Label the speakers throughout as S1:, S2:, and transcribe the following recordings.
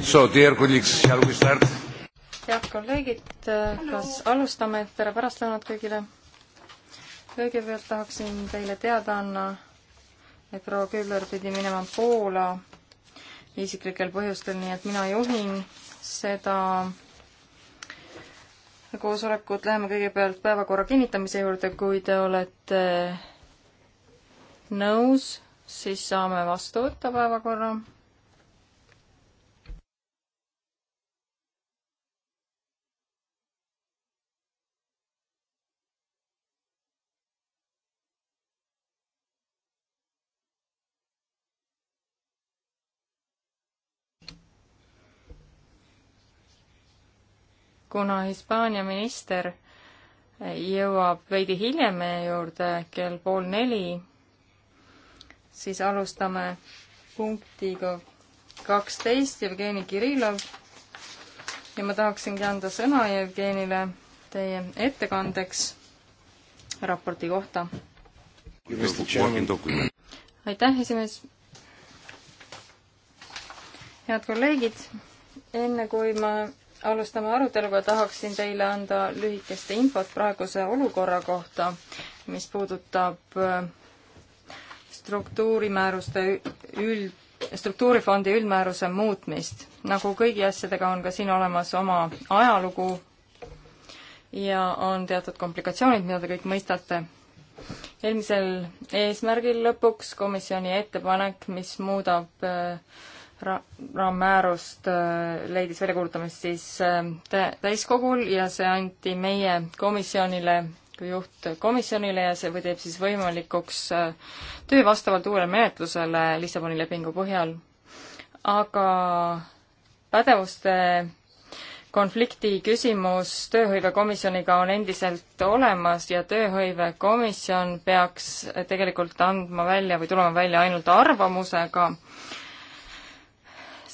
S1: So, dear colleagues, shall we start?
S2: head kolleegid, kas alustame, tere pärastlõunat kõigile. kõigepealt tahaksin teile teada anna, et proua Küller pidi minema Poola isiklikel põhjustel, nii et mina juhin seda koosolekut. Läheme kõigepealt päevakorra kinnitamise juurde, kui te olete nõus, siis saame vastu võtta päevakorra kuna Hispaania minister jõuab veidi hiljem meie juurde kell pool neli, siis alustame punktiga kaksteist, Jevgeni Kirillov. ja ma tahaksingi anda sõna Jevgenile teie ettekandeks raporti kohta. aitäh, esimees. head kolleegid, enne kui ma alustame aruteluga, tahaksin teile anda lühikest infot praeguse olukorra kohta, mis puudutab äh, struktuurimääruste üld, struktuurifondi üldmääruse muutmist. nagu kõigi asjadega, on ka siin olemas oma ajalugu ja on teatud komplikatsioonid, mida te kõik mõistate. eelmisel eesmärgil lõpuks komisjoni ettepanek, mis muudab äh, ra-, määrust äh, leidis väljakuulutamist siis äh, tä-, täiskogul ja see anti meie komisjonile kui juhtkomisjonile ja see või teeb siis võimalikuks äh, töö vastavalt uuele menetlusele Lissaboni lepingu põhjal. aga pädevuste konflikti küsimus tööhõivekomisjoniga on endiselt olemas ja tööhõivekomisjon peaks tegelikult andma välja või tulema välja ainult arvamusega äh,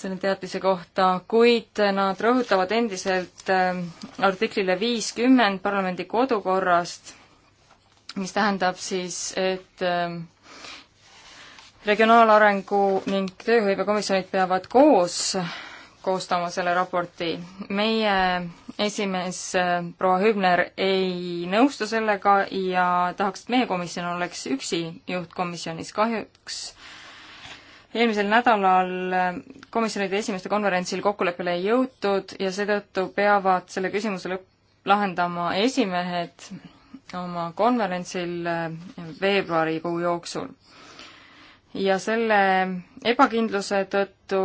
S2: selle teatise kohta, kuid nad rõhutavad endiselt äh, artiklile viiskümmend parlamendi kodukorrast, mis tähendab siis, et äh, regionaalarengu ning tööhõivekomisjonid peavad koos koostama selle raporti. meie esimees äh, proua Hübner ei nõustu sellega ja tahaks, et meie komisjon oleks üksi juhtkomisjonis. kahjuks eelmisel nädalal komisjonide esimeeste konverentsil kokkuleppele ei jõutud ja seetõttu peavad selle küsimuse lõpp, lahendama esimehed oma konverentsil eh, veebruarikuu jooksul. ja selle ebakindluse tõttu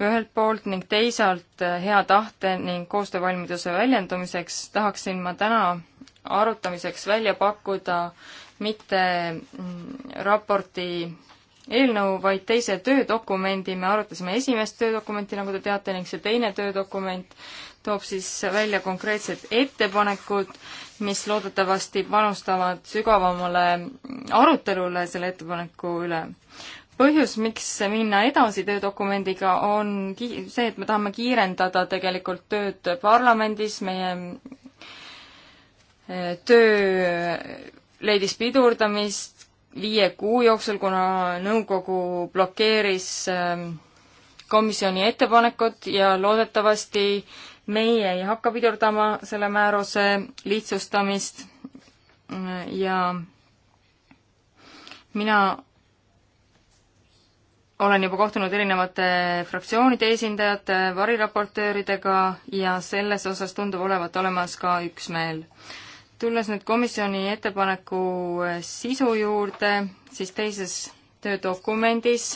S2: ühelt poolt ning teisalt eh, hea tahte ning koostöövalmiduse väljendumiseks tahaksin ma täna arutamiseks välja pakkuda mitte mm, raporti eelnõu, vaid teise töödokumendi, me arutasime esimest töödokumenti, nagu te teate, ning see teine töödokument toob siis välja konkreetsed ettepanekud, mis loodetavasti panustavad sügavamale arutelule selle ettepaneku üle. põhjus, miks minna edasi töödokumendiga, on see, et me tahame kiirendada tegelikult tööd parlamendis, meie eh, töö leidis pidurdamist, viie kuu jooksul, kuna nõukogu blokeeris ähm, komisjoni ettepanekut ja loodetavasti meie ei hakka pidurdama selle määruse lihtsustamist ja mina olen juba kohtunud erinevate fraktsioonide esindajate, variraportööridega ja selles osas tundub olevat olemas ka üksmeel tulles nüüd komisjoni ettepaneku eh, sisu juurde, siis teises töödokumendis,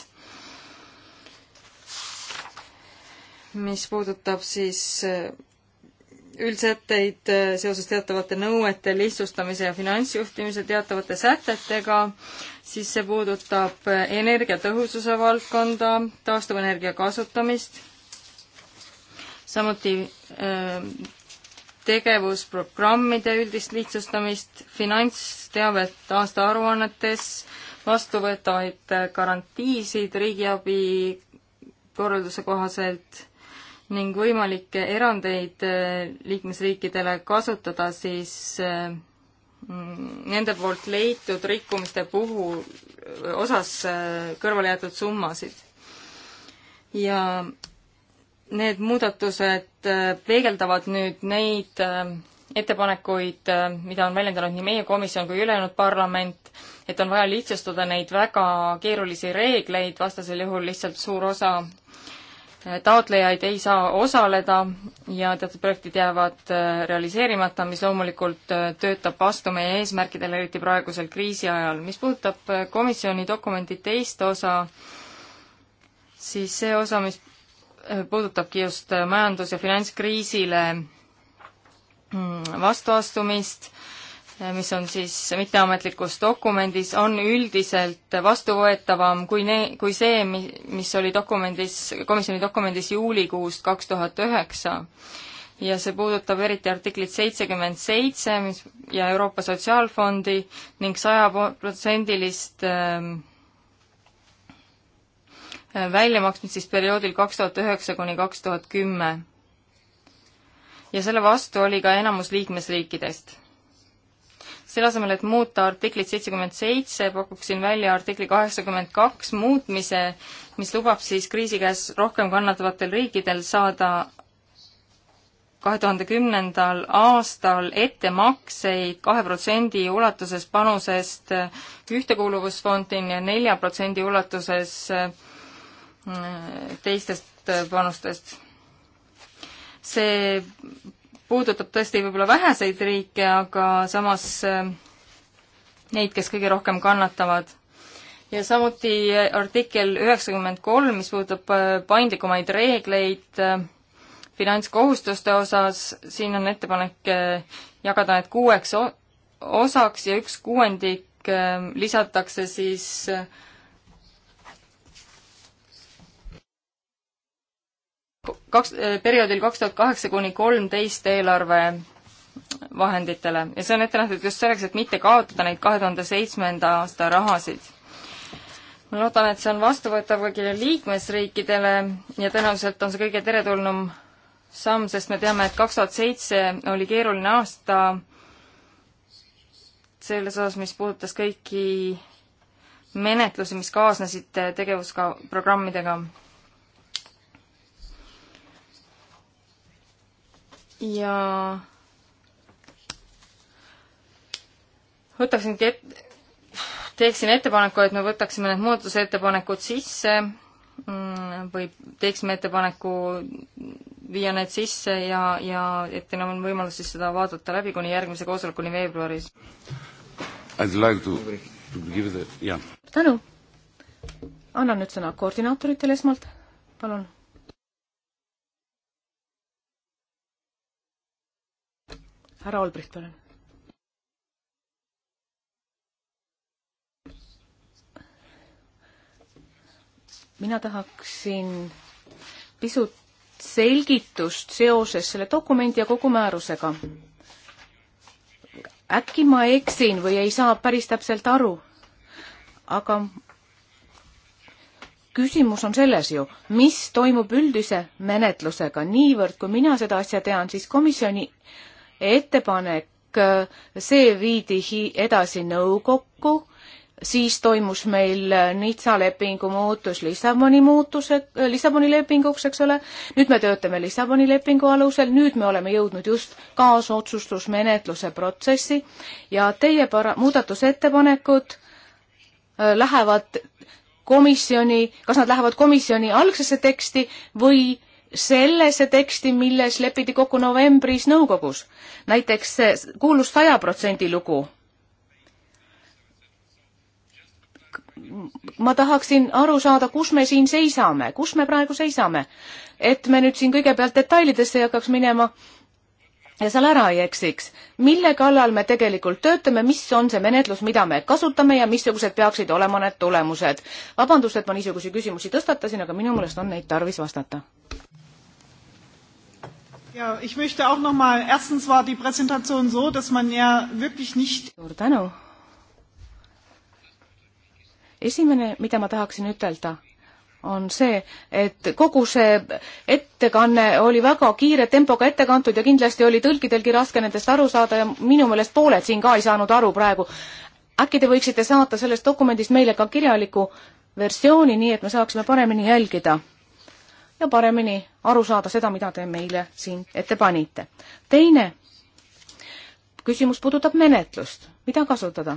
S2: mis puudutab siis eh, üldsätteid eh, seoses teatavate nõuete lihtsustamise ja finantsjuhtimise teatavate sätetega, siis see puudutab energiatõhususe valdkonda, taastuvenergia kasutamist, samuti tegevusprogrammide üldist lihtsustamist, finantsteavet aastaaruannetes, vastuvõetavaid garantiisid riigiabi korralduse kohaselt ning võimalikke erandeid äh, liikmesriikidele kasutada siis äh, mm, nende poolt leitud rikkumiste puhul äh, osas kõrvale jäetud summasid. ja need muudatused äh, peegeldavad nüüd neid äh, ettepanekuid, äh, mida on väljendanud nii meie komisjon kui ülejäänud parlament, et on vaja lihtsustada neid väga keerulisi reegleid, vastasel juhul lihtsalt suur osa taotlejaid ei saa osaleda ja teatud projektid jäävad realiseerimata, mis loomulikult töötab vastu meie eesmärkidele, eriti praegusel kriisi ajal. mis puudutab komisjoni dokumendi teist osa, siis see osa, mis puudutabki just majandus- ja finantskriisile mm, vastuastumist, mis on siis mitteametlikus dokumendis, on üldiselt vastuvõetavam kui ne-, kui see, mi-, mis oli dokumendis, komisjoni dokumendis juulikuust kaks tuhat üheksa. ja see puudutab eriti artiklit seitsekümmend seitse, mis, ja Euroopa Sotsiaalfondi ning sajaprotsendilist ähm, Äh, väljamaksmist siis perioodil kaks tuhat üheksa kuni kaks tuhat kümme. ja selle vastu oli ka enamus liikmesriikidest. selle asemel, et muuta artiklit seitsekümmend seitse, pakuksin välja artikli kaheksakümmend kaks muutmise, mis lubab siis kriisi käes rohkem kannatavatel riikidel saada kahe tuhande kümnendal aastal ettemakseid kahe protsendi ulatuses panusest Ühtekuuluvusfondi ja nelja protsendi ulatuses äh, teistest panustest. see puudutab tõesti võib-olla väheseid riike, aga samas eh, neid, kes kõige rohkem kannatavad. ja samuti artikkel üheksakümmend kolm, mis puudutab eh, paindlikumaid reegleid eh, finantskohustuste osas, siin on ettepanek jagada need kuueks osaks ja üks kuuendik lisatakse siis äh, kaks, eh, perioodil kaks tuhat kaheksa kuni kolmteist eelarve vahenditele ja see on ette nähtud just selleks, et mitte kaotada neid kahe tuhande seitsmenda aasta rahasid. ma loodan, et see on vastuvõetav kõigile liikmesriikidele ja tõenäoliselt on see kõige teretulnum samm, sest me teame, et kaks tuhat seitse oli keeruline aasta selles osas, mis puudutas kõiki menetlusi, mis kaasnesid tegevusprogrammidega ka ja võtaksingi et-, teeksin ettepaneku, et me võtaksime need muudatusettepanekud sisse mm, või teeksime ettepaneku viia need sisse ja, ja et teil on võimalus siis seda vaadata läbi kuni järgmise koosolekuni veebruaris.
S1: Like to, to the, yeah.
S2: tänu! annan nüüd sõna koordinaatoritele esmalt,
S3: palun härra Olbricht, palun. mina tahaksin pisut selgitust seoses selle dokumendi ja kogu määrusega. äkki ma eksin või ei saa päris täpselt aru, aga küsimus on selles ju, mis toimub üldise menetlusega, niivõrd kui mina seda asja tean, siis komisjoni ettepanek, see viidi edasi nõukokku, siis toimus meil Nitsa lepingu muutus Lissaboni muutuse, Lissaboni lepinguks, eks ole, nüüd me töötame Lissaboni lepingu alusel, nüüd me oleme jõudnud just kaasotsustusmenetluse protsessi ja teie para-, muudatusettepanekud äh, lähevad komisjoni, kas nad lähevad komisjoni algsesse teksti või sellesse teksti, milles lepiti kokku novembris nõukogus. näiteks see kuulus saja protsendi lugu. ma tahaksin aru saada, kus me siin seisame, kus me praegu seisame, et me nüüd siin kõigepealt detailidesse ei hakkaks minema ja seal ära ei eksiks. mille kallal me tegelikult töötame, mis on see menetlus, mida me kasutame ja missugused peaksid olema need tulemused? vabandust, et ma niisuguseid küsimusi tõstatasin, aga minu meelest on neid tarvis vastata
S4: ja, ich möchte auch noch mal,
S3: erstens war die Präsentation so, dass man ja wirklich nicht suur tänu. esimene, mida ma tahaksin ütelda, on see, et kogu see ettekanne oli väga kiire tempoga ette kantud ja kindlasti oli tõlkidelgi raske nendest aru saada ja minu meelest pooled siin ka ei saanud aru praegu. äkki te võiksite saata sellest dokumendist meile ka kirjaliku versiooni, nii et me saaksime paremini jälgida ja paremini aru saada seda, mida te meile siin ette panite. teine küsimus puudutab menetlust, mida kasutada?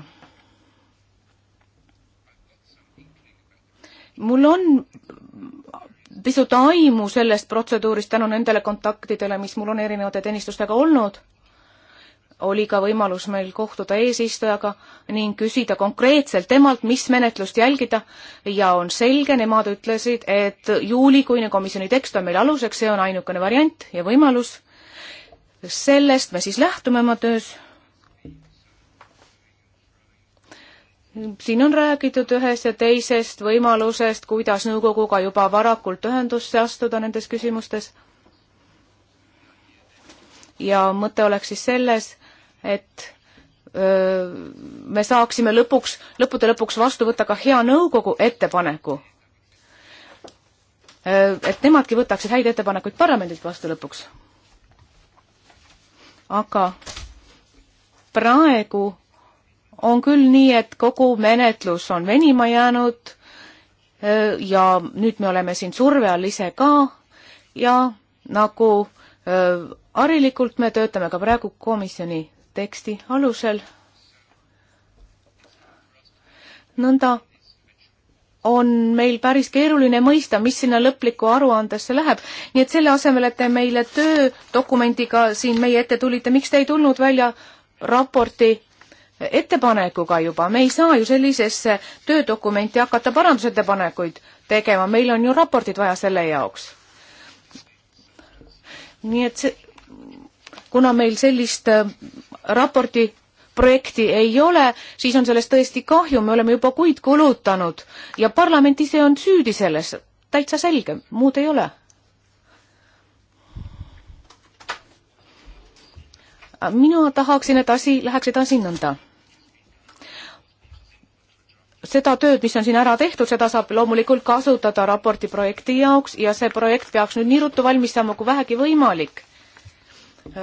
S3: mul on pisut aimu sellest protseduurist tänu nendele kontaktidele, mis mul on erinevate teenistustega olnud oli ka võimalus meil kohtuda eesistujaga ning küsida konkreetselt temalt, mis menetlust jälgida ja on selge, nemad ütlesid, et juulikuine komisjoni tekst on meil aluseks, see on ainukene variant ja võimalus. sellest me siis lähtume oma töös. siin on räägitud ühest ja teisest võimalusest, kuidas nõukoguga juba varakult ühendusse astuda nendes küsimustes ja mõte oleks siis selles, et öö, me saaksime lõpuks, lõppude lõpuks vastu võtta ka hea nõukogu ettepaneku. et nemadki võtaksid häid ettepanekuid parlamendilt vastu lõpuks. aga praegu on küll nii, et kogu menetlus on venima jäänud ja nüüd me oleme siin surve all ise ka ja nagu harilikult me töötame ka praegu komisjoni teksti alusel. nõnda on meil päris keeruline mõista, mis sinna lõplikku aruandesse läheb. nii et selle asemel, et te meile töödokumendiga siin meie ette tulite, miks te ei tulnud välja raporti ettepanekuga juba, me ei saa ju sellisesse töödokumenti hakata parandusettepanekuid tegema, meil on ju raportid vaja selle jaoks. nii et see, kuna meil sellist äh, raporti projekti ei ole, siis on sellest tõesti kahju, me oleme juba kuid kulutanud ja parlament ise on süüdi selles, täitsa selge, muud ei ole. mina tahaksin, et asi läheks edasi nõnda seda tööd, mis on siin ära tehtud, seda saab loomulikult kasutada raporti projekti jaoks ja see projekt peaks nüüd nii ruttu valmis saama kui vähegi võimalik. Äh,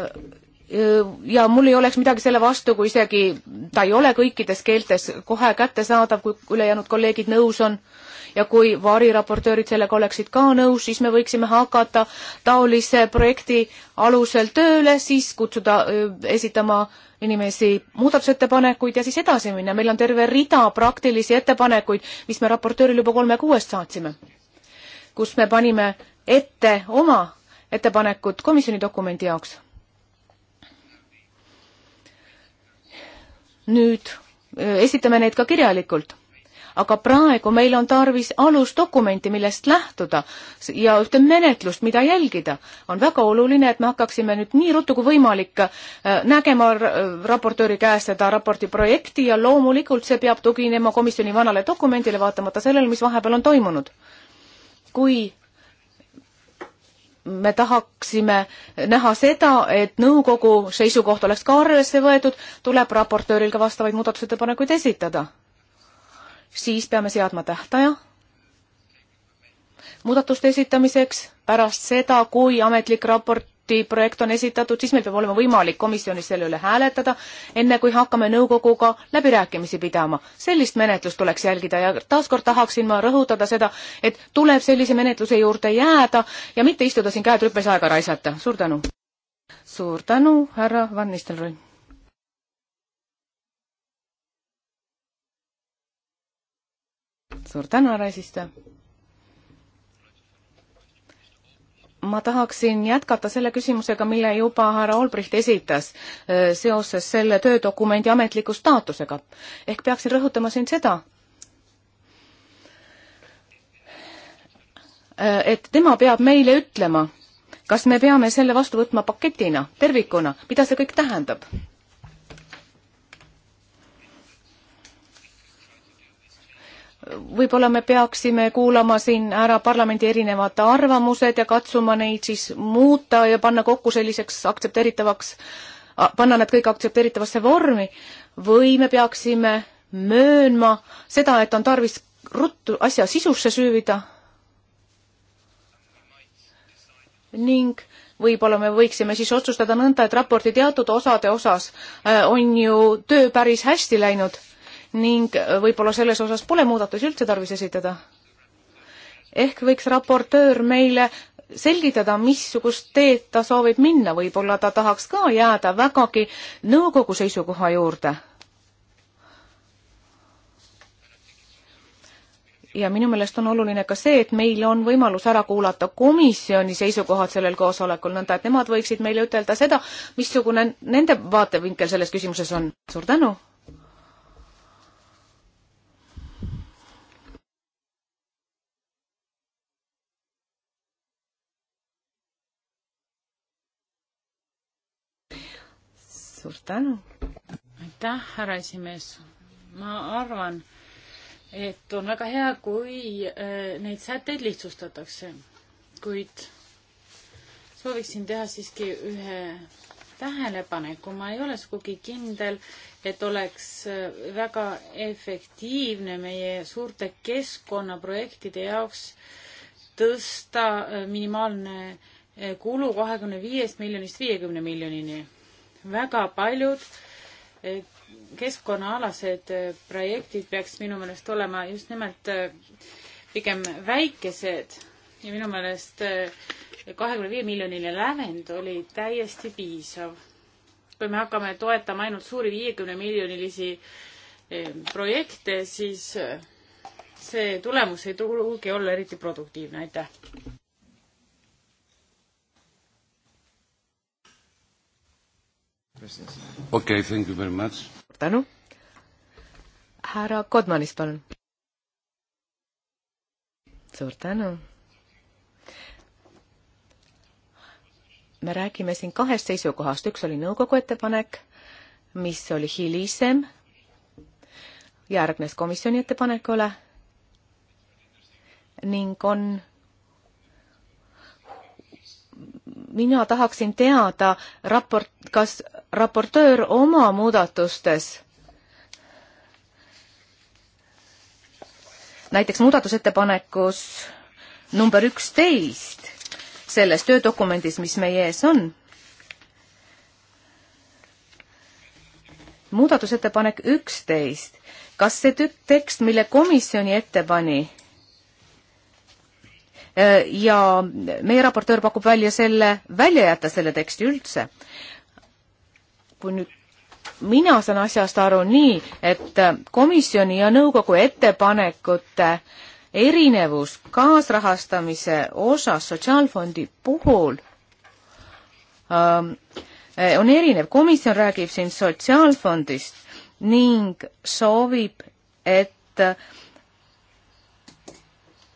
S3: äh, ja mul ei oleks midagi selle vastu, kui isegi ta ei ole kõikides keeltes kohe kättesaadav, kui ülejäänud kolleegid nõus on ja kui variraportöörid sellega oleksid ka nõus, siis me võiksime hakata taolise projekti alusel tööle, siis kutsuda äh, esitama inimesi muudatusettepanekuid ja siis edasi minna. meil on terve rida praktilisi ettepanekuid, mis me raportööril juba kolme kuuest saatsime, kus me panime ette oma ettepanekud komisjoni dokumendi jaoks nüüd esitame need ka kirjalikult. aga praegu meil on tarvis alusdokumenti, millest lähtuda ja ühte menetlust, mida jälgida. on väga oluline, et me hakkaksime nüüd nii ruttu kui võimalik nägema raportööri käest seda raporti projekti ja loomulikult see peab tuginema komisjoni vanale dokumendile, vaatamata sellele, mis vahepeal on toimunud. kui me tahaksime näha seda, et nõukogu seisukoht oleks ka arvesse võetud, tuleb raportööril ka vastavaid muudatusettepanekuid esitada. siis peame seadma tähtaja muudatuste esitamiseks pärast seda, kui ametlik raport raporti projekt on esitatud, siis meil peab olema võimalik komisjonis selle üle hääletada, enne kui hakkame nõukoguga läbirääkimisi pidama. sellist menetlust tuleks jälgida ja taaskord tahaksin ma rõhutada seda, et tuleb sellise menetluse juurde jääda ja mitte istuda siin käed rüpes aega raisata. suur tänu! suur tänu, härra Van Nistelrooy! suur tänu, härra eesistuja! ma tahaksin jätkata selle küsimusega, mille juba härra Olbricht esitas äh, seoses selle töödokumendi ametliku staatusega. ehk peaksin rõhutama siin seda, äh, et tema peab meile ütlema, kas me peame selle vastu võtma paketina, tervikuna, mida see kõik tähendab võib-olla me peaksime kuulama siin ära parlamendi erinevad arvamused ja katsuma neid siis muuta ja panna kokku selliseks aktsepteeritavaks, panna nad kõik aktsepteeritavasse vormi või me peaksime möönma seda, et on tarvis ruttu asja sisusse süüvida ning võib-olla me võiksime siis otsustada nõnda, et raporti teatud osade osas äh, on ju töö päris hästi läinud ning võib-olla selles osas pole muudatusi üldse tarvis esitada. ehk võiks raportöör meile selgitada, missugust teed ta soovib minna, võib-olla ta tahaks ka jääda vägagi nõukogu seisukoha juurde. ja minu meelest on oluline ka see, et meil on võimalus ära kuulata komisjoni seisukohad sellel koosolekul, nõnda et nemad võiksid meile ütelda seda, missugune nende vaatevinkel selles küsimuses on. suur tänu! tänu.
S5: aitäh, härra esimees. ma arvan, et on väga hea, kui äh, neid sätteid lihtsustatakse, kuid sooviksin teha siiski ühe tähelepaneku, ma ei ole sugugi kindel, et oleks äh, väga efektiivne meie suurte keskkonnaprojektide jaoks tõsta äh, minimaalne kulu kahekümne viiest miljonist viiekümne miljonini väga paljud eh, keskkonnaalased eh, projektid peaks minu meelest olema just nimelt eh, pigem väikesed ja minu meelest kahekümne viie miljoniline lävend oli täiesti piisav. kui me hakkame toetama ainult suuri viiekümne miljonilisi projekte, siis see tulemus ei pruugi olla eriti produktiivne, aitäh.
S1: okei okay,, thank you very much. suur tänu.
S3: härra Kodmanis, palun. suur tänu. me räägime siin kahest seisukohast, üks oli nõukogu ettepanek, mis oli hilisem, järgnes komisjoni ettepanekule ning on mina tahaksin teada raport, kas raportöör oma muudatustes näiteks muudatusettepanekus number üksteist selles töödokumendis, mis meie ees on. muudatusettepanek üksteist, kas see tekst, mille komisjoni ette pani, Äh, ja meie raportöör pakub välja selle, välja jätta selle teksti üldse. kui nüüd mina saan asjast aru nii, et komisjoni ja nõukogu ettepanekute erinevus kaasrahastamise osas Sotsiaalfondi puhul ähm, äh, on erinev. komisjon räägib siin Sotsiaalfondist ning soovib, et äh,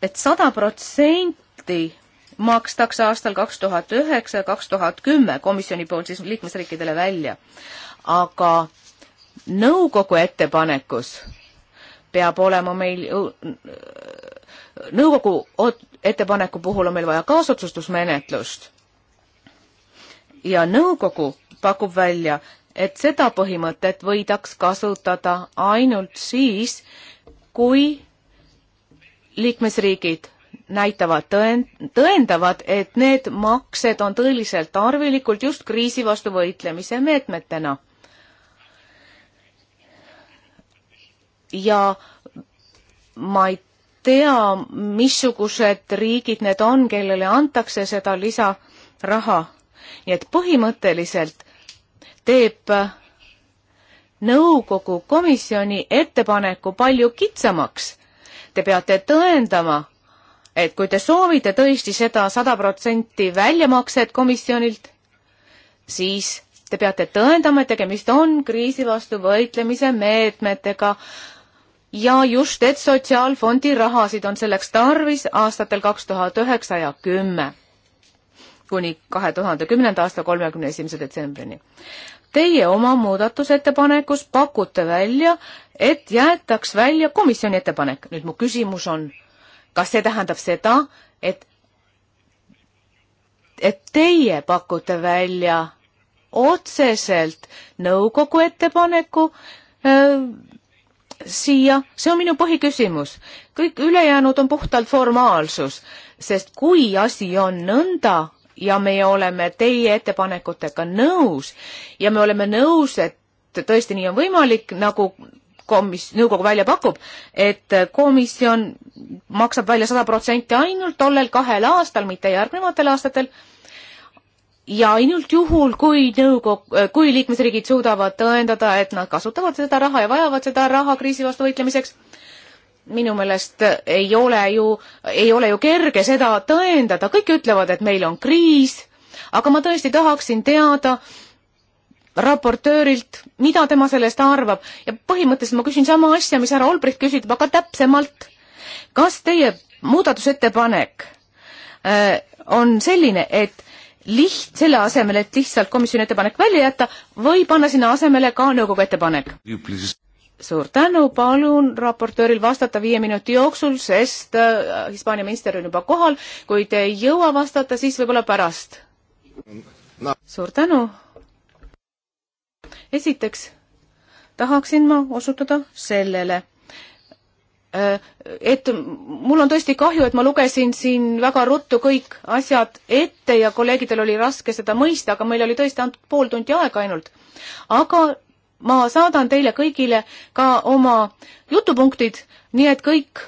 S3: et sada protsenti makstakse aastal kaks tuhat üheksa ja kaks tuhat kümme komisjoni poolt siis liikmesriikidele välja. aga nõukogu ettepanekus peab olema meil, nõukogu ettepaneku puhul on meil vaja kaasotsustusmenetlust. ja nõukogu pakub välja, et seda põhimõtet võidaks kasutada ainult siis, kui liikmesriigid näitavad, tõend-, tõendavad, et need maksed on tõeliselt tarvilikud just kriisi vastu võitlemise meetmetena. ja ma ei tea, missugused riigid need on, kellele antakse seda lisaraha. nii et põhimõtteliselt teeb nõukogu komisjoni ettepaneku palju kitsamaks te peate tõendama, et kui te soovite tõesti seda sada protsenti väljamakset komisjonilt, siis te peate tõendama, et tegemist on kriisi vastu võitlemise meetmetega ja just, et sotsiaalfondi rahasid on selleks tarvis aastatel kaks tuhat üheksa ja kümme kuni kahe tuhande kümnenda aasta kolmekümne esimese detsembrini. Teie oma muudatusettepanekus pakute välja, et jäetaks välja komisjoni ettepanek. nüüd mu küsimus on, kas see tähendab seda, et, et teie pakute välja otseselt nõukogu ettepaneku öö, äh, siia, see on minu põhiküsimus. kõik ülejäänud on puhtalt formaalsus, sest kui asi on nõnda, ja me oleme teie ettepanekutega nõus ja me oleme nõus, et tõesti nii on võimalik, nagu komis-, nõukogu välja pakub, et komisjon maksab välja sada protsenti ainult tollel kahel aastal, mitte järgnevatel aastatel, ja ainult juhul, kui nõukogu, kui liikmesriigid suudavad tõendada, et nad kasutavad seda raha ja vajavad seda raha kriisi vastu võitlemiseks minu meelest ei ole ju, ei ole ju kerge seda tõendada, kõik ütlevad, et meil on kriis, aga ma tõesti tahaksin teada raportöörilt, mida tema sellest arvab ja põhimõtteliselt ma küsin sama asja, mis härra Olbrit küsib, aga täpsemalt. kas teie muudatusettepanek äh, on selline, et liht-, selle asemel, et lihtsalt komisjoni ettepanek välja jätta, või panna sinna asemele ka nõukogu ettepanek? suur tänu, palun raportööril vastata viie minuti jooksul, sest äh, Hispaania minister on juba kohal. kui te ei jõua vastata, siis võib-olla pärast no.. suur tänu. esiteks tahaksin ma osutada sellele, äh, et mul on tõesti kahju, et ma lugesin siin väga ruttu kõik asjad ette ja kolleegidel oli raske seda mõista, aga meil oli tõesti antud pool tundi aega ainult. aga ma saadan teile kõigile ka oma jutupunktid, nii et kõik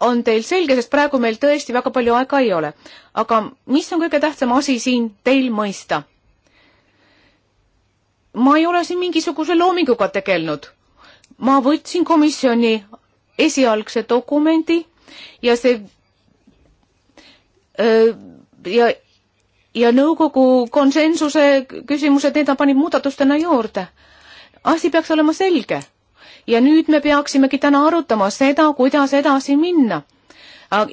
S3: on teil selge, sest praegu meil tõesti väga palju aega ei ole. aga mis on kõige tähtsam asi siin teil mõista? ma ei ole siin mingisuguse loominguga tegelenud. ma võtsin komisjoni esialgse dokumendi ja see öö, ja, ja nõukogu konsensuse küsimused, need ta pani muudatustena juurde asi peaks olema selge. ja nüüd me peaksimegi täna arutama seda, kuidas edasi minna.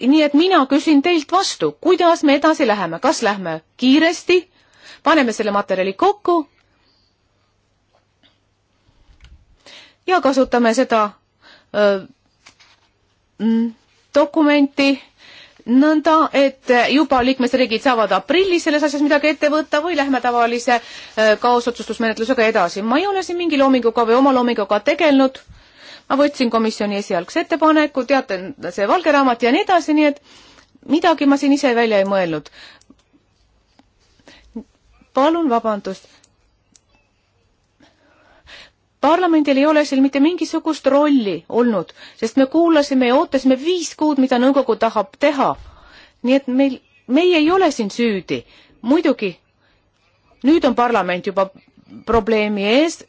S3: nii et mina küsin teilt vastu, kuidas me edasi läheme, kas lähme kiiresti, paneme selle materjali kokku ja kasutame seda öö, mm, dokumenti nõnda, et juba liikmesriigid saavad aprillis selles asjas midagi ette võtta või lähme tavalise äh, kaasotsustusmenetlusega edasi. ma ei ole siin mingi loominguga või oma loominguga tegelenud, ma võtsin komisjoni esialgse ettepaneku, teate, see valge raamat ja nii edasi, nii et midagi ma siin ise välja ei mõelnud. palun vabandust parlamendil ei ole seal mitte mingisugust rolli olnud, sest me kuulasime ja ootasime viis kuud, mida nõukogu tahab teha. nii et meil, meie ei ole siin süüdi. muidugi, nüüd on parlament juba probleemi ees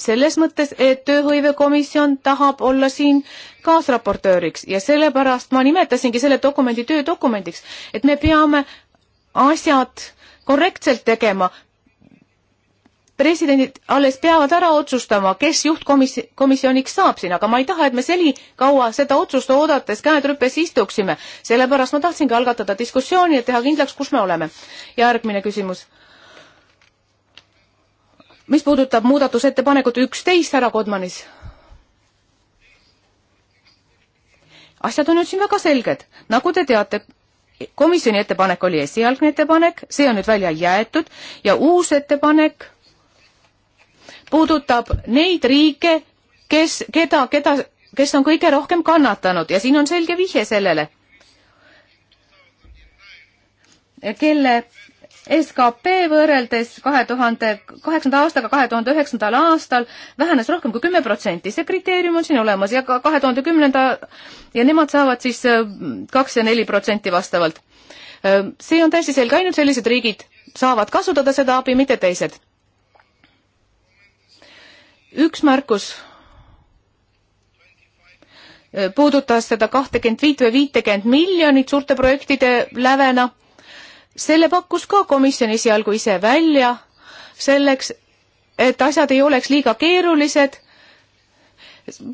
S3: selles mõttes, et tööhõivekomisjon tahab olla siin kaasraportööriks ja sellepärast ma nimetasingi selle dokumendi töödokumendiks, et me peame asjad korrektselt tegema, presidendid alles peavad ära otsustama, kes juhtkomisjoniks saab siin, aga ma ei taha, et me senikaua seda otsust oodates käed rüpes istuksime. sellepärast ma tahtsingi algatada diskussiooni, et teha kindlaks, kus me oleme. järgmine küsimus. mis puudutab muudatusettepanekut üksteist härra Kodmanis? asjad on nüüd siin väga selged, nagu te teate komisjoni ettepanek oli esialgne ettepanek, see on nüüd välja jäetud ja uus ettepanek puudutab neid riike, kes, keda, keda, kes on kõige rohkem kannatanud ja siin on selge vihje sellele, kelle skp võrreldes kahe tuhande kaheksanda aastaga kahe tuhande üheksandal aastal vähenes rohkem kui kümme protsenti, see kriteerium on siin olemas ja ka kahe tuhande kümnenda ja nemad saavad siis äh, kaks ja neli protsenti vastavalt. Äh, see on täiesti selge, ainult sellised riigid saavad kasutada seda abi, mitte teised üks märkus äh, puudutas seda kahtekümmet viit või viitekümmet miljonit suurte projektide lävena. selle pakkus ka komisjon esialgu ise välja selleks, et asjad ei oleks liiga keerulised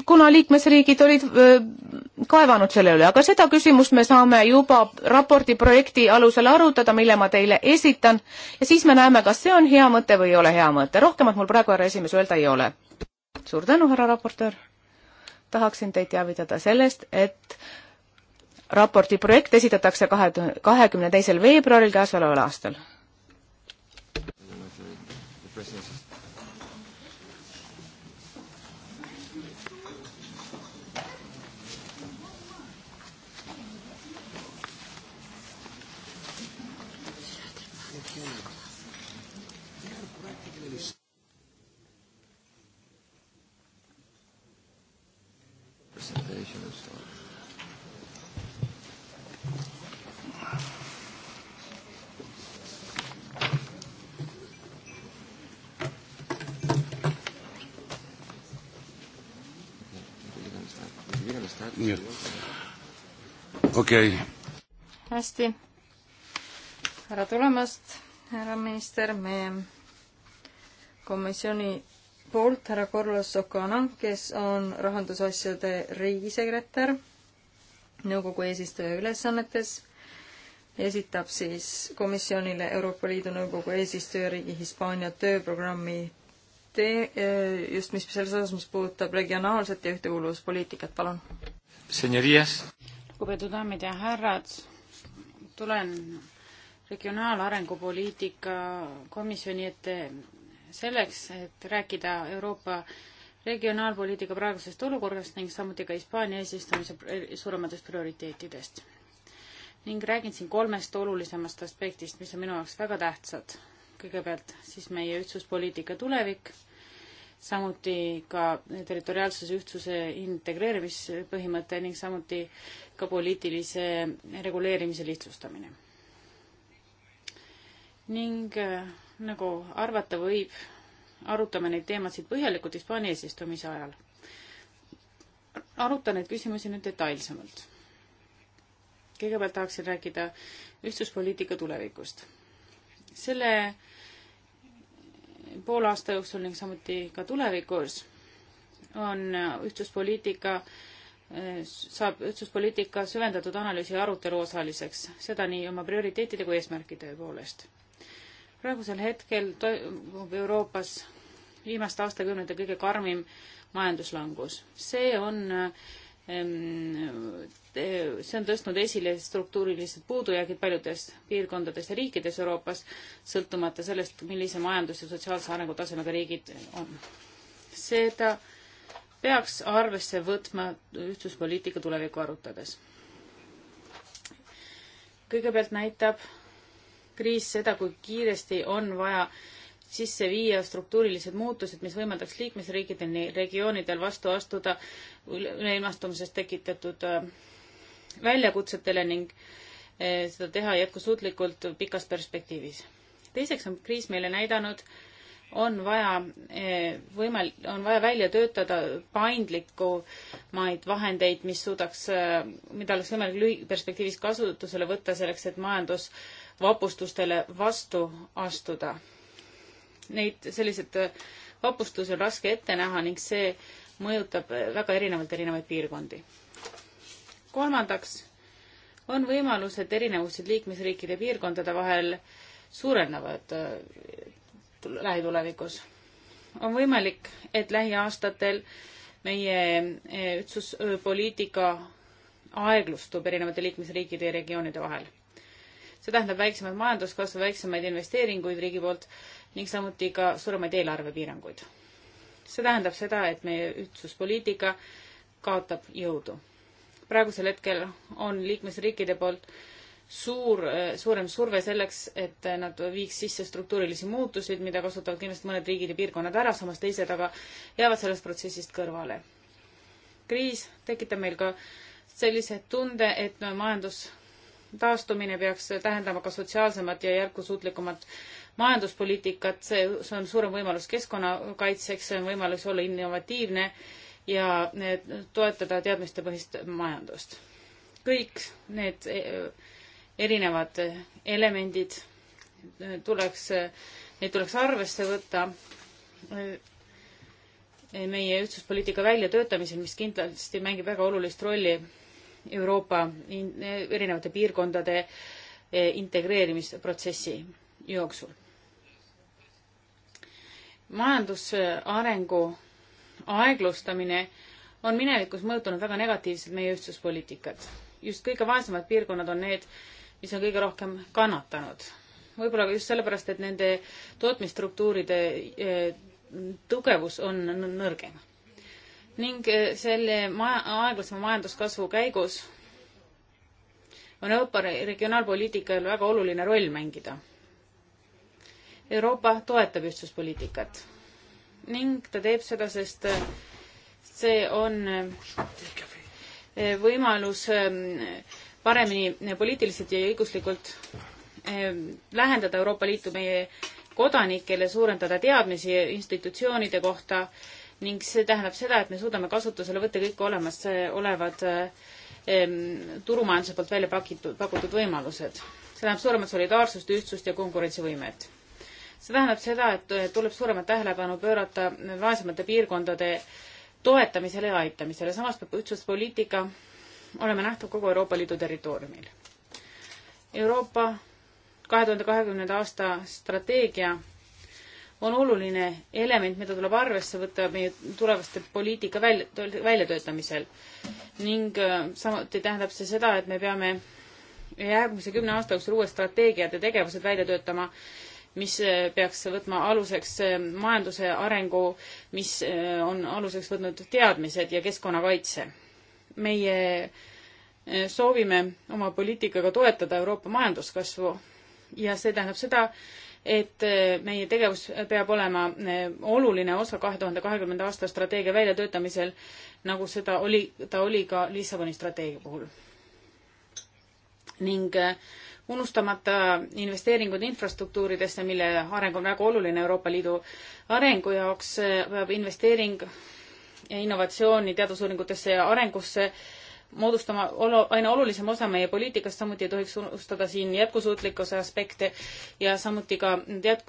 S3: kuna liikmesriigid olid kaevanud selle üle, aga seda küsimust me saame juba raporti projekti alusel arutada, mille ma teile esitan ja siis me näeme, kas see on hea mõte või ei ole hea mõte. rohkemat mul praegu, härra esimees, öelda ei ole. suur tänu, härra raportöör. tahaksin teid teavitada sellest, et raporti projekt esitatakse kahe, kahekümne teisel veebruaril käesoleval aastal
S1: nii et okei okay..
S2: hästi. härra tulemast, härra minister, meie komisjoni poolt härra Carlos Socanan, kes on rahandusasjade riigisekretär nõukogu eesistuja ülesannetes, esitab siis komisjonile Euroopa Liidu Nõukogu eesistujariigi Hispaania tööprogrammi tee, eh, just mis selles osas, mis puudutab regionaalset ja ühtekuuluvuspoliitikat, palun
S4: lugupeetud
S5: daamid ja härrad, tulen regionaalarengu poliitika komisjoni ette selleks, et rääkida Euroopa regionaalpoliitika praegusest olukorrast ning samuti ka Hispaania eesistumise suurematest prioriteetidest. ning räägin siin kolmest olulisemast aspektist, mis on minu jaoks väga tähtsad. kõigepealt siis meie ühtsuspoliitika tulevik samuti ka territoriaalsuse ühtsuse integreerimispõhimõte ning samuti ka poliitilise reguleerimise lihtsustamine. ning äh, nagu arvata võib, arutame neid teemasid põhjalikult Hispaania eesistumise ajal. arutan neid küsimusi nüüd detailsemalt. kõigepealt tahaksin rääkida ühtsuspoliitika tulevikust. selle poole aasta jooksul ning samuti ka tulevikus on ühtsuspoliitika saab ühtsuspoliitika süvendatud analüüsi ja arutelu osaliseks, seda nii oma prioriteetide kui eesmärkide poolest. praegusel hetkel toimub Euroopas viimaste aastakümnete kõige karmim majanduslangus. see on äh, see on tõstnud esile struktuurilised puudujäägid paljudes piirkondades ja riikides Euroopas, sõltumata sellest, millise majandus- ja sotsiaalse arengutasemega riigid on. seda peaks arvesse võtma ühtsuspoliitika tulevikku arutades. kõigepealt näitab kriis seda, kui kiiresti on vaja sisse viia struktuurilised muutused, mis võimaldaks liikmesriikidel, nii regioonidel vastu astuda üleilmastumisest tekitatud äh, väljakutsetele ning äh, seda teha jätkusuutlikult pikas perspektiivis. teiseks on kriis meile näidanud, on vaja äh, võimal-, on vaja välja töötada paindlikumaid vahendeid, mis suudaks, mida oleks võimalik lühiperspektiivis kasutusele võtta selleks, et majandusvapustustele vastu astuda neid, selliseid vapustusi äh, on raske ette näha ning see mõjutab äh, väga erinevalt erinevaid piirkondi. kolmandaks on võimalus, et erinevused liikmesriikide piirkondade vahel suurenevad äh, lähitulevikus. on võimalik, et lähiaastatel meie ühtsuspoliitika aeglustub erinevate liikmesriikide ja regioonide vahel. see tähendab väiksemat majanduskasvu, väiksemaid investeeringuid riigi poolt ning samuti ka suuremaid eelarvepiiranguid. see tähendab seda, et meie ühtsuspoliitika kaotab jõudu. praegusel hetkel on liikmesriikide poolt suur, suurem surve selleks, et nad viiks sisse struktuurilisi muutuseid, mida kasutavad kindlasti mõned riigid ja piirkonnad ära, samas teised aga jäävad sellest protsessist kõrvale. kriis tekitab meil ka sellise tunde, et majandus taastumine peaks tähendama ka sotsiaalsemat ja jätkusuutlikumat äh, majanduspoliitikat, see, see on suurem võimalus keskkonnakaitseks, see on võimalus olla innovatiivne ja eh, toetada teadmistepõhist majandust. kõik need eh, erinevad eh, elemendid tuleks, neid tuleks arvesse võtta meie ühtsuspoliitika väljatöötamisel, mis kindlasti mängib väga olulist rolli Euroopa in, erinevate piirkondade integreerimisprotsessi jooksul majandusarengu aeglustamine on minevikus mõjutanud väga negatiivselt meie ühtsuspoliitikat. just kõige vaesemad piirkonnad on need, mis on kõige rohkem kannatanud. võib-olla just sellepärast, et nende tootmisstruktuuride eh, tugevus on nõrgem. ning eh, selle maja, aeglasema majanduskasvu käigus on Euroopa regionaalpoliitikal väga oluline roll mängida Euroopa toetab ühtsuspoliitikat ning ta teeb seda, sest äh, see on äh, võimalus ähm, paremini äh, poliitiliselt ja õiguslikult ähm, lähendada Euroopa Liitu meie kodanikele, suurendada teadmisi institutsioonide kohta ning see tähendab seda, et me suudame kasutusele võtta kõik olemas olevad turumajanduse poolt välja pakitud, pakutud võimalused. see tähendab suuremat solidaarsust, ühtsust ja konkurentsivõimet see tähendab seda, et tuleb suuremat tähelepanu pöörata vaesemate piirkondade toetamisele ja aitamisele. samas peab ühtsuspoliitika olema nähtav kogu Euroopa Liidu territooriumil. Euroopa kahe tuhande kahekümnenda aasta strateegia on oluline element, mida tuleb arvesse võtta meie tulevaste poliitika välja, väljatöötamisel. ning äh, samuti tähendab see seda, et me peame järgmise kümne aasta jooksul uued strateegiad ja tegevused välja töötama mis äh, peaks võtma aluseks äh, majanduse arengu, mis äh, on aluseks võtnud teadmised ja keskkonnakaitse. meie soovime oma poliitikaga toetada Euroopa majanduskasvu ja see tähendab seda, et meie tegevus peab olema oluline osa kahe tuhande kahekümnenda aasta strateegia väljatöötamisel, nagu seda oli, ta oli ka Lissaboni strateegia puhul. ning äh, unustamata investeeringud infrastruktuuridesse, mille areng on väga oluline Euroopa Liidu arengu jaoks, peab investeering innovatsiooni, teadusuuringutesse ja arengusse moodustama olu-, aina olulisem osa meie poliitikast, samuti ei tohiks unustada siin jätkusuutlikkuse aspekte ja samuti ka tead-,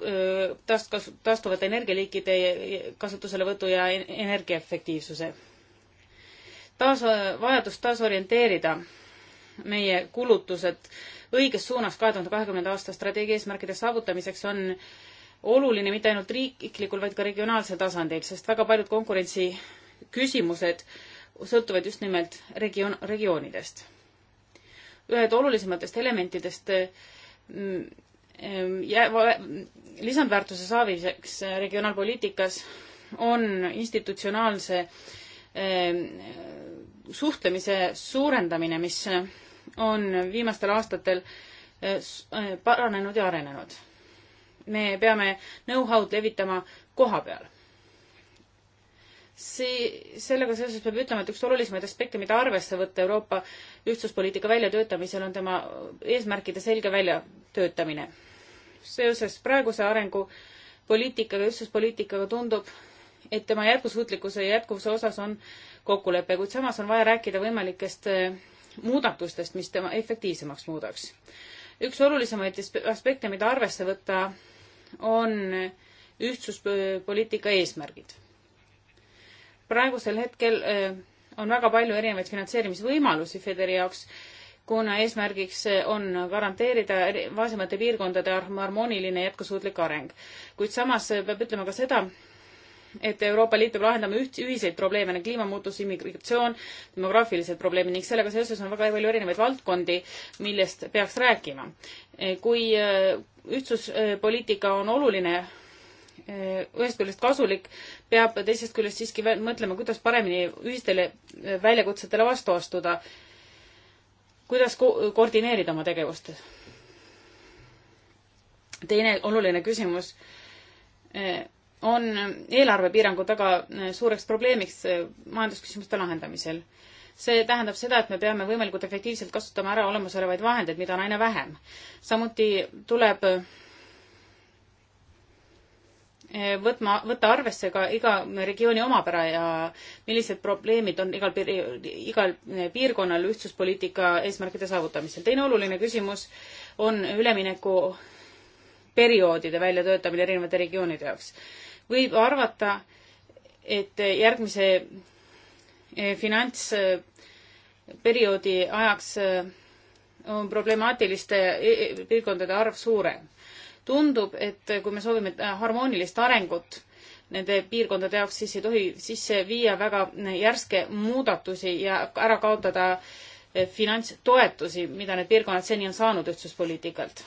S5: taaskas-, taastuvate energialiikide kasutuselevõtu ja energiaefektiivsuse. taas, vajadus taasorienteerida meie kulutused äh, õiges suunas kahe tuhande kahekümnenda aasta strateegia eesmärkide saavutamiseks on oluline mitte ainult riiklikul, vaid ka regionaalsel tasandil, sest väga paljud konkurentsi küsimused sõltuvad just nimelt regioon, regioonidest. ühed olulisematest elementidest mm, jää-, lisandväärtuse saaviseks regionaalpoliitikas on institutsionaalse eh, suhtlemise suurendamine, mis on viimastel aastatel eh, eh, paranenud ja arenenud. me peame know-how'd levitama koha peal. See, sellega seoses peab ütlema, et üks olulisemaid aspekte, mida arvesse võtta Euroopa ühtsuspoliitika väljatöötamisel, on tema eesmärkide selge väljatöötamine. seoses praeguse arengupoliitikaga, ühtsuspoliitikaga tundub, et tema jätkusuutlikkuse ja jätkuvuse osas on kokkulepe, kuid samas on vaja rääkida võimalikest eh, muudatustest, mis tema efektiivsemaks muudaks. üks olulisemaid aspekte, mida arvesse võtta, on ühtsuspoliitika eesmärgid. praegusel hetkel äh, on väga palju erinevaid finantseerimisvõimalusi Federi jaoks, kuna eesmärgiks äh, on garanteerida vaesemate piirkondade harmooniline jätkusuutlik areng. kuid samas äh, peab ütlema ka seda, et Euroopa Liit peab lahendama üht, ühiseid probleeme, nagu kliimamuutus, immigratsioon, demograafilised probleemid ning sellega seoses on väga palju erinevaid valdkondi, millest peaks rääkima. kui äh, ühtsuspoliitika on oluline, äh, ühest küljest kasulik, peab teisest küljest siiski mõtlema, kuidas paremini ühistele äh, väljakutsetele vastu astuda. kuidas ko-, koordineerida oma tegevust? teine oluline küsimus on eelarvepiirangud väga äh, suureks probleemiks äh, majandusküsimuste lahendamisel. see tähendab seda, et me peame võimalikult efektiivselt kasutama ära olemasolevaid vahendeid, mida on aina vähem. samuti tuleb äh, võtma, võtta arvesse ka iga regiooni omapära ja millised probleemid on igal, igal piirkonnal ühtsuspoliitika eesmärkide saavutamisel. teine oluline küsimus on ülemineku perioodide väljatöötamine erinevate regioonide jaoks võib arvata, et järgmise eh, finantsperioodi ajaks eh, on problemaatiliste eh, piirkondade arv suurem. tundub, et kui me soovime harmoonilist arengut nende piirkondade jaoks, siis ei tohi sisse viia väga järske muudatusi ja ära kaotada finantstoetusi, mida need piirkonnad seni on saanud ühtsuspoliitikalt.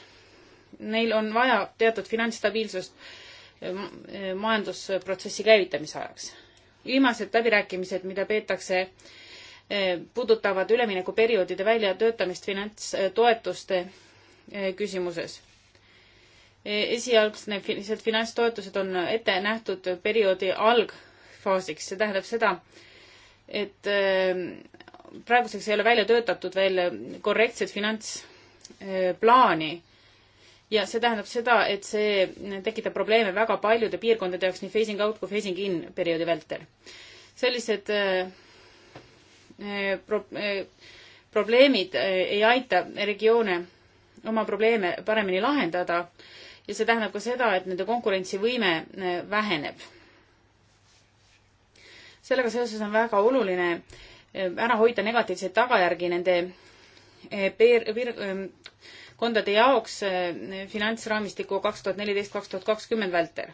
S5: Neil on vaja teatud finantsstabiilsust majandusprotsessi käivitamise ajaks. viimased läbirääkimised, mida peetakse, eh, puudutavad üleminekuperioodide väljatöötamist finantstoetuste eh, küsimuses. Eh, esialgne finantstoetused on ette nähtud perioodi algfaasiks, see tähendab seda, et praeguseks ei ole välja töötatud veel korrektset finantsplaani ja see tähendab seda, et see tekitab probleeme väga paljude piirkondade jaoks nii phasing out kui phasing in perioodi vältel. sellised äh, äh, pro-, äh, probleemid ei aita regioone oma probleeme paremini lahendada ja see tähendab ka seda, et nende konkurentsivõime väheneb. sellega seoses on väga oluline ära hoida negatiivseid tagajärgi nende piir-, piir-, ähm, kondade jaoks eh, finantsraamistiku kaks tuhat neliteist, kaks tuhat kakskümmend vältel.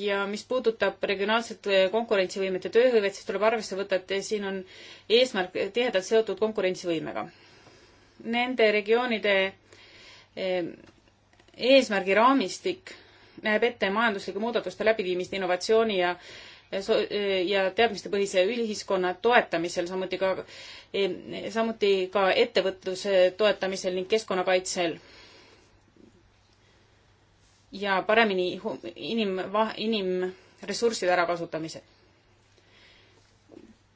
S5: ja mis puudutab regionaalset konkurentsivõimet ja tööhõivet, siis tuleb arvesse võtta, et siin on eesmärk tihedalt seotud konkurentsivõimega. Nende regioonide eh, eesmärgi raamistik näeb ette majanduslike muudatuste läbiviimist innovatsiooni ja ja teadmistepõhise ühiskonna toetamisel, samuti ka, eh, samuti ka ettevõtluse toetamisel ning keskkonnakaitsel. ja paremini inim, inimressursside ärakasutamisel.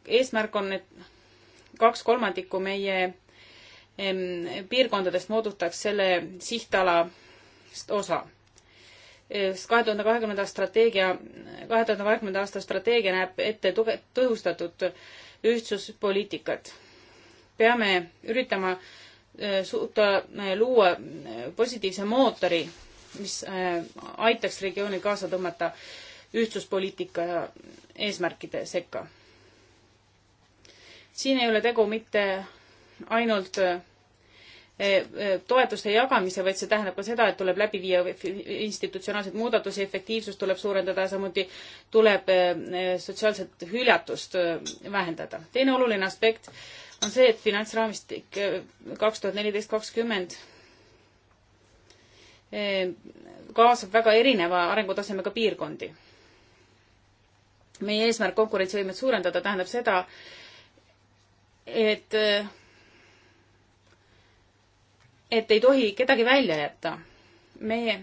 S5: eesmärk on, et kaks kolmandikku meie piirkondadest moodutaks selle sihtalast osa kahe tuhande kahekümnenda strateegia, kahe tuhande kahekümnenda aasta strateegia näeb ette tuge-, tõhustatud ühtsuspoliitikat. peame üritama eh, suuta eh, luua eh, positiivse mootori, mis aitaks regioonil kaasa tõmmata ühtsuspoliitika eesmärkide sekka. siin ei ole tegu mitte ainult E, e, toetuste jagamise, vaid see tähendab ka seda, et tuleb läbi viia institutsionaalseid muudatusi, efektiivsust tuleb suurendada, samuti tuleb e, sotsiaalset hüljatust vähendada. teine oluline aspekt on see, et finantsraamistik kaks tuhat neliteist, kakskümmend kaasab väga erineva arengutasemega piirkondi. meie eesmärk konkurentsivõimet suurendada tähendab seda, et et ei tohi kedagi välja jätta. meie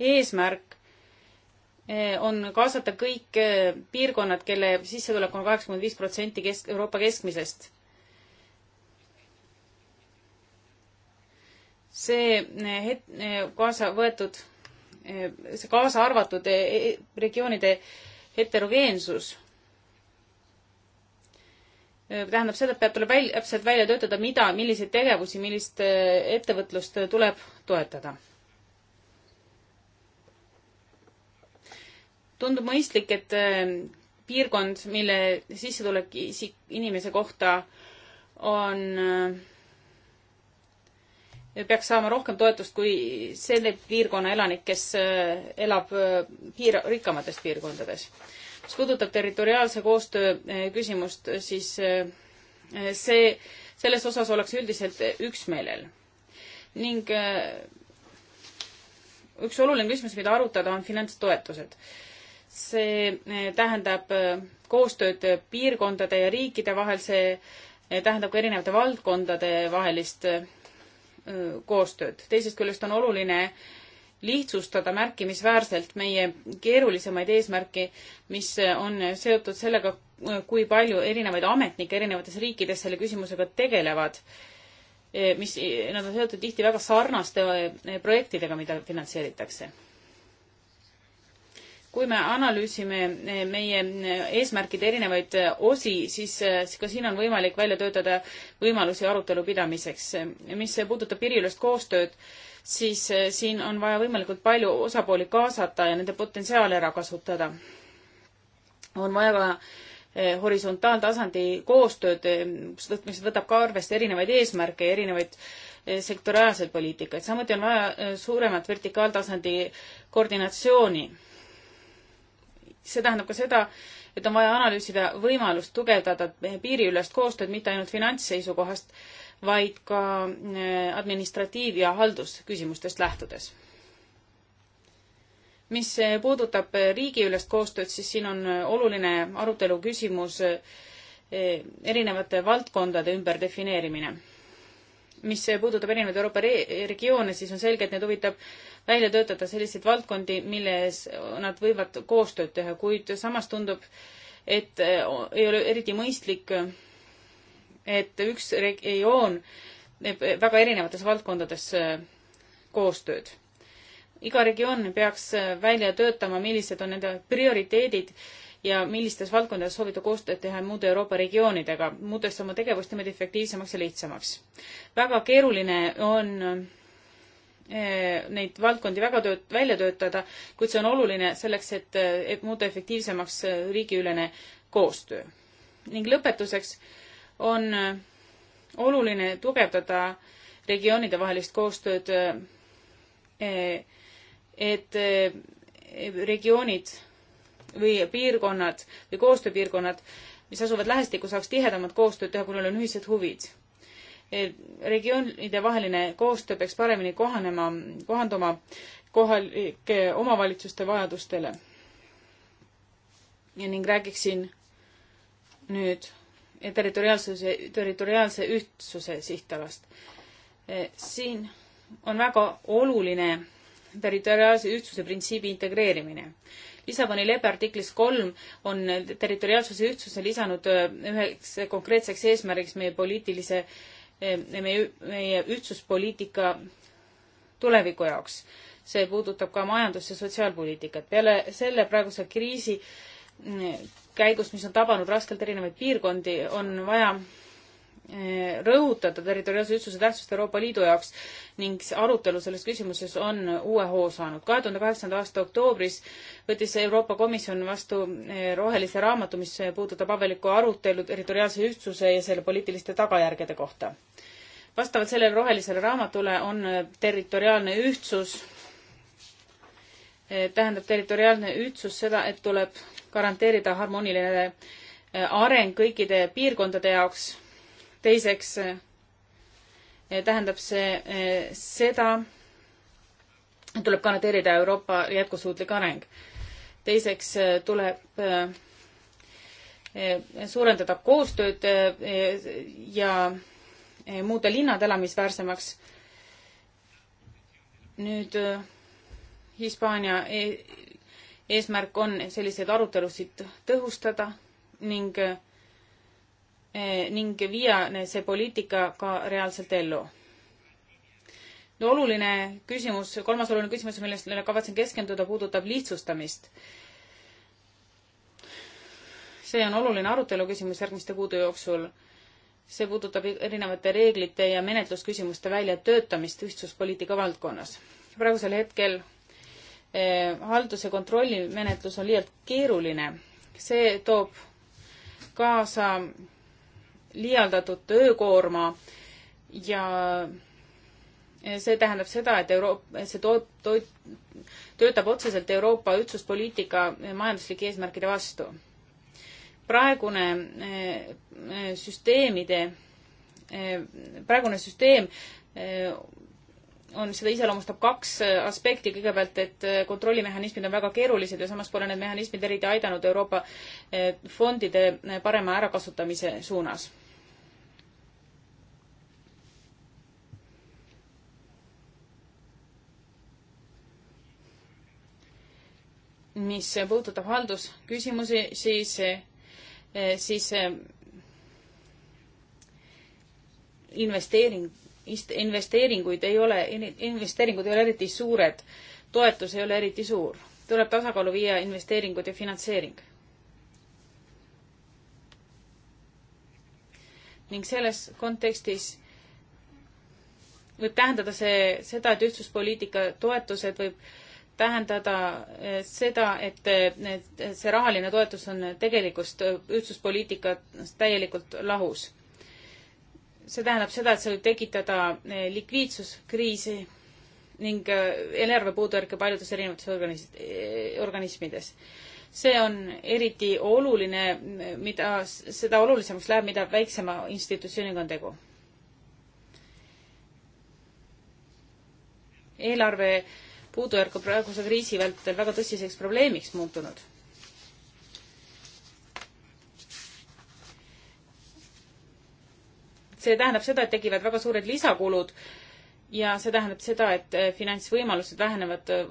S5: eesmärk eh, on kaasata kõik eh, piirkonnad, kelle sissetulek on kaheksakümmend viis protsenti kesk, Euroopa keskmisest. see eh, het-, kaasa võetud, see kaasa arvatud e-, regioonide heterogeensus Äh, tähendab seda, et peab, tuleb välja, täpselt välja töötada, mida, milliseid tegevusi, millist äh, ettevõtlust äh, tuleb toetada. tundub mõistlik, et piirkond, mille sissetulek isik, inimese kohta on, peaks saama rohkem toetust kui selle piirkonna elanik, kes elab piir, rikkamates piirkondades mis puudutab territoriaalse koostöö eh, küsimust, siis eh, eh, see, selles osas oleks üldiselt üksmeelel. ning üks oluline küsimus, mida arutada, on finantstoetused. see tähendab koostööd piirkondade ja riikide vahel, see tähendab ka erinevate valdkondade vahelist koostööd. teisest küljest on oluline äh, lihtsustada märkimisväärselt meie keerulisemaid eesmärke, mis on seotud sellega, kui palju erinevaid ametnikke erinevates riikides selle küsimusega tegelevad. mis, nad on seotud tihti väga sarnaste eh, projektidega, mida finantseeritakse. kui me analüüsime eh, meie eh, eesmärkide erinevaid osi, siis ka siin on võimalik välja töötada võimalusi arutelu pidamiseks. mis puudutab piiriülest koostööd, siis eh, siin on vaja võimalikult palju osapooli kaasata ja nende potentsiaali ära kasutada. on vaja ka eh, horisontaaltasandi koostööd, eh, mis võtab ka arvesse erinevaid eesmärke ja erinevaid sektoriaalseid poliitikaid. samuti on vaja suuremat vertikaaltasandi koordinatsiooni. see tähendab ka seda, et on vaja analüüsida võimalust tugevdada piiriülest koostööd mitte ainult finantsseisukohast, vaid ka eh, administratiiv- ja haldusküsimustest lähtudes. mis eh, puudutab eh, riigiülest koostööd, siis siin on oluline arutelu küsimus erinevate valdkondade ümberdefineerimine mis puudutab erinevaid Euroopa regioone, siis on selge, et neid huvitab välja töötada selliseid valdkondi, milles nad võivad koostööd teha, kuid samas tundub, et e, ei ole eriti mõistlik, et üks regioon teeb väga erinevates valdkondades e, koostööd. iga regioon peaks välja töötama, millised on nende prioriteedid ja millistes valdkondades soovite koostööd teha muude Euroopa regioonidega, muutes oma tegevust niimoodi efektiivsemaks ja lihtsamaks. väga keeruline on eh, neid valdkondi väga tööt-, välja töötada, kuid see on oluline selleks, et, et muuta efektiivsemaks eh, riigiülene koostöö. ning lõpetuseks on eh, oluline tugevdada regioonide vahelist koostööd, et regioonid või piirkonnad või koostööpiirkonnad, mis asuvad lähestikku, saaks tihedamat koostööd teha, kui neil on ühised huvid. regioonide vaheline koostöö peaks paremini kohanema, kohanduma kohalike omavalitsuste vajadustele. ja ning räägiksin nüüd territoriaalsuse, territoriaalse ühtsuse sihtalast. E, siin on väga oluline territoriaalse ühtsuse printsiibi integreerimine. Lissaboni leppe artiklis kolm on territoriaalsuse ühtsuse lisanud äh, üheks konkreetseks eesmärgiks meie poliitilise, äh, meie, meie ühtsuspoliitika tuleviku jaoks. see puudutab ka majandus- ja sotsiaalpoliitikat. peale selle praeguse kriisi mm, käigus, mis on tabanud raskelt erinevaid piirkondi, on vaja rõhutada territoriaalse ühtsuse tähtsust Euroopa Liidu jaoks ning arutelu selles küsimuses on uue hoo saanud. kahe tuhande kaheksanda aasta oktoobris võttis Euroopa Komisjon vastu eh, rohelise raamatu, mis puudutab avalikku arutelu territoriaalse ühtsuse ja selle poliitiliste tagajärgede kohta. vastavalt sellele rohelisele raamatule on eh, territoriaalne ühtsus, eh, tähendab territoriaalne ühtsus seda, et tuleb garanteerida harmooniline areng kõikide piirkondade jaoks teiseks eh, tähendab see eh, seda, tuleb garanteerida Euroopa jätkusuutlik areng. teiseks eh, tuleb suurendada koostööd ja muuta linnad elamisväärsemaks. nüüd Hispaania e-, eesmärk on selliseid arutelusid tõhustada ning Eh, ning viia see poliitika ka reaalselt ellu. oluline küsimus, kolmas oluline küsimus, millele kavatsen keskenduda, puudutab lihtsustamist. see on oluline arutelu küsimus järgmiste kuude jooksul. see puudutab erinevate reeglite ja menetlusküsimuste väljatöötamist ühtsuspoliitika valdkonnas. praegusel hetkel eh, halduse kontrollimenetlus on liialt keeruline. see toob kaasa liialdatud töökoorma ja see tähendab seda, et Euroop-, see to-, to-, töötab otseselt Euroopa ühtsuspoliitika majanduslike eesmärkide vastu. praegune eh, süsteemide, eh, praegune süsteem eh, on, seda iseloomustab kaks äh, aspekti, kõigepealt, et äh, kontrollimehhanismid on väga keerulised ja samas pole need mehhanismid eriti aidanud Euroopa äh, fondide parema ärakasutamise suunas. mis puudutab haldusküsimusi, siis, siis investeering investeeringuid ei ole, investeeringud ei ole eriti suured, toetus ei ole eriti suur. tuleb tasakaalu viia investeeringud ja finantseering. ning selles kontekstis võib tähendada see, seda, et ühtsuspoliitika toetused võib tähendada eh, seda, et need, see rahaline toetus on eh, tegelikust eh, ühtsuspoliitikast täielikult lahus see tähendab seda, et see võib tekitada eh, likviidsuskriisi ning eh, eelarve puudujääke paljudes erinevates organis-, eh, organismides. see on eriti oluline, mida, seda olulisemaks läheb, mida väiksema institutsiooniga on tegu. eelarve puudujääk on praeguse kriisi vältel väga tõsiseks probleemiks muutunud see tähendab seda, et tekivad väga suured lisakulud ja see tähendab seda, et eh, finantsvõimalused vähenevad eh,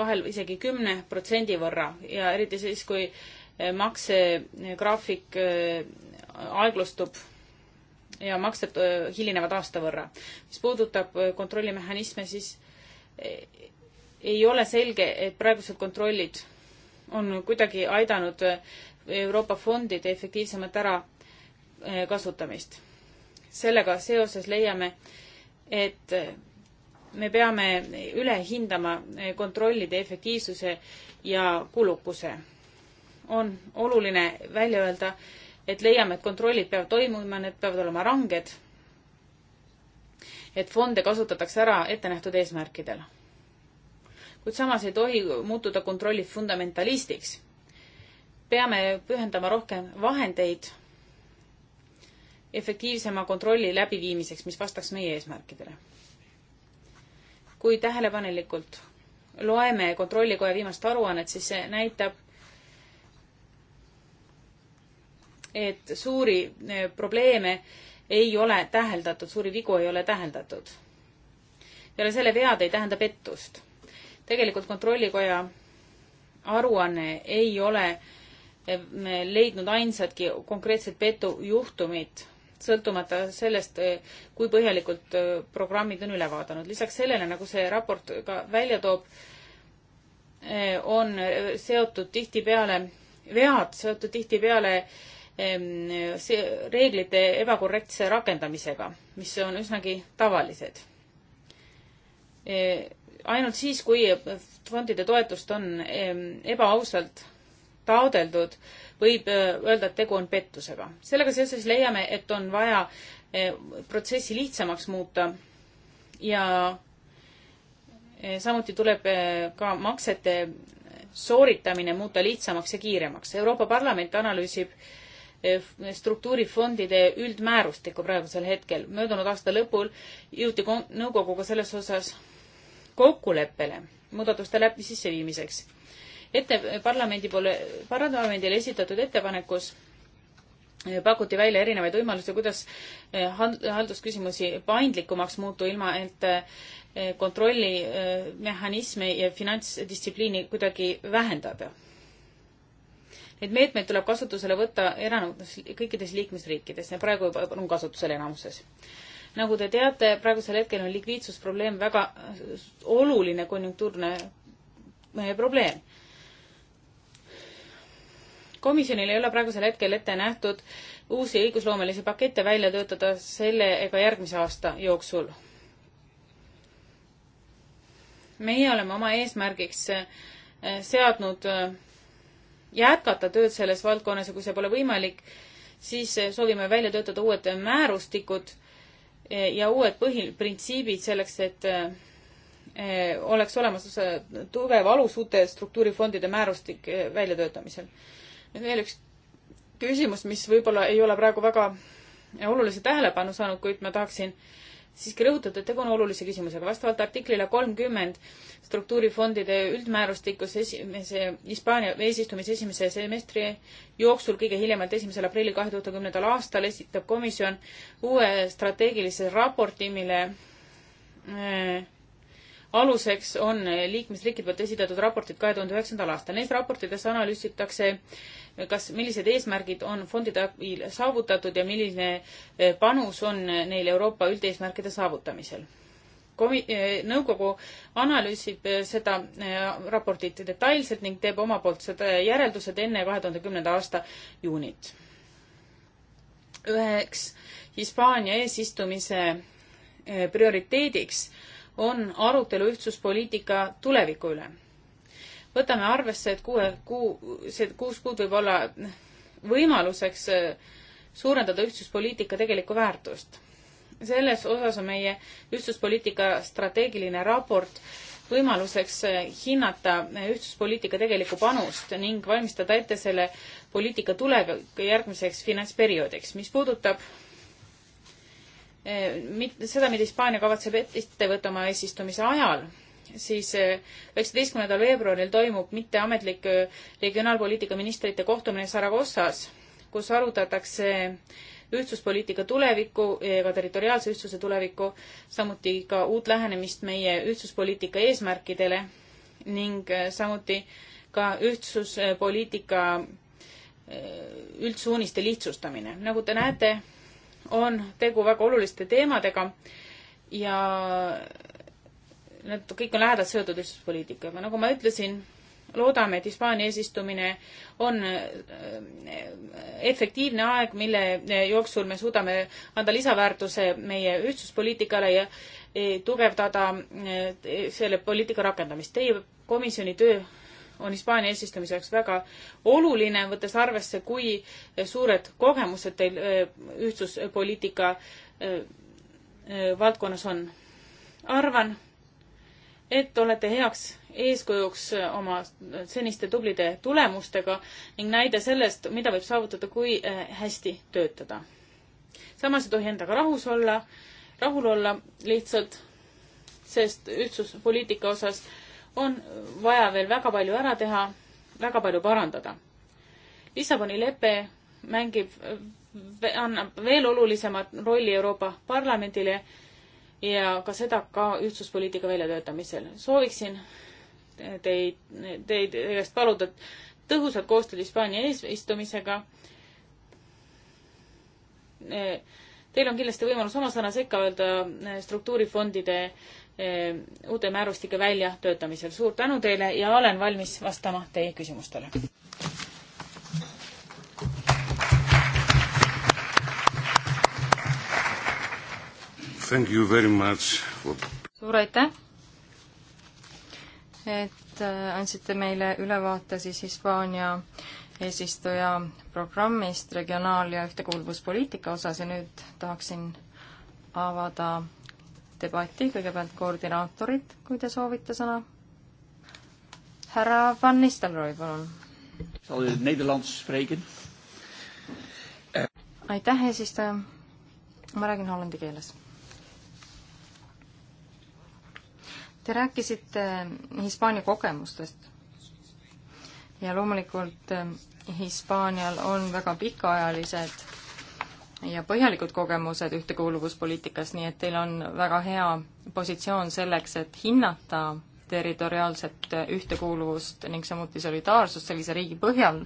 S5: vahel isegi kümne protsendi võrra ja eriti siis, kui eh, maksegraafik aeglustub ja maksed hilinevad aasta võrra. mis puudutab kontrollimehhanisme, siis ei ole selge, et praegused kontrollid on kuidagi aidanud Euroopa fondide efektiivsemat ära kasutamist sellega seoses leiame, et me peame üle hindama kontrollide efektiivsuse ja kulukuse. on oluline välja öelda, et leiame, et kontrollid peavad toimuma, need peavad olema ranged, et fonde kasutatakse ära ettenähtud eesmärkidel. kuid samas ei tohi muutuda kontrolli fundamentalistiks. peame pühendama rohkem vahendeid efektiivsema kontrolli läbiviimiseks, mis vastaks meie eesmärkidele. kui tähelepanelikult loeme Kontrollikoja viimast aruannet, siis see näitab, et suuri eh, probleeme ei ole täheldatud, suuri vigu ei ole täheldatud. peale selle vead ei tähenda pettust. tegelikult Kontrollikoja aruanne ei ole eh, leidnud ainsatki konkreetset petujuhtumit sõltumata sellest, kui põhjalikult äh, programmid on üle vaadanud. lisaks sellele, nagu see raport ka välja toob, äh, on äh, seotud tihtipeale, vead seotud tihtipeale ähm, see reeglite ebakorrektse rakendamisega, mis on üsnagi tavalised. ainult siis, kui fondide toetust on ähm, ebaausalt taodeldud, võib äh, öelda, et tegu on pettusega. sellega seoses leiame, et on vaja äh, protsessi lihtsamaks muuta ja äh, samuti tuleb ka maksete sooritamine muuta lihtsamaks ja kiiremaks. Euroopa Parlament analüüsib struktuurifondide üldmäärustikku praegusel hetkel. möödunud aasta lõpul jõuti nõukoguga selles osas kokkuleppele muudatuste läbi sisseviimiseks ette parlamendi poole, parlamendile esitatud ettepanekus eh, pakuti välja erinevaid võimalusi, kuidas eh, haldusküsimusi paindlikumaks muuta, ilma et eh, kontrollimehhanismi ja finantsdistsipliini kuidagi vähendab. Neid meetmeid tuleb kasutusele võtta enamus, kõikides liikmesriikides ja praegu juba on kasutusel enamuses. nagu te teate, praegusel hetkel on likviidsusprobleem väga oluline konjunktuurne probleem komisjonil ei ole praegusel hetkel ette nähtud uusi õigusloomelisi pakette välja töötada selle ega järgmise aasta jooksul. meie oleme oma eesmärgiks eh, seadnud eh, jätkata tööd selles valdkonnas ja kui see pole võimalik, siis eh, soovime välja töötada uued määrustikud ja uued põhiprintsiibid selleks, et oleks olemas tugev alus uute struktuurifondide määrustik väljatöötamisel nüüd veel üks küsimus, mis võib-olla ei ole praegu väga olulise tähelepanu saanud, kuid ma tahaksin siiski rõhutada, et tegu on olulise küsimusega. vastavalt artiklile kolmkümmend struktuurifondide üldmäärustikus esimese, Hispaania eesistumise esimese semestri jooksul kõige hiljemalt esimesel aprillil kahe tuhande kümnendal aastal esitab komisjon uue strateegilise raporti, mille äh, aluseks on liikmesriikide poolt esitatud raportid kahe tuhande üheksandal aastal. Neis raportides analüüsitakse, kas, millised eesmärgid on fondide abil saavutatud ja milline eh, panus on neil Euroopa üldeesmärkide saavutamisel. Komi-, eh, nõukogu analüüsib eh, seda raportit detailselt ning teeb oma poolt seda järeldused enne kahe tuhande kümnenda aasta juunit. üheks Hispaania eesistumise prioriteediks äh, on arutelu ühtsuspoliitika tuleviku üle. võtame arvesse, et kuue kuu, see kuus kuud võib olla võimaluseks äh, suurendada ühtsuspoliitika tegelikku väärtust. selles osas on meie ühtsuspoliitika strateegiline raport võimaluseks äh, hinnata äh, ühtsuspoliitika tegelikku panust ning valmistada ette selle poliitika tulevik järgmiseks finantsperioodiks. mis puudutab Eh, seda, mida Hispaania kavatseb ette võtta oma eesistumise ajal, siis eh, üheksateistkümnendal veebruaril toimub mitteametlik eh, regionaalpoliitika ministrite kohtumine Saragossas, kus arutatakse ühtsuspoliitika tulevikku ja ka territoriaalse ühtsuse tulevikku, samuti ka uut lähenemist meie ühtsuspoliitika eesmärkidele ning samuti ka ühtsuspoliitika üldsuuniste lihtsustamine. nagu te näete, on tegu väga oluliste teemadega ja need kõik on lähedalt seotud ühtsuspoliitikaga. nagu ma ütlesin, loodame, et Hispaania eesistumine on äh, efektiivne aeg, mille jooksul me suudame anda lisaväärtuse meie ühtsuspoliitikale ja eh, tugevdada eh, selle poliitika rakendamist. Teie komisjoni töö on Hispaania eesistumise jaoks väga oluline, võttes arvesse, kui suured kogemused teil äh, ühtsuspoliitika äh, äh, valdkonnas on. arvan, et olete heaks eeskujuks oma seniste tublide tulemustega ning näide sellest, mida võib saavutada, kui hästi töötada. samas ei tohi endaga rahus olla, rahul olla lihtsalt, sest ühtsuspoliitika osas on vaja veel väga palju ära teha, väga palju parandada. Lissaboni lepe mängib, annab veel olulisema rolli Euroopa Parlamendile ja ka seda ka ühtsuspoliitika väljatöötamisel. sooviksin teid, teid käest paluda tõhusat koostööd Hispaania eesistumisega. Teil on kindlasti võimalus oma sõna sekka öelda struktuurifondide äh, Eh, uute määrustike väljatöötamisel. suur tänu teile ja olen valmis vastama teie küsimustele.
S1: For...
S2: suur aitäh, et äh, andsite meile ülevaate siis Hispaania eesistuja programmist regionaal- ja ühtekuuluvuspoliitika osas ja nüüd tahaksin avada debatti, kõigepealt koordinaatorid, kui te soovite sõna. härra Van Nistelrooy, palun. aitäh, eesistuja. ma räägin hollandi keeles. Te rääkisite Hispaania kogemustest ja loomulikult eh, Hispaanial on väga pikaajalised ja põhjalikud kogemused ühtekuuluvuspoliitikas, nii et teil on väga hea positsioon selleks, et hinnata territoriaalset ühtekuuluvust ning samuti solidaarsust sellise riigi põhjal,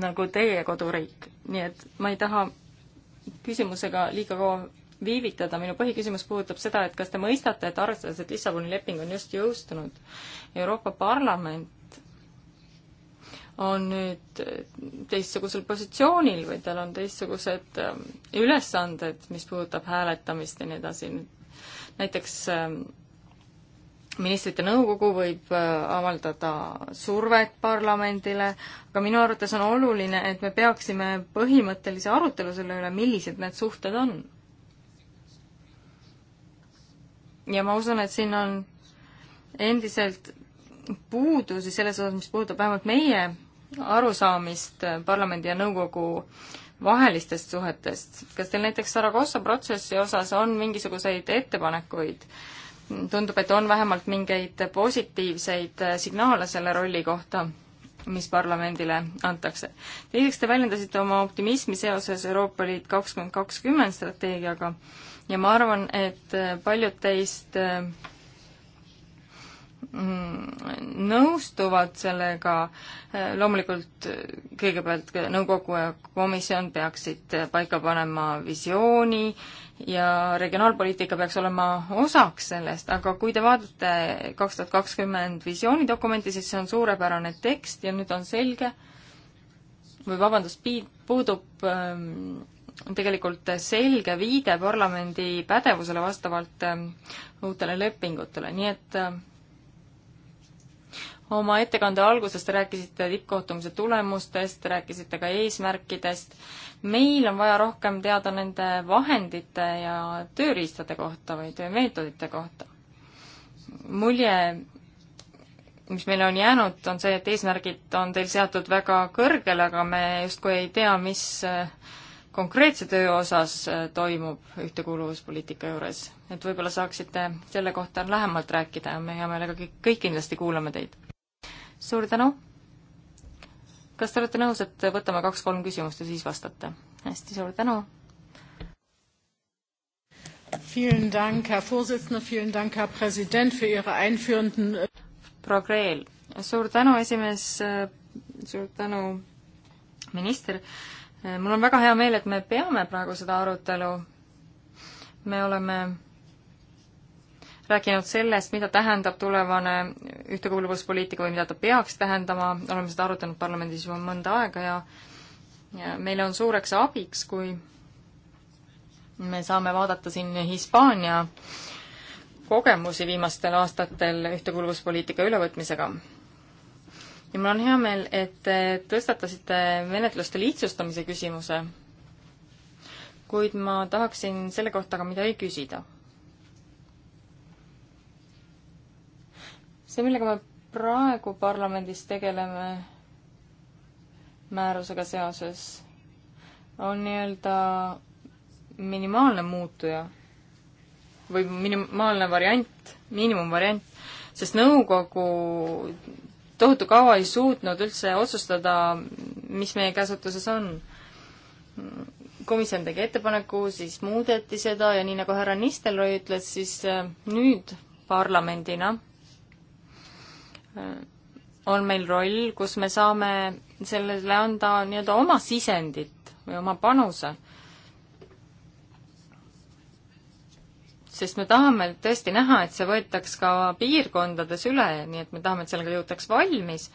S2: nagu teie koduriik. nii et ma ei taha küsimusega liiga kaua viivitada, minu põhiküsimus puudutab seda, et kas te mõistate, et arvestades, et Lissaboni leping on just jõustunud, Euroopa Parlament on nüüd teistsugusel positsioonil või tal on teistsugused ähm, ülesanded, mis puudutab hääletamist ja nii edasi. näiteks ähm, ministrite nõukogu võib äh, avaldada survet parlamendile, aga minu arvates on oluline, et me peaksime põhimõttelise arutelu selle üle, millised need suhted on. ja ma usun, et siin on endiselt puudusi selles osas, mis puudutab vähemalt meie arusaamist parlamendi ja nõukogu vahelistest suhetest. kas teil näiteks Saragossa protsessi osas on mingisuguseid ettepanekuid? tundub, et on vähemalt mingeid positiivseid signaale selle rolli kohta, mis parlamendile antakse. teiseks, te väljendasite oma optimismi seoses Euroopa Liit kakskümmend kakskümmend strateegiaga ja ma arvan, et paljud teist äh, Mm, nõustuvad sellega, loomulikult kõigepealt nõukogu ja komisjon peaksid paika panema visiooni ja regionaalpoliitika peaks olema osaks sellest, aga kui te vaatate kaks tuhat kakskümmend visioonidokumenti, siis see on suurepärane tekst ja nüüd on selge, või vabandust, pii-, puudub ähm, tegelikult selge viide parlamendi pädevusele vastavalt ähm, uutele lepingutele, nii et äh, oma ettekande alguses te rääkisite tippkohtumise tulemustest, rääkisite ka eesmärkidest. meil on vaja rohkem teada nende vahendite ja tööriistade kohta või töömeetodite kohta. mulje, mis meile on jäänud, on see, et eesmärgid on teil seatud väga kõrgele, aga me justkui ei tea, mis eh, konkreetse töö osas eh, toimub ühtekuuluvuspoliitika juures, et võib-olla saaksite selle kohta lähemalt rääkida ja me hea meelega kõik, kõik kindlasti kuulame teid suur tänu. kas te olete nõus, et võtame kaks-kolm küsimust ja siis vastate? hästi, suur tänu. Vielen Dank, Herr Vorsitzender, vielen Dank, Herr Präsident, für Ihre einführenden Progreel. Äh, suur tänu, esimees, äh, suur tänu, minister. Äh, mul on väga hea meel, et me peame praegu seda arutelu. me oleme rääkinud sellest, mida tähendab tulevane ühtekuuluvuspoliitika või mida ta peaks tähendama, oleme seda arutanud parlamendis juba mõnda aega ja ja meile on suureks abiks, kui me saame vaadata siin Hispaania kogemusi viimastel aastatel ühtekuuluvuspoliitika ülevõtmisega ja mul on hea meel, et te tõstatasite menetluste lihtsustamise küsimuse, kuid ma tahaksin selle kohta ka midagi küsida. see, millega me praegu parlamendis tegeleme määrusega seoses, on nii-öelda minimaalne muutuja või minimaalne variant, miinimumvariant, sest nõukogu tohutu kaua ei suutnud üldse otsustada, mis meie käsutuses on. komisjon tegi ettepaneku, siis muudeti seda ja nii nagu härra Nistelrooy ütles, siis nüüd parlamendina on meil roll, kus me saame sellele anda nii-öelda oma sisendit või oma panuse. sest me tahame tõesti näha, et see võetaks ka piirkondades üle, nii et me tahame, et sellega jõutaks valmis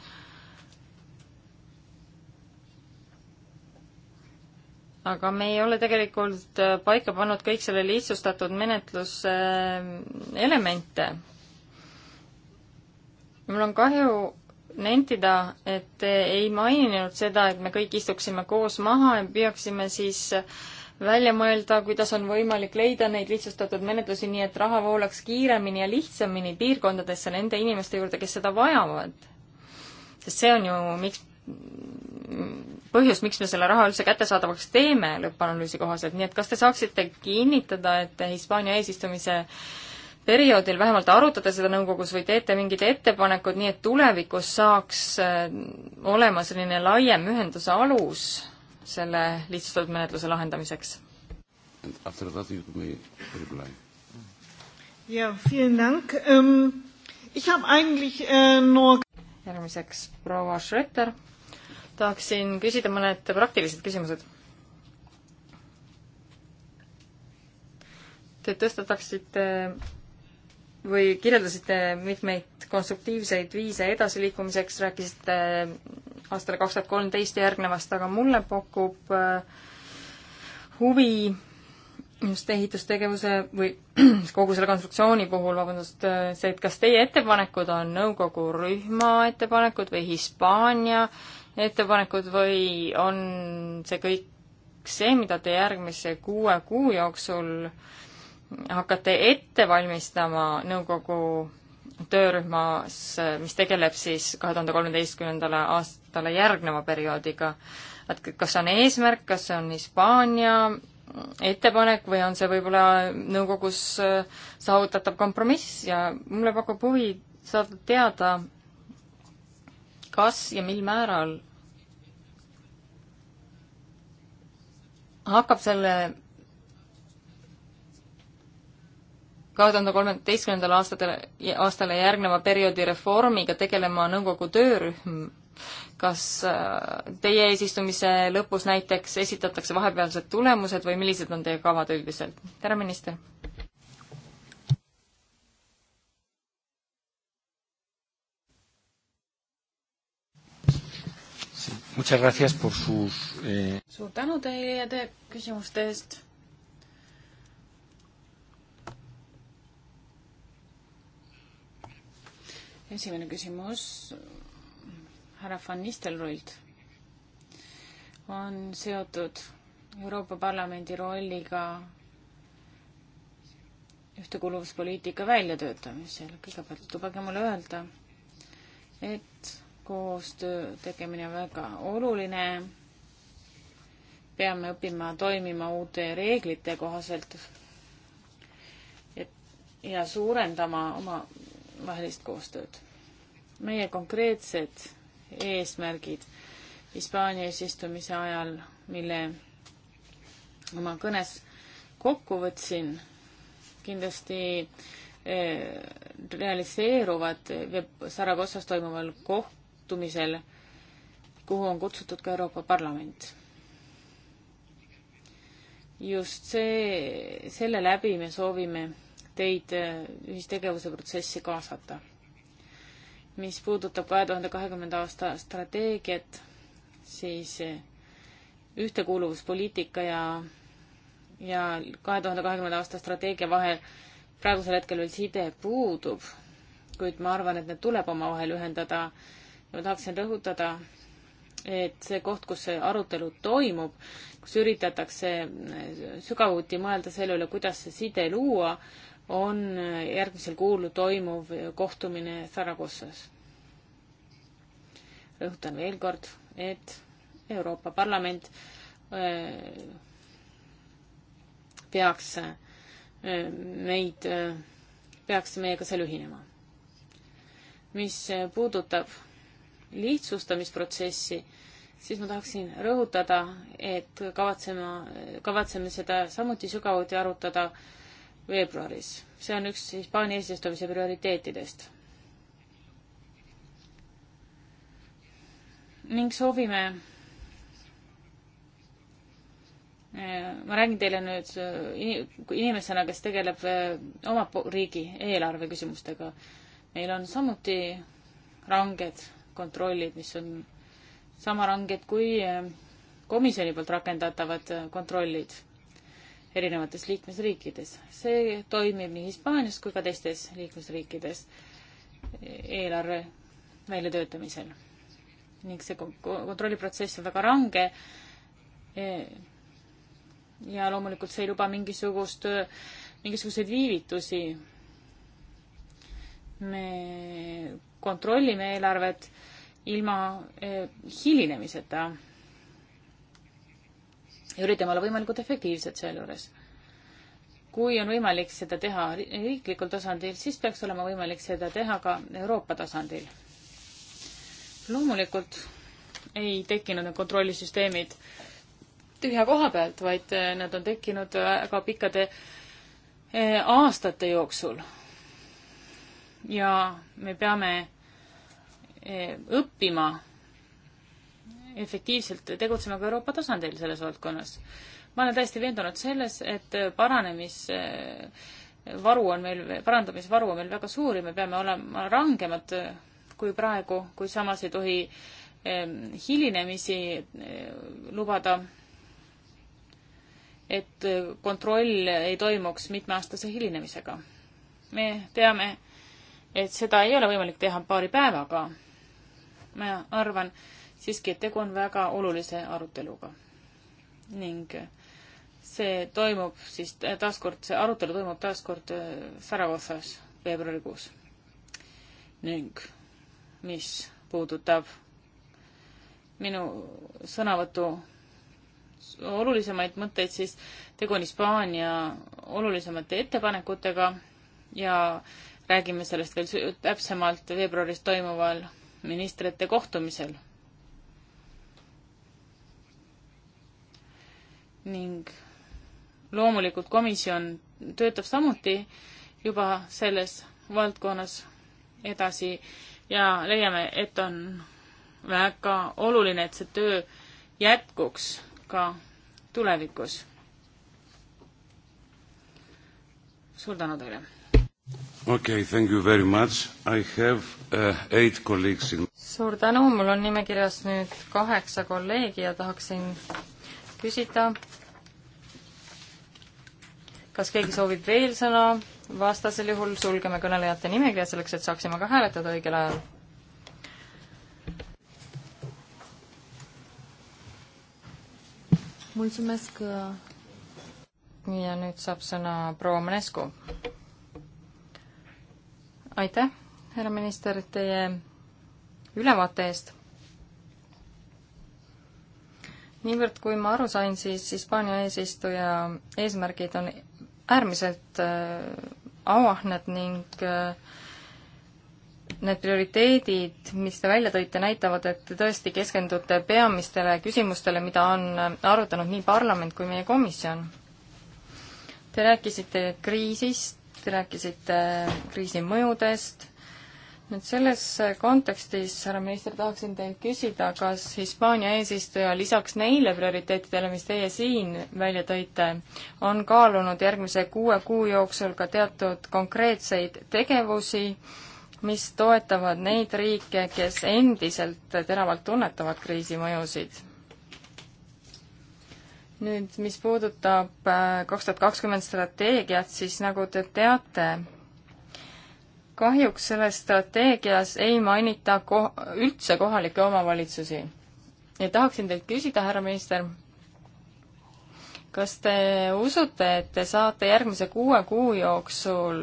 S2: aga me ei ole tegelikult paika pannud kõik selle lihtsustatud menetluse elemente mul on kahju nentida, et te ei maininud seda, et me kõik istuksime koos maha ja püüaksime siis välja mõelda, kuidas on võimalik leida neid lihtsustatud menetlusi, nii et raha voolaks kiiremini ja lihtsamini piirkondadesse nende inimeste juurde, kes seda vajavad. sest see on ju, miks, põhjus, miks me selle raha üldse kättesaadavaks teeme lõppanalüüsi kohaselt, nii et kas te saaksite kinnitada, et Hispaania eesistumise äh, perioodil vähemalt arutada seda nõukogus või teete mingid ettepanekud, nii et tulevikus saaks äh, olema selline laiem ühenduse alus selle lihtsustatud menetluse lahendamiseks? ja, ähm, äh, järgmiseks proua Schröter, tahaksin küsida mõned praktilised küsimused te tõstataksite või kirjeldasite mitmeid konstruktiivseid viise edasiliikumiseks, rääkisite äh, aastale kaks tuhat kolmteist järgnevast, aga mulle pakub äh, huvi just ehitustegevuse või kogu selle konstruktsiooni puhul, vabandust, äh, see, et kas teie ettepanekud on nõukogu rühma ettepanekud või Hispaania ettepanekud või on see kõik see, mida te järgmise kuue kuu jooksul äh, hakkate ette valmistama nõukogu töörühmas, mis tegeleb siis kahe tuhande kolmeteistkümnendale aastale järgneva perioodiga. et kas see on eesmärk, kas see on Hispaania ettepanek või on see võib-olla nõukogus äh, saavutatav kompromiss ja mulle pakub huvi saada teada, kas ja mil määral hakkab selle kahe tuhande kolmeteistkümnendal aastatel, aastale järgneva perioodi reformiga tegelema nõukogu töörühm. kas äh, teie eesistumise lõpus näiteks esitatakse vahepealsed tulemused või millised on teie kavad üldiselt? härra minister.
S1: Muchas gracias por sus eh...
S5: suur tänu teile ja teie küsimuste eest esimene küsimus härra Van Nistelrooilt on seotud Euroopa Parlamendi rolliga ühtekuuluvuspoliitika väljatöötamisel. kõigepealt lubage mulle öelda, et koostöö tegemine on väga oluline. peame õppima toimima uute reeglite kohaselt et ja suurendama oma vahelist koostööd. meie konkreetsed eesmärgid Hispaania eesistumise ajal, mille oma kõnes kokku võtsin, kindlasti eh, realiseeruvad Saragossas toimuval kohtumisel, kuhu on kutsutud ka Euroopa Parlament. just see, selle läbi me soovime teid äh, ühistegevuse protsessi kaasata. mis puudutab kahe tuhande kahekümnenda aasta strateegiat, siis äh, ühtekuuluvuspoliitika ja, ja kahe tuhande kahekümnenda aasta strateegia vahel praegusel hetkel veel side puudub, kuid ma arvan, et need tuleb omavahel ühendada. ma tahaksin rõhutada, et see koht, kus see arutelu toimub, kus üritatakse äh, sügavuti mõelda selle üle, kuidas see side luua, on järgmisel kuul toimuv kohtumine Saragossas. rõhutan veel kord, et Euroopa Parlament äh, peaks äh, meid, äh, peaks meiega seal ühinema. mis puudutab lihtsustamisprotsessi, siis ma tahaksin rõhutada, et kavatsema, kavatseme seda samuti sügavuti arutada äh, veebruaris. see on üks Hispaania eesistumise prioriteetidest. ning soovime eh, ma räägin teile nüüd eh, inimesena, kes tegeleb eh, oma riigi eelarve küsimustega. meil on samuti ranged kontrollid, mis on sama ranged kui komisjoni poolt rakendatavad kontrollid erinevates liikmesriikides. see toimib nii Hispaanias kui ka teistes liikmesriikides eelarve väljatöötamisel. ning see kontrolliprotsess on väga range e, ja loomulikult see ei luba mingisugust, mingisuguseid viivitusi. me kontrollime eelarvet ilma e, hilinemiseta üritame olla võimalikult efektiivsed sealjuures. kui on võimalik seda teha riiklikul tasandil, siis peaks olema võimalik seda teha ka Euroopa tasandil. loomulikult ei tekkinud need kontrollisüsteemid tühja koha pealt, vaid eh, nad on tekkinud väga eh, pikkade eh, aastate jooksul. ja me peame õppima efektiivselt tegutsema ka Euroopa tasandil selles valdkonnas. ma olen täiesti veendunud selles, et paranemisvaru on meil, parandamisvaru on meil väga suur ja me peame olema rangemad kui praegu, kui samas ei tohi ehm, hilinemisi ehm, lubada, et kontroll ei toimuks mitmeaastase hilinemisega. me teame, et seda ei ole võimalik teha paari päevaga. ma arvan, siiski, et tegu on väga olulise aruteluga. ning see toimub siis taaskord, see arutelu toimub taaskord äh, Saragossas veebruarikuus. ning mis puudutab minu sõnavõtu olulisemaid mõtteid, siis tegu on Hispaania olulisemate ettepanekutega ja räägime sellest veel täpsemalt veebruaris toimuval ministrite kohtumisel ning loomulikult komisjon töötab samuti juba selles valdkonnas edasi ja leiame, et on väga oluline, et see töö jätkuks ka tulevikus. suur tänu teile!
S1: okei okay,, thank you very much, I have uh, eight colleagues in
S2: suur tänu, mul on nimekirjas nüüd kaheksa kolleegi ja tahaksin küsida, kas keegi soovib veel sõna? vastasel juhul sulgeme kõnelejate nimekirja selleks, et saaksime ka hääletada õigel ajal. mulțumesc. Uh, ja nüüd saab sõna proua Manescu. aitäh, härra minister, teie ülevaate eest. niivõrd, kui ma aru sain, siis Hispaania eesistuja eesmärgid on äärmiselt äh, avahned ning äh, need prioriteedid, mis te välja tõite, näitavad, et te tõesti keskendute peamistele küsimustele, mida on äh, arutanud nii parlament kui meie komisjon. Te rääkisite kriisist, te rääkisite kriisi mõjudest, nüüd selles kontekstis, härra minister, tahaksin teilt küsida, kas Hispaania eesistuja lisaks neile prioriteetidele, mis teie siin välja tõite, on kaalunud järgmise kuue kuu jooksul ka teatud konkreetseid tegevusi, mis toetavad neid riike, kes endiselt teravalt tunnetavad kriisi mõjusid? nüüd, mis puudutab äh, kaks tuhat kakskümmend strateegiat, siis nagu te teate, kahjuks selles strateegias ei mainita ko-, üldse kohalikke omavalitsusi. ja tahaksin teilt küsida, härra minister, kas te usute, et te saate järgmise kuue kuu jooksul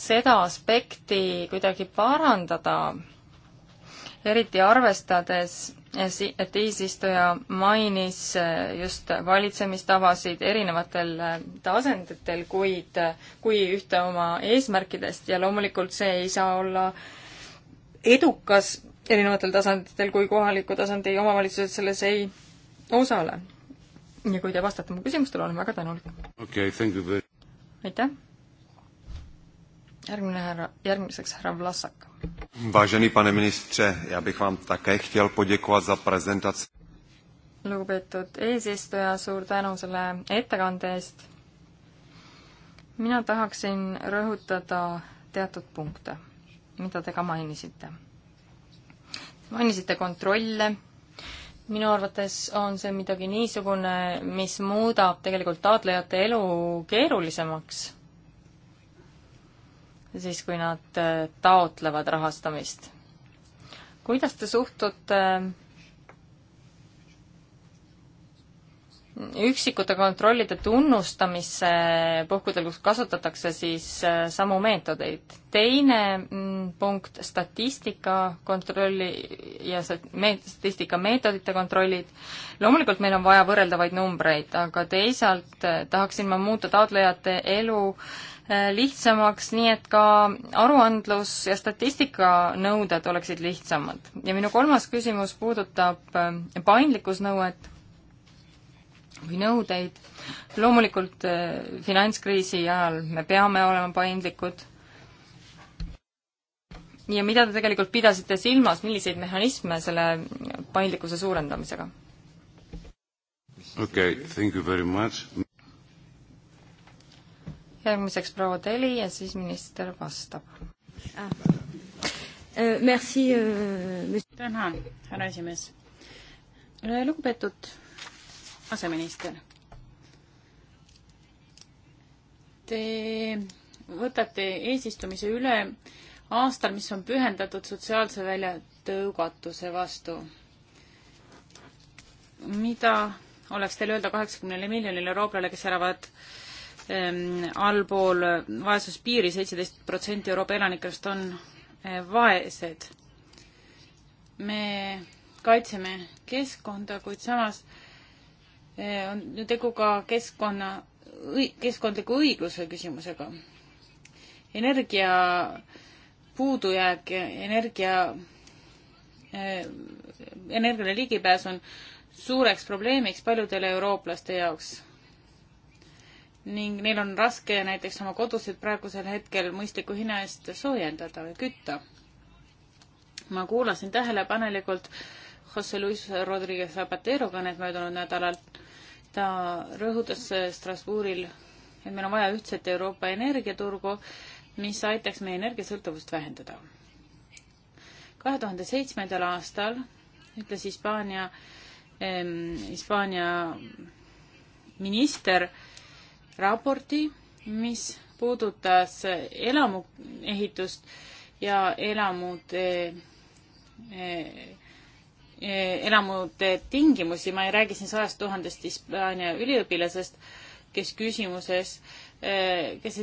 S2: seda aspekti kuidagi parandada, eriti arvestades et eesistuja mainis eh, just valitsemistavasid erinevatel eh, tasanditel, kuid eh, kui ühte oma eesmärkidest ja loomulikult see ei saa olla edukas erinevatel tasanditel, kui kohaliku tasandi omavalitsused selles ei osale. ja kui te vastate mu küsimustele, olen väga tänulik okay,. aitäh! järgmine härra, järgmiseks härra Vlasak
S1: Vážený pane ministře, já bych vám také chtěl poděkovat za prezentaci.
S2: lugupeetud eesistuja, suur tänu selle ettekande eest. mina tahaksin rõhutada teatud punkte, mida te ka mainisite. mainisite kontrolle minu arvates on see midagi niisugune, mis muudab tegelikult taotlejate elu keerulisemaks siis, kui nad äh, taotlevad rahastamist. kuidas te suhtute äh, üksikute kontrollide tunnustamisse puhkudel, kus kasutatakse siis äh, samu meetodeid. teine mm, punkt, statistika kontrolli ja statistika meetodite kontrollid. loomulikult meil on vaja võrreldavaid numbreid, aga teisalt tahaksin ma muuta taotlejate elu äh, Äh, lihtsamaks, nii et ka aruandlus ja statistikanõuded oleksid lihtsamad. ja minu kolmas küsimus puudutab äh, paindlikkusnõuet või nõudeid. loomulikult äh, finantskriisi ajal me peame olema paindlikud ja mida te tegelikult pidasite silmas, milliseid mehhanisme selle paindlikkuse suurendamisega?
S1: okei okay,, thank you very much
S2: järgmiseks proua Teli ja siis minister vastab ah..
S5: Äh, merci äh,. tänan, härra esimees. Äh, lugupeetud aseminister. Te võtate eesistumise üle aastal, mis on pühendatud sotsiaalse väljatõugatuse vastu. mida oleks teil öelda kaheksakümnele miljonile eurooplale, kes elavad äh, Ehm, allpool vaesuspiiri, seitseteist protsenti Euroopa elanikest on eh, vaesed. me kaitseme keskkonda, kuid samas eh, on ju tegu ka keskkonna, keskkondliku õigluse küsimusega. energia puudujääk, energia, eh, energiale ligipääs on suureks probleemiks paljudele eurooplaste jaoks ning neil on raske näiteks oma kodusid praegusel hetkel mõistliku hinna eest soojendada või kütta. ma kuulasin tähelepanelikult Jose Luis Rodriguez Zapatero kõnet möödunud nädalal. ta rõhutas Strasbourgil, et meil on vaja ühtset Euroopa energiaturgu, mis aitaks meie energiasõltuvust vähendada. kahe tuhande seitsmendal aastal ütles Hispaania eh,, Hispaania minister eh, raporti, mis puudutas elamuehitust ja elamute, elamute tingimusi. ma ei räägi siin sajast tuhandest Hispaania üliõpilasest, kes küsimuses, kes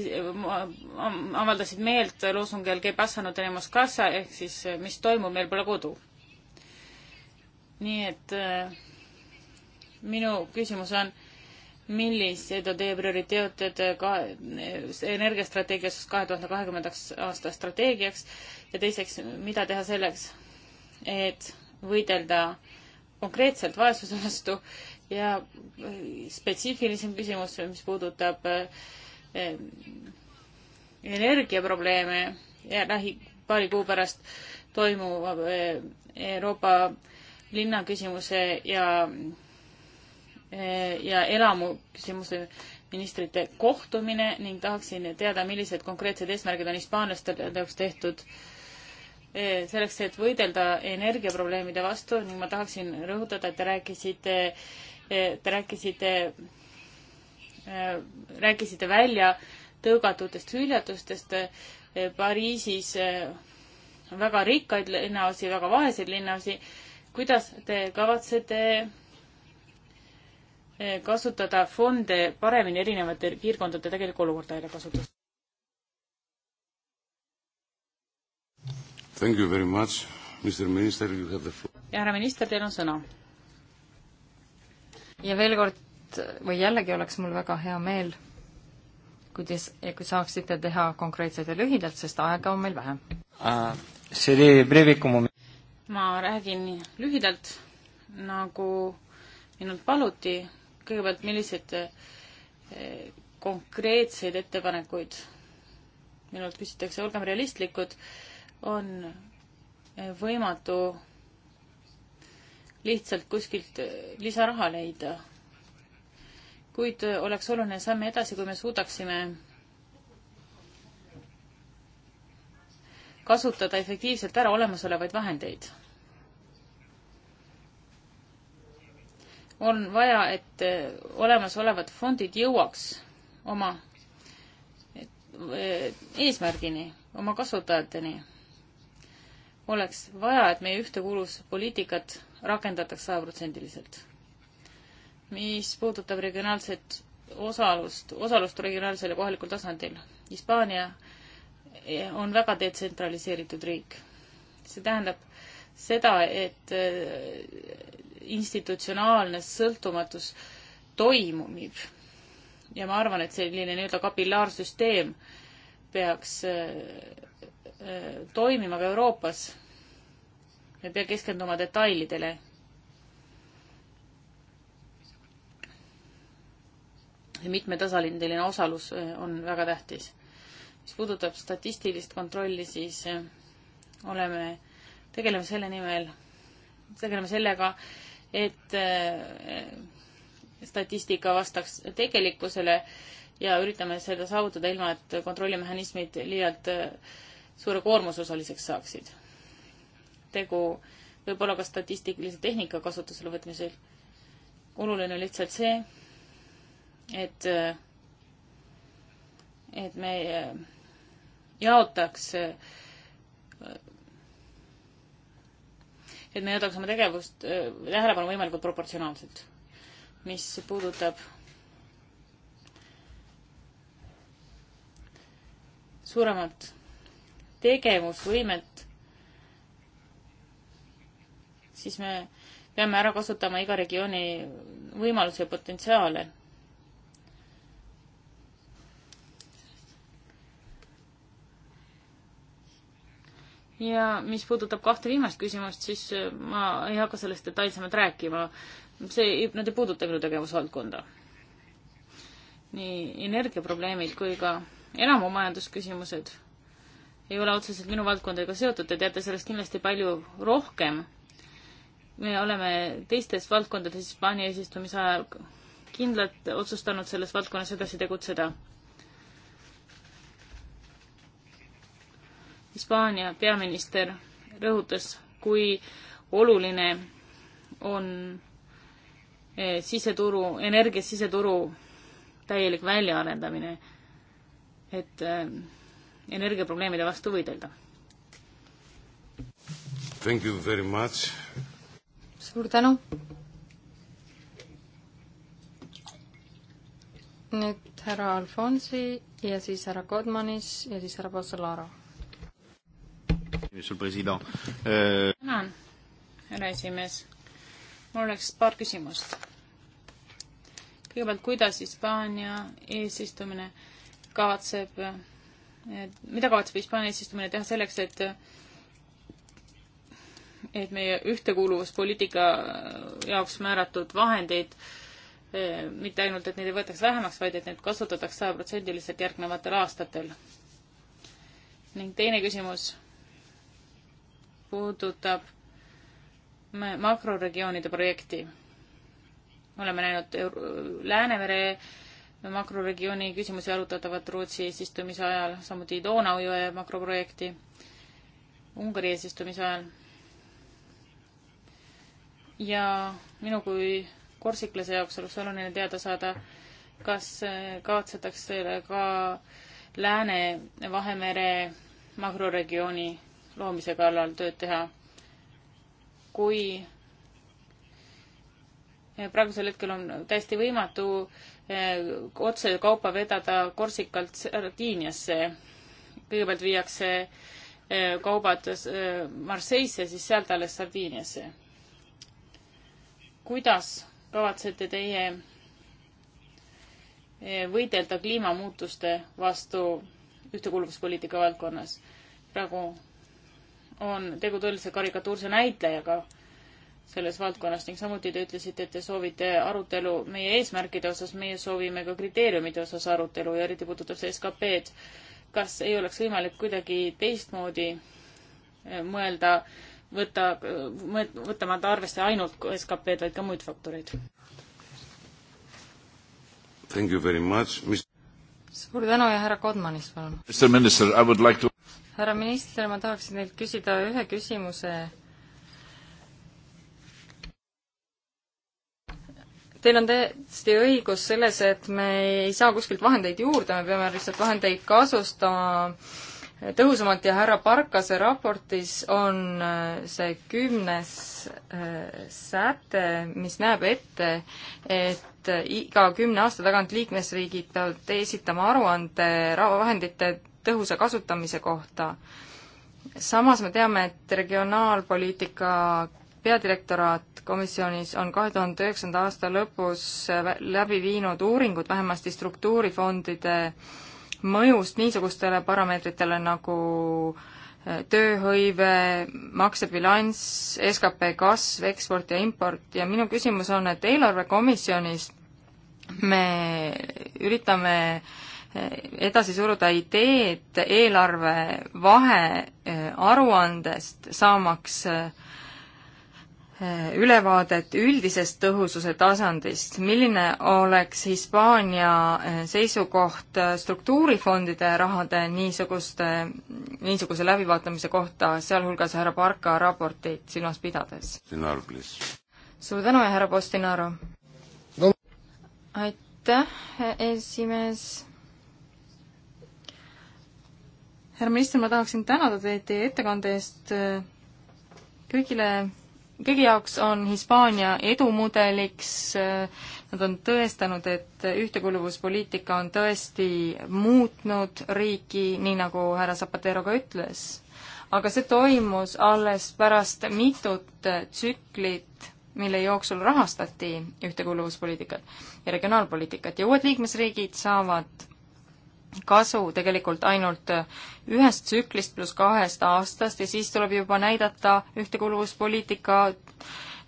S5: avaldasid meelt loosungil Que pasano tenemos casa ehk siis mis toimub, meil pole kodu. nii et minu küsimus on millised on teie prioriteeted eh, ka eh, energiastrateegias kahe tuhande kahekümnendaks aasta strateegiaks ja teiseks, mida teha selleks, et võidelda konkreetselt vaesuse vastu ja eh, spetsiifilisem küsimus, mis puudutab energiaprobleeme ja lähi paari kuu pärast toimuva Euroopa linnaküsimuse ja Eh, ja elamu küsimuste ministrite kohtumine ning tahaksin teada, millised konkreetsed eesmärgid on hispaanlastel jaoks tehtud eh, selleks, et võidelda energiaprobleemide vastu ning ma tahaksin rõhutada, et te rääkisite, eh, te rääkisite, rääkisite välja tõugatutest hüljatustest. Pariisis on väga rikkaid linnaosi, väga vaeseid linnaosi. kuidas te kavatsete kasutada fonde paremini erinevate piirkondade tegelikku olukorda ära kasutada.
S1: Thank you very much, Mr Minister, you have the floor.
S5: härra minister, teil on sõna.
S2: ja veel kord või jällegi oleks mul väga hea meel,
S5: kui te, kui saaksite teha konkreetselt ja lühidalt, sest aega on meil vähe
S4: uh,.
S5: ma räägin lühidalt, nagu minult paluti, kõigepealt, milliseid eh, konkreetseid ettepanekuid minult küsitakse, olgem realistlikud, on võimatu lihtsalt kuskilt eh, lisaraha leida. kuid eh, oleks oluline samm edasi, kui me suudaksime kasutada efektiivselt ära olemasolevaid vahendeid on vaja, et äh, olemasolevad fondid jõuaks oma äh, eesmärgini, oma kasutajateni. oleks vaja, et meie ühtekuuluvuspoliitikat rakendataks sajaprotsendiliselt. mis puudutab regionaalset osalust, osalust regionaalsel ja kohalikul tasandil. Hispaania eh, on väga detsentraliseeritud riik. see tähendab seda, et institutsionaalne sõltumatus toimub. ja ma arvan, et selline nii-öelda kapillaarsüsteem peaks äh, äh, toimima ka Euroopas. me ei pea keskenduma detailidele. mitmetasalindeline osalus äh, on väga tähtis. mis puudutab statistilist kontrolli, siis oleme, tegeleme selle nimel, tegeleme sellega, et äh, statistika vastaks tegelikkusele ja üritame seda saavutada ilma, et kontrollimehhanismid liialt äh, suure koormuse osaliseks saaksid. tegu võib olla ka statistilise tehnika kasutusele võtmisel. oluline on lihtsalt see, et, äh, et me jaotaks äh, et me jätaks oma tegevust äh,, tähelepanu võimalikult proportsionaalselt. mis puudutab suuremat tegevusvõimet, siis me peame ära kasutama iga regiooni võimalusi ja potentsiaale ja mis puudutab kahte viimast küsimust, siis äh, ma ei hakka sellest detailsemalt rääkima. see, nad ei puuduta minu tegevusvaldkonda. nii energiaprobleemid kui ka elamumajandusküsimused ei ole otseselt minu valdkondadega seotud, te teate sellest kindlasti palju rohkem. me oleme teistes valdkondades Hispaania eesistumise ajal kindlalt otsustanud selles valdkonnas edasi tegutseda Hispaania peaminister rõhutas, kui oluline on eh, siseturu, energia siseturu täielik väljaarendamine, et eh, energiaprobleemide vastu võidelda.
S1: Thank you very much.
S2: suur tänu. nüüd härra Alfonsi ja siis härra Kodmanis ja siis härra Basolaro
S1: Euh,
S5: tänan, härra esimees. mul oleks paar küsimust. kõigepealt, kuidas Hispaania eesistumine kavatseb, mida kavatseb Hispaania eesistumine teha selleks, et et meie ühtekuuluvuspoliitika jaoks määratud vahendeid eh, mitte ainult, et neid ei võetaks vähemaks, vaid et neid kasutatakse sajaprotsendiliselt järgnevatel aastatel. ning teine küsimus puudutab makroregioonide projekti. oleme näinud Läänemere makroregiooni küsimusi arutatavat Rootsi eesistumise ajal, samuti Donaujõe makroprojekti Ungari eesistumise ajal. ja minu kui korsiklase jaoks oleks oluline teada saada, kas äh, kavatsetakse ka Lääne-Vahemere makroregiooni loomise kallal tööd teha. kui praegusel hetkel on täiesti võimatu eh, otse kaupa vedada Korsikalt Sardiiniasse. kõigepealt viiakse eh, kaubad eh, Marseille'sse, siis sealt alles Sardiiniasse. kuidas kavatsete teie võidelda kliimamuutuste vastu ühtekuuluvuspoliitika valdkonnas? praegu on tegu tõelise karikatuurse näitlejaga selles valdkonnas ning samuti te ütlesite, et te soovite arutelu meie eesmärkide osas, meie soovime ka kriteeriumide osas arutelu ja eriti puudutab see SKP-d. kas ei oleks võimalik kuidagi teistmoodi eh, mõelda, võtta, võtmata arvesse ainult SKP-d, vaid ka muid faktoreid? suur
S2: tänu ja härra Kodmanist,
S1: palun
S2: härra minister, ma tahaksin teilt küsida ühe küsimuse. Teil on täiesti õigus selles, et me ei saa kuskilt vahendeid juurde, me peame lihtsalt vahendeid kasutama tõhusamalt ja härra Parkase raportis on see kümnes äh, säte, mis näeb ette, et iga kümne aasta tagant liikmesriigid peavad esitama aruande vahendite tõhusa kasutamise kohta. samas me teame, et regionaalpoliitika peadirektoraat komisjonis on kahe tuhande üheksanda aasta lõpus läbi viinud uuringut vähemasti struktuurifondide mõjust niisugustele parameetritele nagu äh, tööhõive, maksebilanss, skp kasv, eksport ja import ja minu küsimus on, et eelarvekomisjonis me üritame äh, edasi suruda ideed eelarve vahearuandest, eh, saamaks eh, ülevaadet üldisest tõhususe tasandist, milline oleks Hispaania eh, seisukoht struktuurifondide rahade niisuguste, niisuguse läbivaatamise kohta, sealhulgas härra Barka raportit silmas pidades? suur tänu ja härra Postinaru no.! aitäh, esimees härra minister, ma tahaksin tänada teid teie ettekande eest. kõigile, kõigi jaoks on Hispaania edumudeliks. Nad on tõestanud, et ühtekuuluvuspoliitika on tõesti muutnud riiki, nii nagu härra Zapatero ka ütles. aga see toimus alles pärast mitut tsüklit mille jooksul rahastati ühtekuuluvuspoliitikat ja regionaalpoliitikat ja uued liikmesriigid saavad kasu tegelikult ainult ühest tsüklist pluss kahest aastast ja siis tuleb juba näidata ühtekuuluvuspoliitika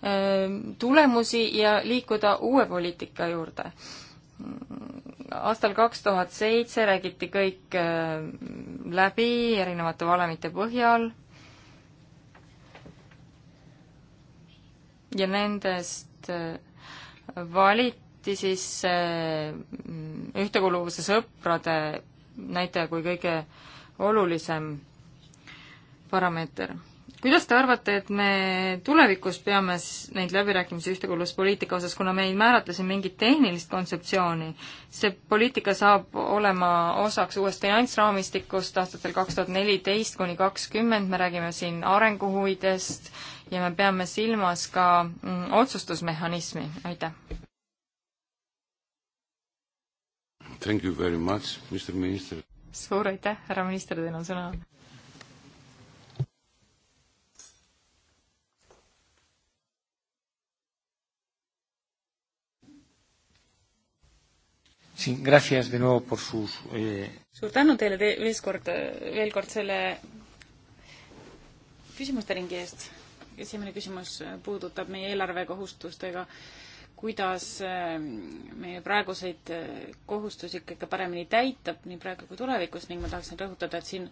S2: ähm, tulemusi ja liikuda uue poliitika juurde aastal kaks tuhat seitse räägiti kõik ähm, läbi erinevate valemite põhjal ja nendest äh, valit-, võeti siis äh, ühtekuuluvuse sõprade näitaja kui kõige olulisem parameeter. kuidas te arvate, et me tulevikus peame neid läbirääkimisi ühtekuuluvuspoliitika osas, kuna me ei määratle siin mingit tehnilist kontseptsiooni, see poliitika saab olema osaks uuest finantsraamistikust aastatel kaks tuhat neliteist kuni kakskümmend, me räägime siin arenguhuvidest ja me peame silmas ka mm, otsustusmehhanismi, aitäh!
S1: Thank you very much, Mr Minister.
S2: suur aitäh, härra minister, teil on sõna.
S1: Sí, gracias de nuevo por sus eh...
S5: suur tänu teile te veel kord, veel kord selle küsimuste ringi eest. esimene küsimus puudutab meie eelarvekohustustega äh, kuidas ähm, meie praeguseid äh, kohustusi ikkagi paremini täitab, nii praegu kui tulevikus ning ma tahaksin rõhutada, et siin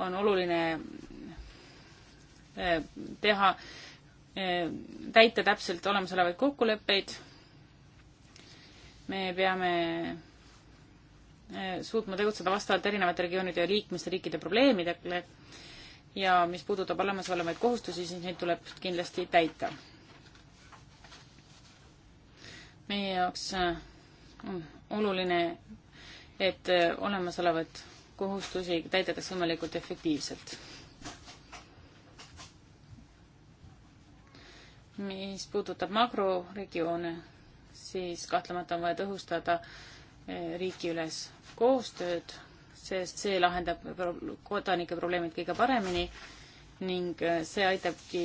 S5: on oluline äh, teha, äh, täita täpselt olemasolevaid kokkuleppeid. me peame suutma tegutseda vastavalt erinevate regioonide ja liikmesriikide probleemidele ja mis puudutab olemasolevaid kohustusi, siis neid tuleb kindlasti täita meie jaoks äh, on oluline, et äh, olemasolevaid kohustusi täidetaks võimalikult efektiivselt. mis puudutab makroregioone, siis kahtlemata on vaja tõhustada äh, riiki üles koostööd, sest see lahendab kodanike probleemid kõige paremini ning see aitabki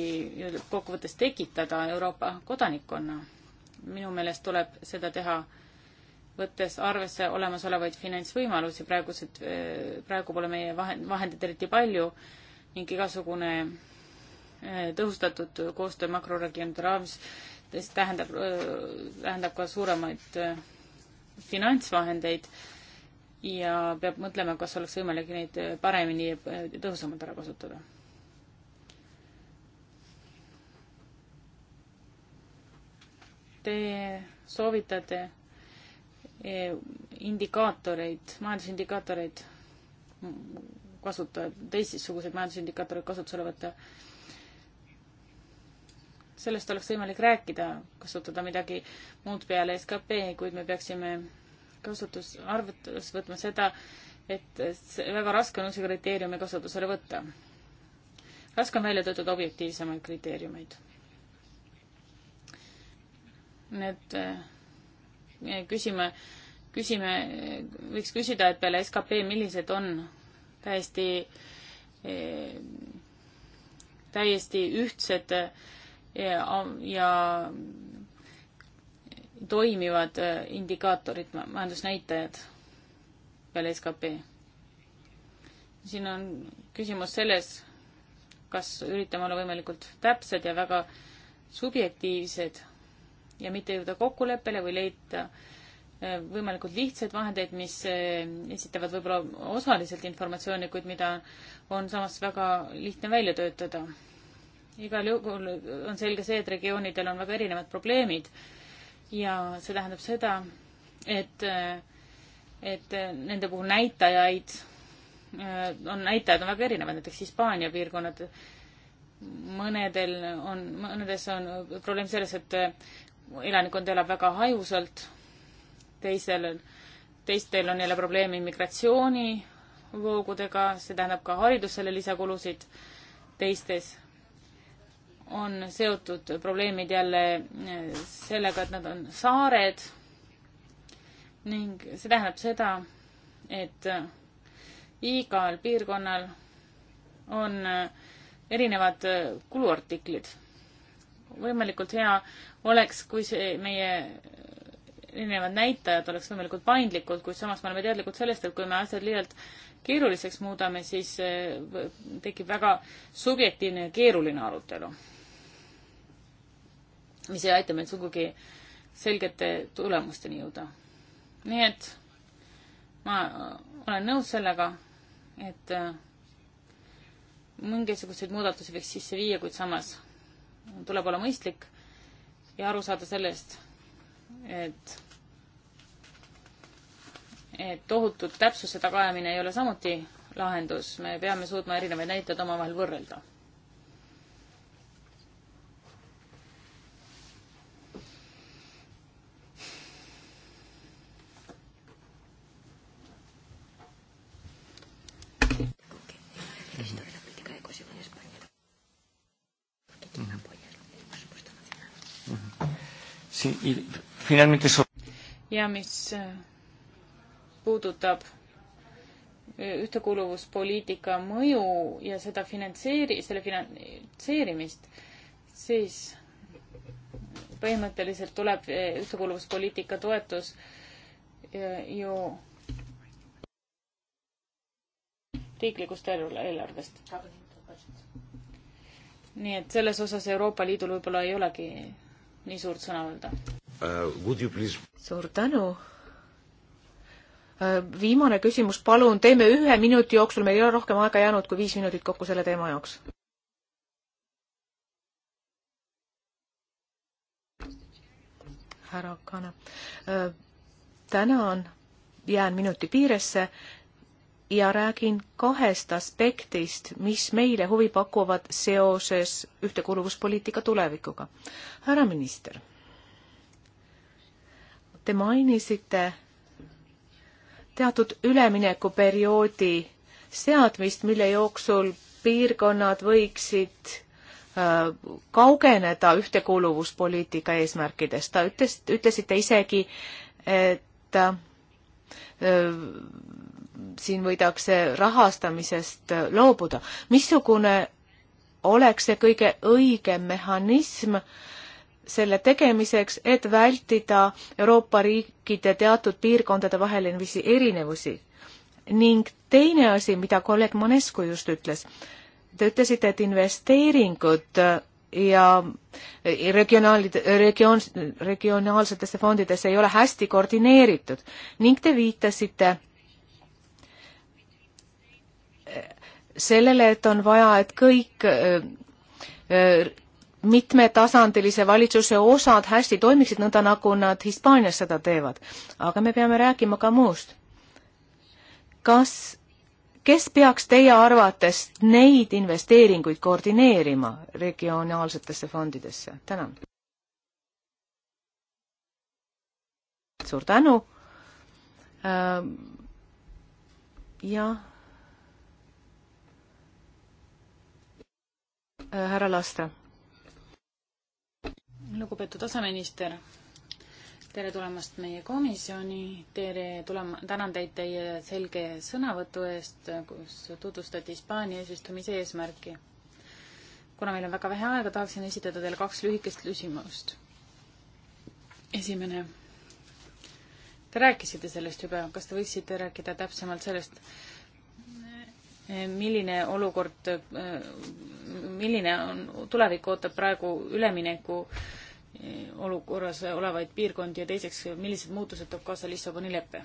S5: kokkuvõttes tekitada Euroopa kodanikkonna minu meelest tuleb seda teha võttes arvesse olemasolevaid finantsvõimalusi, praegused, eh, praegu pole meie vahend, vahendeid eriti palju ning igasugune eh, tõhustatud koostöö makroregioonide raames tähendab, eh, tähendab ka suuremaid finantsvahendeid ja peab mõtlema, kas oleks võimalik neid paremini ja tõhusamalt ära kasutada Te soovitate eh, indikaatoreid, majandusindikaatoreid kasutada, teistsuguseid majandusindikaatoreid kasutusele võtta. sellest oleks võimalik rääkida, kasutada midagi muud peale skp, kuid me peaksime kasutus, arvutus võtma seda, et väga raske on uusi kriteeriume kasutusele võtta. raske on välja töötada objektiivsemaid kriteeriumeid need eh, küsime, küsime, võiks küsida, et peale skp, millised on täiesti, eh, täiesti ühtsed ja, eh, ja toimivad indikaatorid, majandusnäitajad peale skp. siin on küsimus selles, kas üritame olla võimalikult täpsed ja väga subjektiivsed ja mitte jõuda kokkuleppele või leida eh, võimalikult lihtsaid vahendeid, mis eh, esitavad võib-olla osaliselt informatsiooni, kuid mida on samas väga lihtne välja töötada. igal juhul on selge see, et regioonidel on väga erinevad probleemid ja see tähendab seda, et, eh, et nende puhul näitajaid on, näitajad on väga erinevad, näiteks Hispaania piirkonnad mõnedel on, mõnedes on probleem selles, et elanikkond elab väga hajusalt, teisel, teistel on jälle probleeme immigratsioonivoogudega, see tähendab ka haridusele lisakulusid, teistes on seotud probleemid jälle eh, sellega, et nad on saared ning see tähendab seda, et eh, igal piirkonnal on eh, erinevad kuluartiklid. võimalikult hea oleks, kui see meie erinevad näitajad oleks võimalikult paindlikud, kuid samas me oleme teadlikud sellest, et kui me asjad liialt keeruliseks muudame, siis eh, tekib väga subjektiivne ja keeruline arutelu, mis ei aita meil sugugi selgete tulemusteni jõuda. nii et ma olen nõus sellega, et eh, mingisuguseid muudatusi võiks sisse viia, kuid samas tuleb olla mõistlik ja aru saada sellest, et, et tohutud täpsuse tagaajamine ei ole samuti lahendus, me peame suutma erinevaid näitajaid omavahel võrrelda ja mis äh, puudutab äh, ühtekuuluvuspoliitika mõju ja seda finantseeri-, selle finantseerimist, siis põhimõtteliselt tuleb äh, ühtekuuluvuspoliitika toetus ju riiklikust eelarvest. nii et selles osas Euroopa Liidul võib-olla ei olegi nii suurt sõna öelda
S1: uh,.
S3: suur tänu uh,. viimane küsimus, palun, teeme ühe minuti jooksul, meil ei ole rohkem aega jäänud kui viis minutit kokku selle teema jaoks. härra Kana uh,, tänan, jään minuti piiresse ja räägin kahest aspektist, mis meile huvi pakuvad seoses ühtekuuluvuspoliitika tulevikuga. härra minister, te mainisite teatud üleminekuperioodi seadmist, mille jooksul piirkonnad võiksid äh, kaugeneda ühtekuuluvuspoliitika eesmärkidest. ta ütles, ütlesite isegi, et äh, siin võidakse rahastamisest loobuda. missugune oleks see kõige õigem mehhanism selle tegemiseks, et vältida Euroopa riikide teatud piirkondade vahelisi erinevusi? ning teine asi, mida kolleeg Manescu just ütles, te ütlesite, et investeeringud ja regionaalid, regioon, regionaalsetesse fondidesse ei ole hästi koordineeritud ning te viitasite sellele, et on vaja, et kõik äh, äh, mitmetasandilise valitsuse osad hästi toimiksid, nõnda nagu nad Hispaanias seda teevad. aga me peame rääkima ka muust. kas, kes peaks teie arvates neid investeeringuid koordineerima regionaalsetesse fondidesse? tänan. suur tänu. Ähm,
S5: jah Äh, härra Laste. lugupeetud aseminister, tere tulemast meie komisjoni, tere tulema, tänan teid teie selge sõnavõtu eest, kus tutvustati Hispaania eesistumise eesmärki. kuna meil on väga vähe aega, tahaksin esitada teile kaks lühikest küsimust. esimene Te rääkisite sellest juba, kas te võiksite rääkida täpsemalt sellest, milline olukord, milline on, tulevik ootab praegu ülemineku olukorras olevaid piirkondi ja teiseks, millised muutused toob kaasa Lissaboni lepe?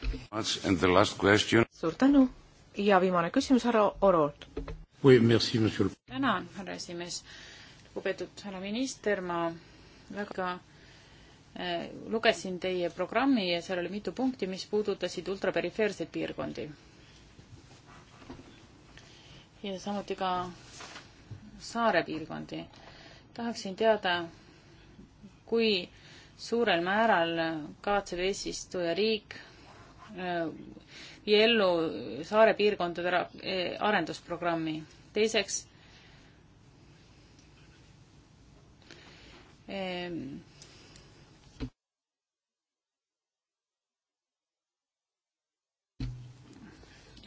S5: suur tänu
S3: ja viimane küsimus
S5: härra Orolt oui,. tänan, härra esimees. lugupeetud härra minister, ma väga eh, lugesin teie programmi ja seal oli mitu punkti, mis puudutasid ultraperifeerseid piirkondi ja samuti ka saare piirkondi. tahaksin teada, kui suurel määral kavatseb eesistuja riik viia äh, ellu saare piirkondade e, arendusprogrammi. teiseks, ehm,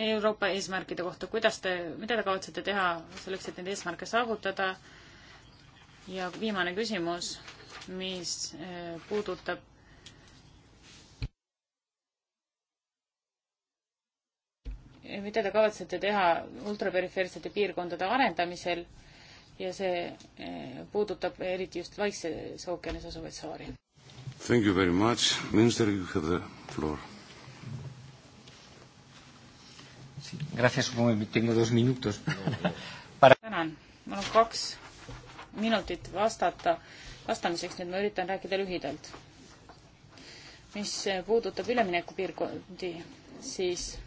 S5: Euroopa eesmärkide kohta, kuidas te, mida te kavatsete teha selleks, et neid eesmärke saavutada? ja viimane küsimus, mis eh, puudutab eh, mida te kavatsete teha ultraperifeersete piirkondade arendamisel ja see eh, puudutab eriti just Vaikses ookeanis asuvaid saari?
S1: Thank you very much, minister, you have the floor Gracias,
S4: tengo dos minutos
S1: Para...
S5: tänan, mul on kaks minutit vastata, vastamiseks, nii et ma üritan rääkida lühidalt. mis puudutab üleminekupiirkondi, siis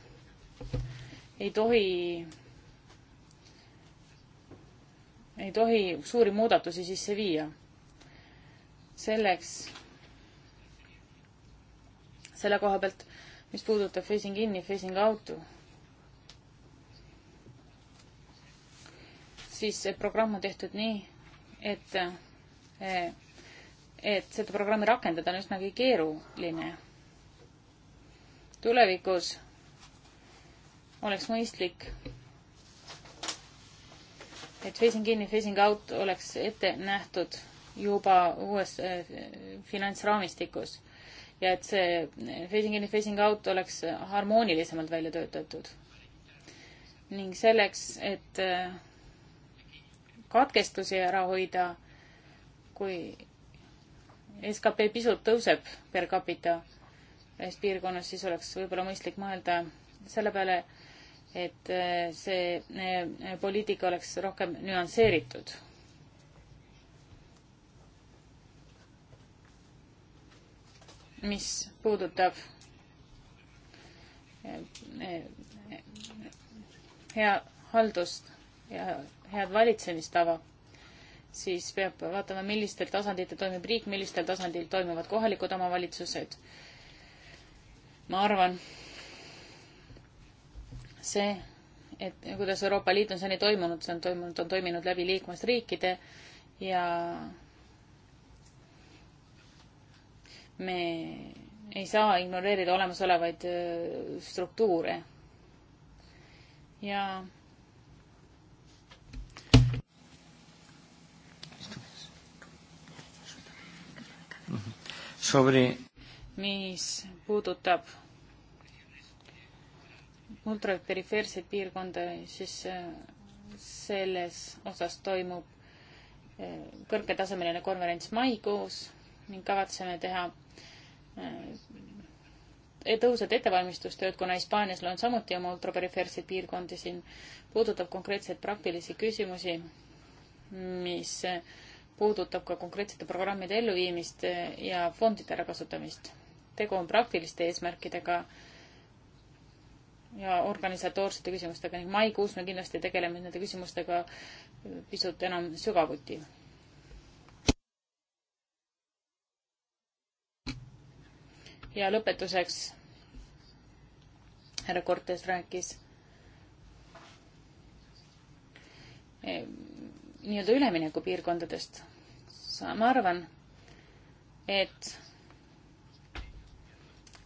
S5: ei tohi, ei tohi suuri muudatusi sisse viia. selleks, selle koha pealt, mis puudutab facing in'i, facing out'u siis see programm on tehtud nii, et, et seda programmi rakendada on üsnagi keeruline. tulevikus oleks mõistlik, et phasing in ja phasing out oleks ette nähtud juba uues eh, finantsraamistikus ja et see phasing in ja phasing out oleks harmoonilisemalt välja töötatud. ning selleks, et eh, katkestusi ära hoida, kui skp pisut tõuseb per capita ühes piirkonnas, siis oleks võib-olla mõistlik mõelda selle peale, et eh, see eh, poliitika oleks rohkem nüansseeritud. mis puudutab eh, hea haldust ja head valitsemistava, siis peab vaatama, millistel tasanditel toimib riik, millistel tasandil toimivad kohalikud omavalitsused. ma arvan, see, et kuidas Euroopa Liit on seni toimunud, see on toimunud, on toiminud läbi liikmesriikide ja me ei saa ignoreerida olemasolevaid äh, struktuure. ja sobre... mis puudutab ultraperifeerseid piirkonda, siis äh, selles osas toimub äh, kõrgetasemeline konverents maikuus ning kavatseme teha äh, e-, tõhusat ettevalmistustööd, kuna Hispaanias on samuti oma ultraperifeerseid piirkondi, siin puudutab konkreetseid praktilisi küsimusi, mis puudutab ka konkreetsete programmide elluviimist ja fondide ärakasutamist. tegu on praktiliste eesmärkidega ja organisatoorsete küsimustega ning maikuus me kindlasti tegeleme nende küsimustega pisut enam sügavuti. ja lõpetuseks härra Cortes rääkis nii-öelda üleminekupiirkondadest. ma arvan, et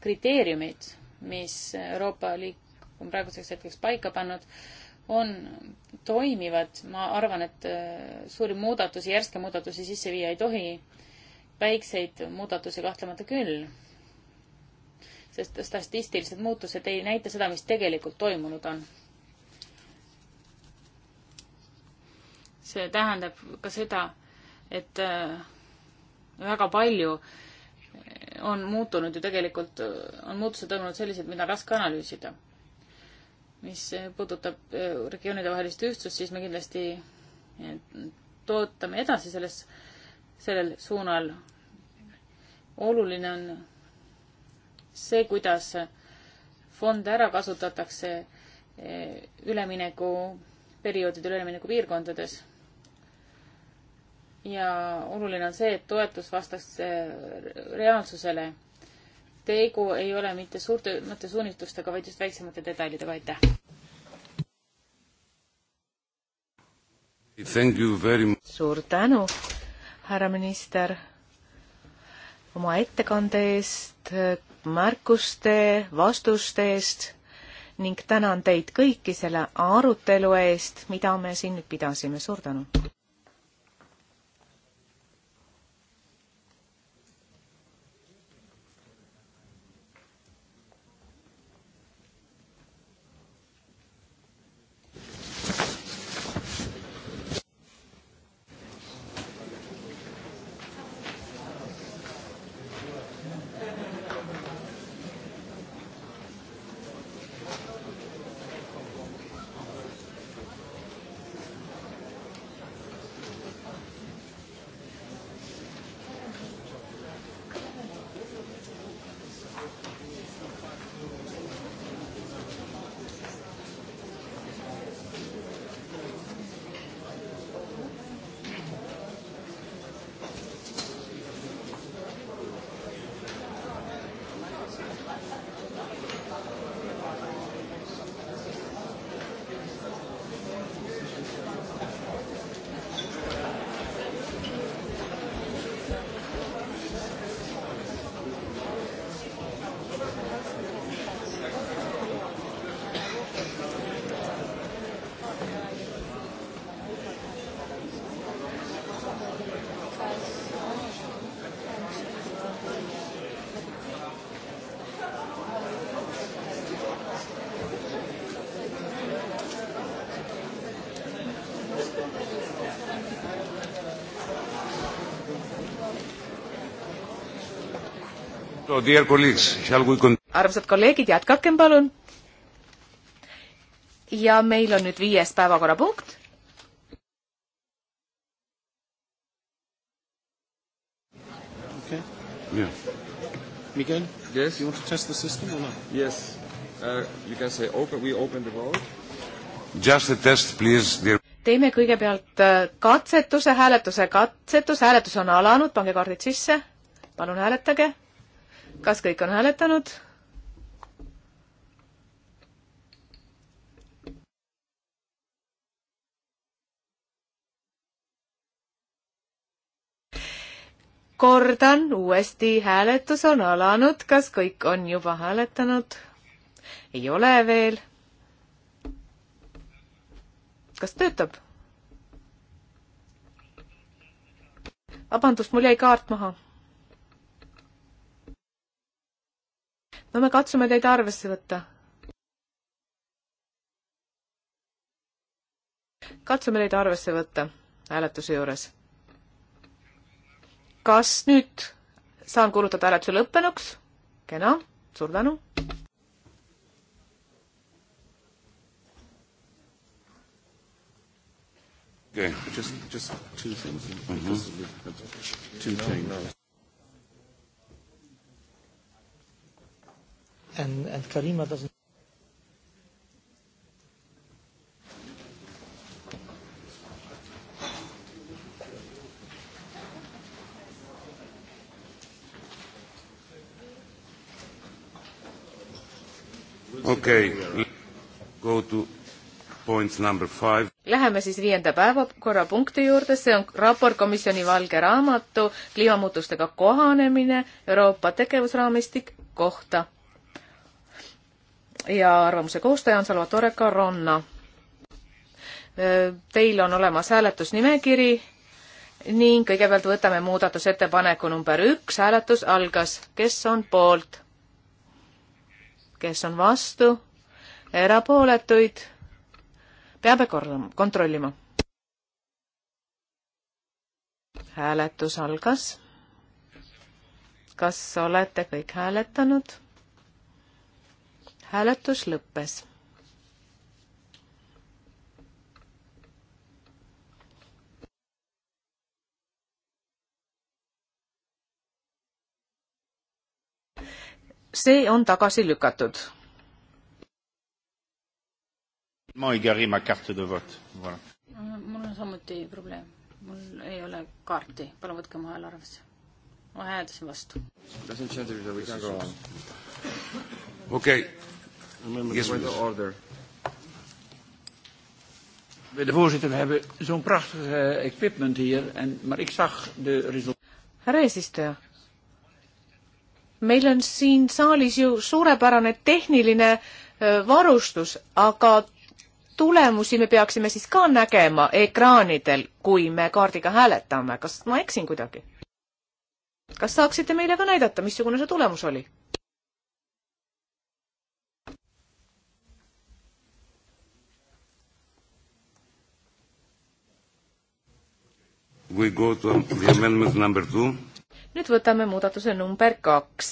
S5: kriteeriumid, mis Euroopa Liit on praeguseks hetkeks paika pannud, on toimivad, ma arvan, et äh, suuri muudatusi, järske muudatusi sisse viia ei tohi, väikseid muudatusi kahtlemata küll, sest statistiliselt muutused ei näita seda, mis tegelikult toimunud on see tähendab ka seda, et äh, väga palju on muutunud ju tegelikult, äh, on muutused toimunud sellised, mida on raske analüüsida. mis puudutab äh, regioonide vahelist ühtsust, siis me kindlasti tootame edasi selles, sellel suunal. oluline on see, kuidas fonde ära kasutatakse üleminekuperioodidel, üleminekupiirkondades ja oluline on see, et toetus vastaks äh, reaalsusele. tegu ei ole mitte suurte mõttesuunistustega, vaid just väiksemate detailidega, aitäh!
S3: suur tänu, härra minister, oma ettekande eest, märkuste, vastuste eest ning tänan teid kõiki selle arutelu eest, mida me siin nüüd pidasime, suur tänu! armsad kolleegid, jätkakem palun. ja meil on nüüd viies päevakorrapunkt.
S1: Okay. Yeah. Miguel, yes? you want to test the system or not? Yes. Uh, you can say open, we
S4: open the vote.
S1: Just a test, please, dear
S3: teeme kõigepealt äh, katsetuse, hääletuse katsetus, hääletus on alanud, pange kaardid sisse, palun hääletage kas kõik on hääletanud? kordan uuesti, hääletus on alanud, kas kõik on juba hääletanud? ei ole veel. kas töötab? vabandust, mul jäi kaart maha no me katsume teid arvesse võtta. katsume teid arvesse võtta hääletuse juures. kas nüüd saan kuulutada hääletuse lõppenuks? kena, suur tänu.
S1: Okay. Just, just two things. Mm -hmm. Just two things.
S4: and, and Karima doesn't.
S5: Okay.
S1: Go to point number five.
S3: Läheme siis viienda päevakorrapunkti juurde, see on raport komisjoni valge raamatu kliimamuutustega kohanemine Euroopa tegevusraamistik kohta ja arvamuse koostaja on Salvatore Caronna. Teil on olemas hääletusnimekiri ning kõigepealt võtame muudatusettepaneku number üks, hääletus algas, kes on poolt? kes on vastu? erapooletuid? peame korrama, kontrollima. hääletus algas. kas olete kõik hääletanud? hääletus lõppes. see on tagasi lükatud.
S1: Voilà.
S5: mul on samuti probleem, mul ei ole kaarti, palun võtke oma hääl arvesse. ma hääldasin vastu.
S1: okei okay Amendment yes, by the order. De voorzitter,
S4: we hebben zo'n prachtig uh, equipment hier, en, maar ik zag de resultaten.
S3: härra eesistuja, meil on siin saalis ju suurepärane tehniline uh, varustus, aga tulemusi me peaksime siis ka nägema ekraanidel, kui me kaardiga hääletame, kas ma eksin kuidagi? kas saaksite meile ka näidata, missugune see tulemus oli?
S1: we go to the amendment number two.
S3: nüüd võtame muudatuse number kaks.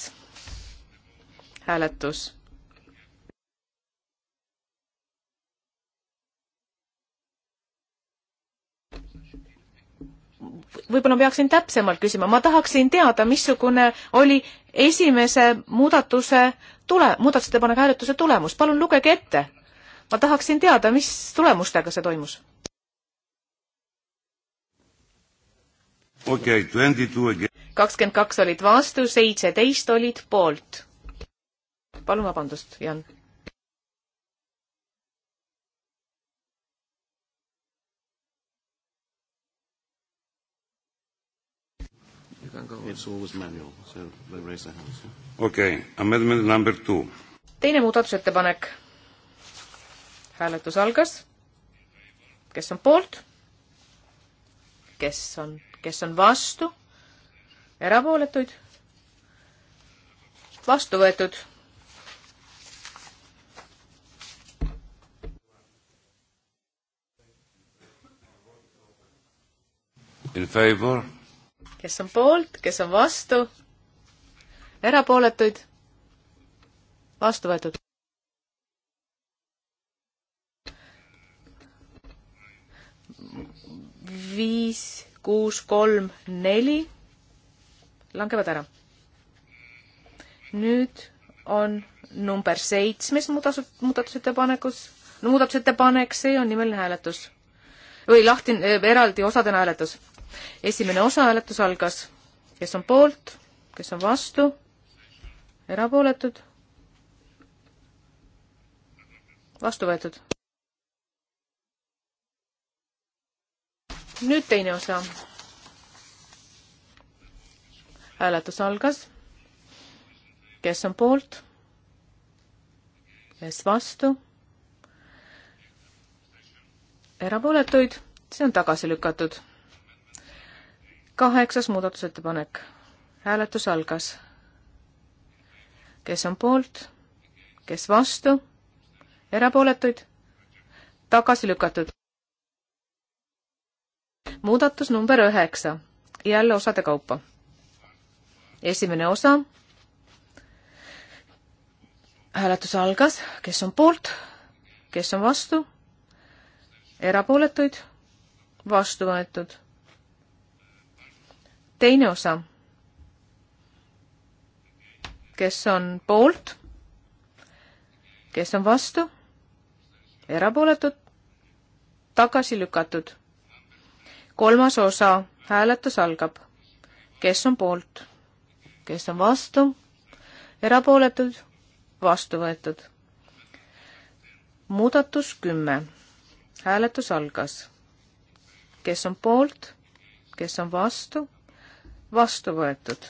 S3: hääletus. võib-olla peaksin täpsemalt küsima, ma tahaksin teada, missugune oli esimese muudatuse tule, muudatusettepaneku hääletuse tulemus, palun lugege ette. ma tahaksin teada, mis tulemustega see toimus
S1: okei okay,, twenty two again.
S3: kakskümmend kaks olid vastu, seitseteist olid poolt. palun vabandust, Jan.
S1: okei, amendment number two.
S3: teine muudatusettepanek. hääletus algas. kes on poolt? kes on kes on vastu, erapooletuid, vastu võetud. kes on poolt, kes on vastu, erapooletuid, vastu võetud. viis kuus, kolm, neli langevad ära. nüüd on number seitsmes muudatus, muudatusettepanekus, no muudatusettepanek, see on nimeline hääletus või lahti äh,, eraldi osadena hääletus. esimene osa hääletus algas, kes on poolt, kes on vastu, erapooletud, vastu võetud nüüd teine osa. hääletus algas. kes on poolt? kes vastu? erapooletuid, see on tagasi lükatud. kaheksas muudatusettepanek. hääletus algas. kes on poolt? kes vastu? erapooletuid? tagasi lükatud muudatus number üheksa, jälle osade kaupa. esimene osa. hääletus algas, kes on poolt, kes on vastu, erapooletuid, vastu võetud. teine osa. kes on poolt, kes on vastu, erapooletud, tagasi lükatud kolmas osa, hääletus algab. kes on poolt? kes on vastu? erapooletud? vastu võetud. muudatus kümme. hääletus algas. kes on poolt? kes on vastu? vastu võetud.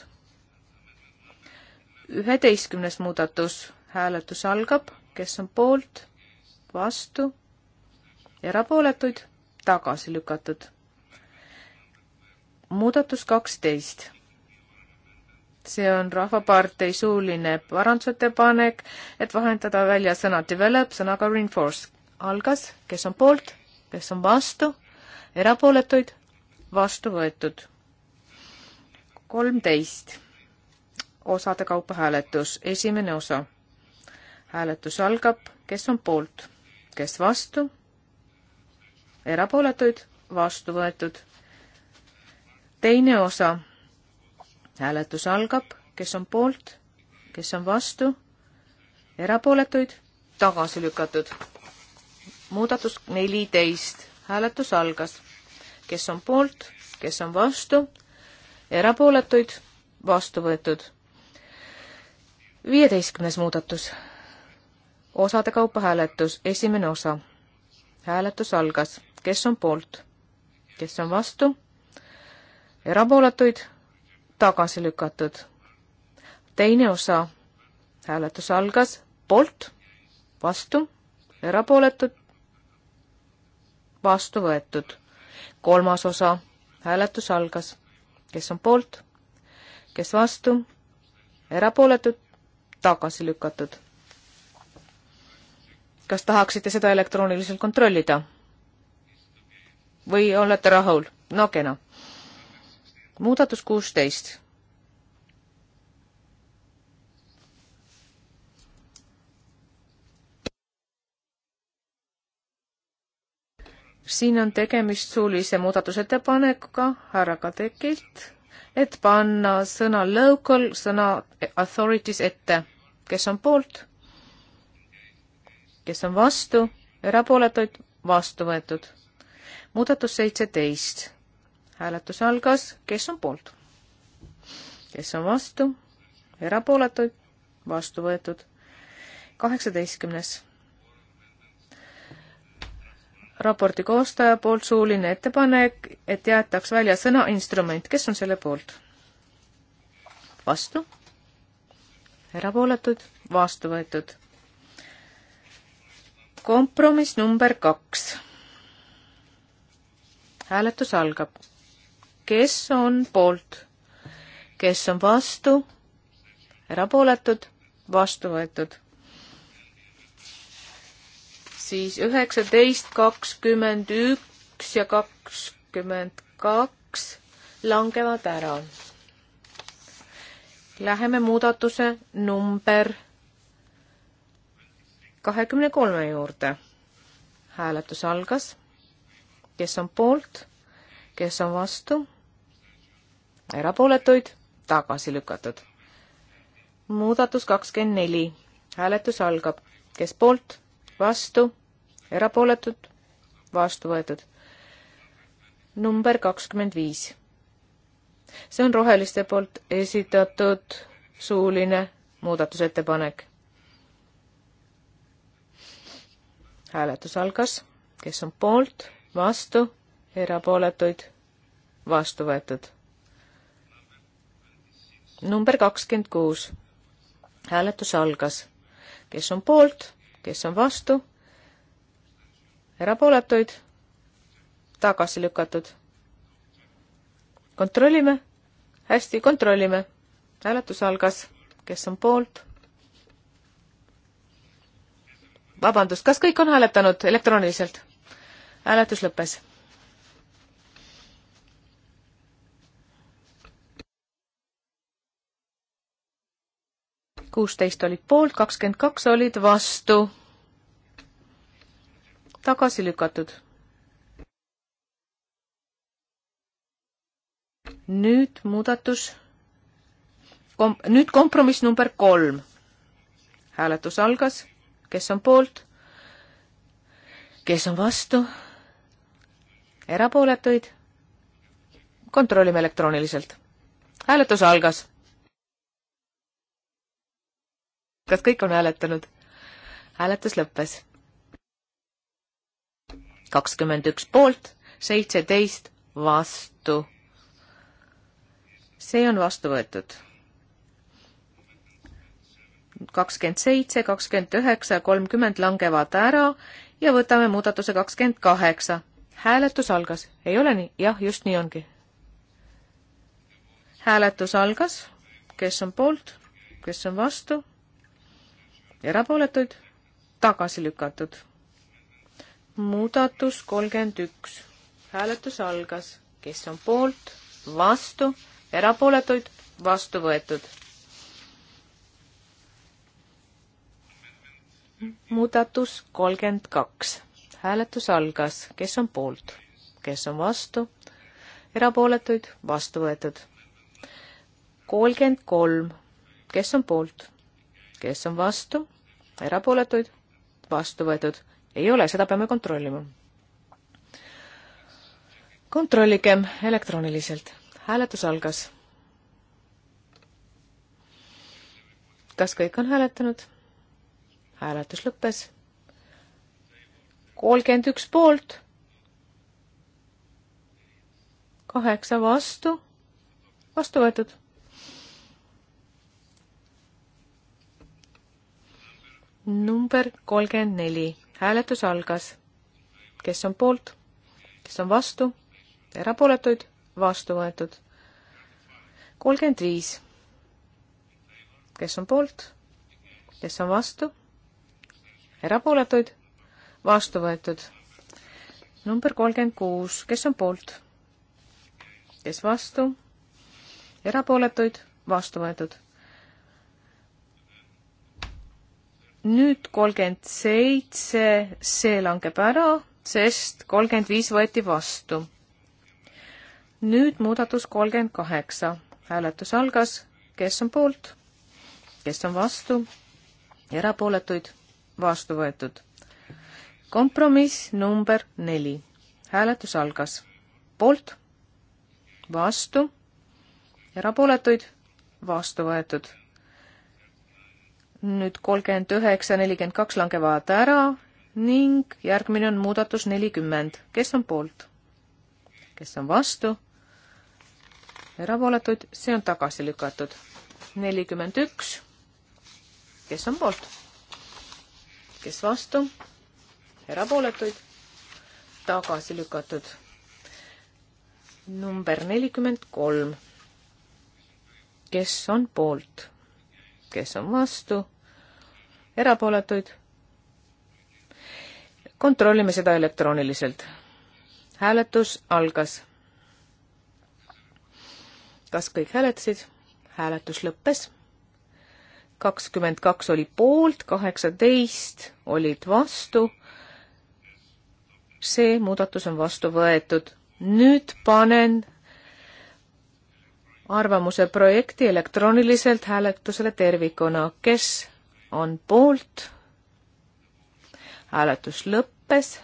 S3: üheteistkümnes muudatus, hääletus algab, kes on poolt? vastu? erapooletuid? tagasi lükatud muudatus kaksteist. see on Rahvapartei suuline parandusettepanek, et vahendada välja sõna develop sõnaga reinforce. algas, kes on poolt, kes on vastu, erapooletuid, vastu võetud. kolmteist, osade kaupa hääletus, esimene osa. hääletus algab, kes on poolt, kes vastu, erapooletuid, vastu võetud teine osa. hääletus algab, kes on poolt, kes on vastu, erapooletuid, tagasi lükatud. muudatus neliteist, hääletus algas, kes on poolt, kes on vastu, erapooletuid, vastu võetud. viieteistkümnes muudatus, osade kaupa hääletus, esimene osa, hääletus algas, kes on poolt, kes on vastu erapooletuid, tagasi lükatud. teine osa, hääletus algas, poolt, vastu, erapooletud, vastu võetud. kolmas osa, hääletus algas, kes on poolt, kes vastu, erapooletud, tagasi lükatud. kas tahaksite seda elektrooniliselt kontrollida? või olete rahul? no kena okay, no muudatus kuusteist. siin on tegemist suulise muudatusettepanekuga härra Kadekilt, et panna sõna local sõna authorities ette. kes on poolt? kes on vastu? erapooletuid vastu võetud. muudatus seitseteist hääletus algas, kes on poolt? kes on vastu? erapooletuid? vastu võetud. kaheksateistkümnes. raporti koostaja poolt suuline ettepanek, et jäetaks välja sõna instrument, kes on selle poolt? vastu? erapooletuid? vastu võetud. kompromiss number kaks. hääletus algab kes on poolt, kes on vastu, erapooletud, vastu võetud. siis üheksateist, kakskümmend üks ja kakskümmend kaks langevad ära. Läheme muudatuse number kahekümne kolme juurde. hääletus algas. kes on poolt, kes on vastu? erapooletuid, tagasi lükatud. muudatus kakskümmend neli, hääletus algab, kes poolt, vastu, erapooletud, vastu võetud. number kakskümmend viis. see on roheliste poolt esitatud suuline muudatusettepanek. hääletus algas, kes on poolt, vastu, erapooletuid, vastu võetud number kakskümmend kuus. hääletus algas. kes on poolt, kes on vastu? erapooletuid? tagasi lükatud? kontrollime? hästi, kontrollime. hääletus algas. kes on poolt? vabandust, kas kõik on hääletanud elektrooniliselt? hääletus lõppes kuusteist olid poolt, kakskümmend kaks olid vastu. tagasi lükatud. nüüd muudatus kom-, nüüd kompromiss number kolm. hääletus algas, kes on poolt, kes on vastu, erapooletuid, kontrollime elektrooniliselt. hääletus algas kas kõik on hääletanud? hääletus lõppes. kakskümmend üks poolt, seitseteist vastu. see on vastu võetud. kakskümmend seitse, kakskümmend üheksa ja kolmkümmend langevad ära ja võtame muudatuse kakskümmend kaheksa. hääletus algas, ei ole nii? jah, just nii ongi. hääletus algas, kes on poolt, kes on vastu erapooletuid, tagasi lükatud. muudatus kolmkümmend üks, hääletus algas, kes on poolt, vastu, erapooletuid, vastu võetud. muudatus kolmkümmend kaks, hääletus algas, kes on poolt, kes on vastu, erapooletuid, vastu võetud. kolmkümmend kolm, kes on poolt kes on vastu, erapooletuid, vastu võetud. ei ole, seda peame kontrollima. kontrolligem elektrooniliselt. hääletus algas. kas kõik on hääletanud? hääletus lõppes. kolmkümmend üks poolt, kaheksa vastu, vastu võetud number kolmkümmend neli, hääletus algas. kes on poolt, kes on vastu, erapooletuid, vastu võetud. kolmkümmend viis, kes on poolt, kes on vastu, erapooletuid, vastu võetud. number kolmkümmend kuus, kes on poolt, kes vastu, erapooletuid, vastu võetud nüüd kolmkümmend seitse, see langeb ära, sest kolmkümmend viis võeti vastu. nüüd muudatus kolmkümmend kaheksa. hääletus algas, kes on poolt, kes on vastu, erapooletuid vastu võetud. kompromiss number neli. hääletus algas, poolt, vastu, erapooletuid vastu võetud nüüd kolmkümmend üheksa, nelikümmend kaks langevad ära ning järgmine on muudatus nelikümmend. kes on poolt? kes on vastu? erapooletuid, see on tagasi lükatud. nelikümmend üks. kes on poolt? kes vastu? erapooletuid, tagasi lükatud. number nelikümmend kolm. kes on poolt? kes on vastu, erapooletuid. kontrollime seda elektrooniliselt. hääletus algas. kas kõik hääletasid? hääletus lõppes. kakskümmend kaks oli poolt, kaheksateist olid vastu. see muudatus on vastu võetud. nüüd panen arvamuse projekti elektrooniliselt hääletusele tervikuna. kes on poolt? hääletus lõppes.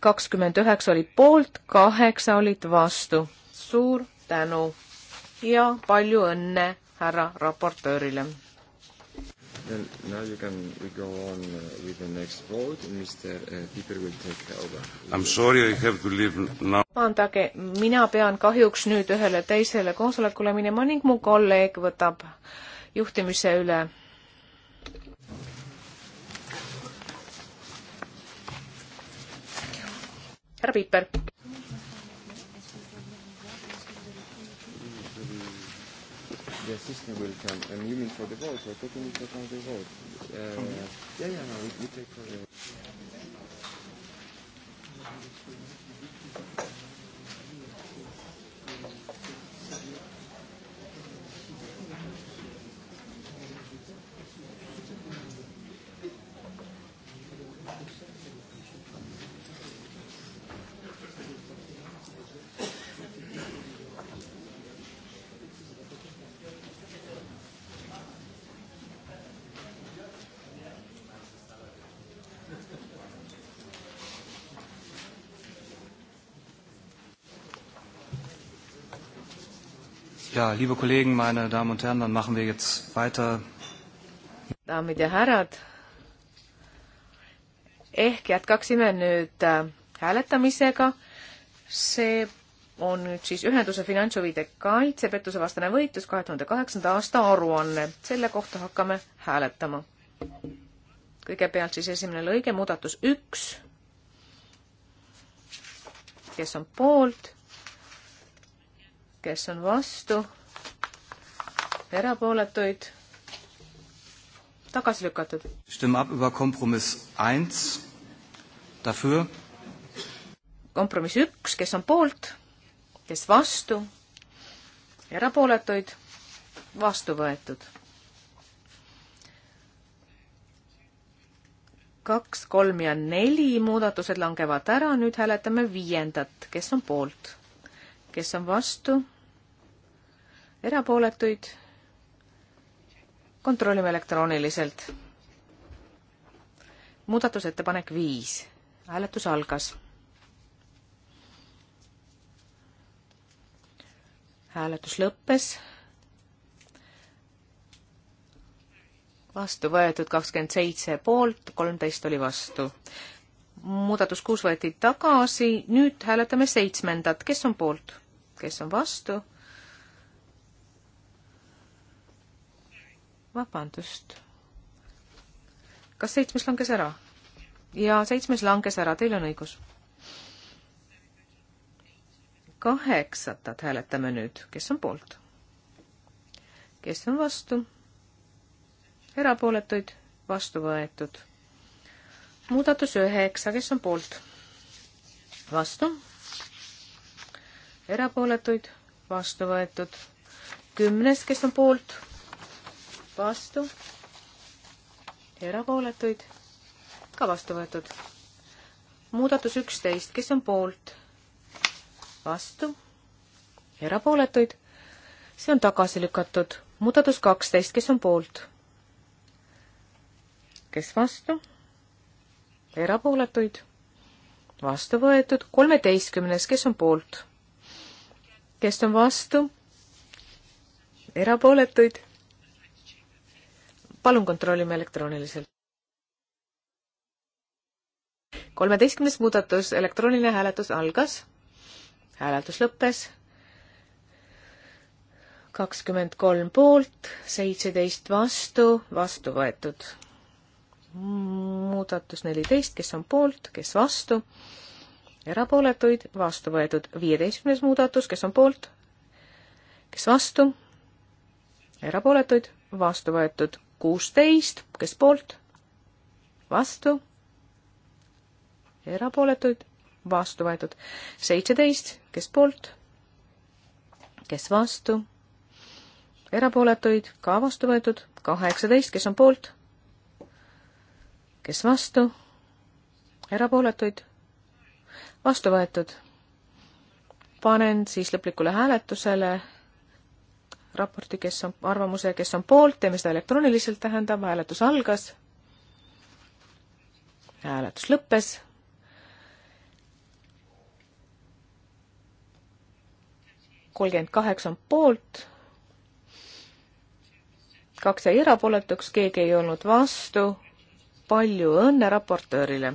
S3: kakskümmend üheksa oli poolt, kaheksa olid vastu. suur tänu ja palju õnne
S1: härra raportöörile!
S4: Then now you can we go on uh, with the next vote. Mr. Uh, Piper will take over.
S1: I am sorry I have to leave now.
S3: Andage, mina pean kahjuks nüüd ühele teisele koosolekule minema ning mu kolleeg võtab juhtimise üle.
S1: härra Piper. the assistant will come. And you mean for the vote? We're taking into account the vote. Uh, yeah, yeah, no, we, we take for the vote.
S4: ja, liebe Kollegen, meine Damen und Herren, dann machen wir jetzt weiter.
S3: daamid ja härrad, ehk jätkaksime nüüd äh, hääletamisega. see on nüüd siis ühenduse finantshuvide kaitse pettuse vastane võitlus kahe tuhande kaheksanda aasta aruanne. selle kohta hakkame hääletama. kõigepealt siis esimene lõige, muudatus üks. kes on poolt? kes on vastu, erapooletuid, tagasi lükatud. kompromiss üks, kes on poolt, kes vastu, erapooletuid, vastu võetud kaks, kolm ja neli muudatused langevad ära, nüüd hääletame viiendat, kes on poolt, kes on vastu, erapooletuid. kontrollime elektrooniliselt. muudatusettepanek viis, hääletus algas. hääletus lõppes. vastu võetud kakskümmend seitse poolt, kolmteist oli vastu muudatus kuus võeti tagasi, nüüd hääletame seitsmendat, kes on poolt, kes on vastu, vabandust. kas seitsmes langes ära? jaa, seitsmes langes ära, teil on õigus. kaheksatat hääletame nüüd, kes on poolt? kes on vastu? erapooletuid vastu võetud. muudatus üheksa, kes on poolt? vastu. erapooletuid vastu võetud. kümnes, kes on poolt? vastu, erapooletuid, ka vastu võetud. muudatus üksteist, kes on poolt, vastu, erapooletuid, see on tagasi lükatud. muudatus kaksteist, kes on poolt, kes vastu, erapooletuid, vastu võetud. kolmeteistkümnes, kes on poolt, kes on vastu erapooletuid palun kontrollime elektrooniliselt. kolmeteistkümnes muudatus, elektrooniline hääletus algas, hääletus lõppes, kakskümmend kolm poolt, seitseteist vastu, vastu võetud. muudatus neliteist, kes on poolt, kes vastu, erapooletuid, vastu võetud. viieteistkümnes muudatus, kes on poolt, kes vastu, erapooletuid, vastu võetud kuusteist, kes poolt, vastu, erapooletuid, vastu võetud. seitseteist, kes poolt, kes vastu, erapooletuid, ka vastu võetud. kaheksateist, kes on poolt, kes vastu, erapooletuid, vastu võetud. panen siis lõplikule hääletusele raporti, kes on arvamuse, kes on poolt, teeme seda elektrooniliselt, tähendab, hääletus algas, hääletus lõppes kolmkümmend kaheksa on poolt, kaks jäi erapooletuks, keegi ei olnud vastu, palju õnne raportöörile!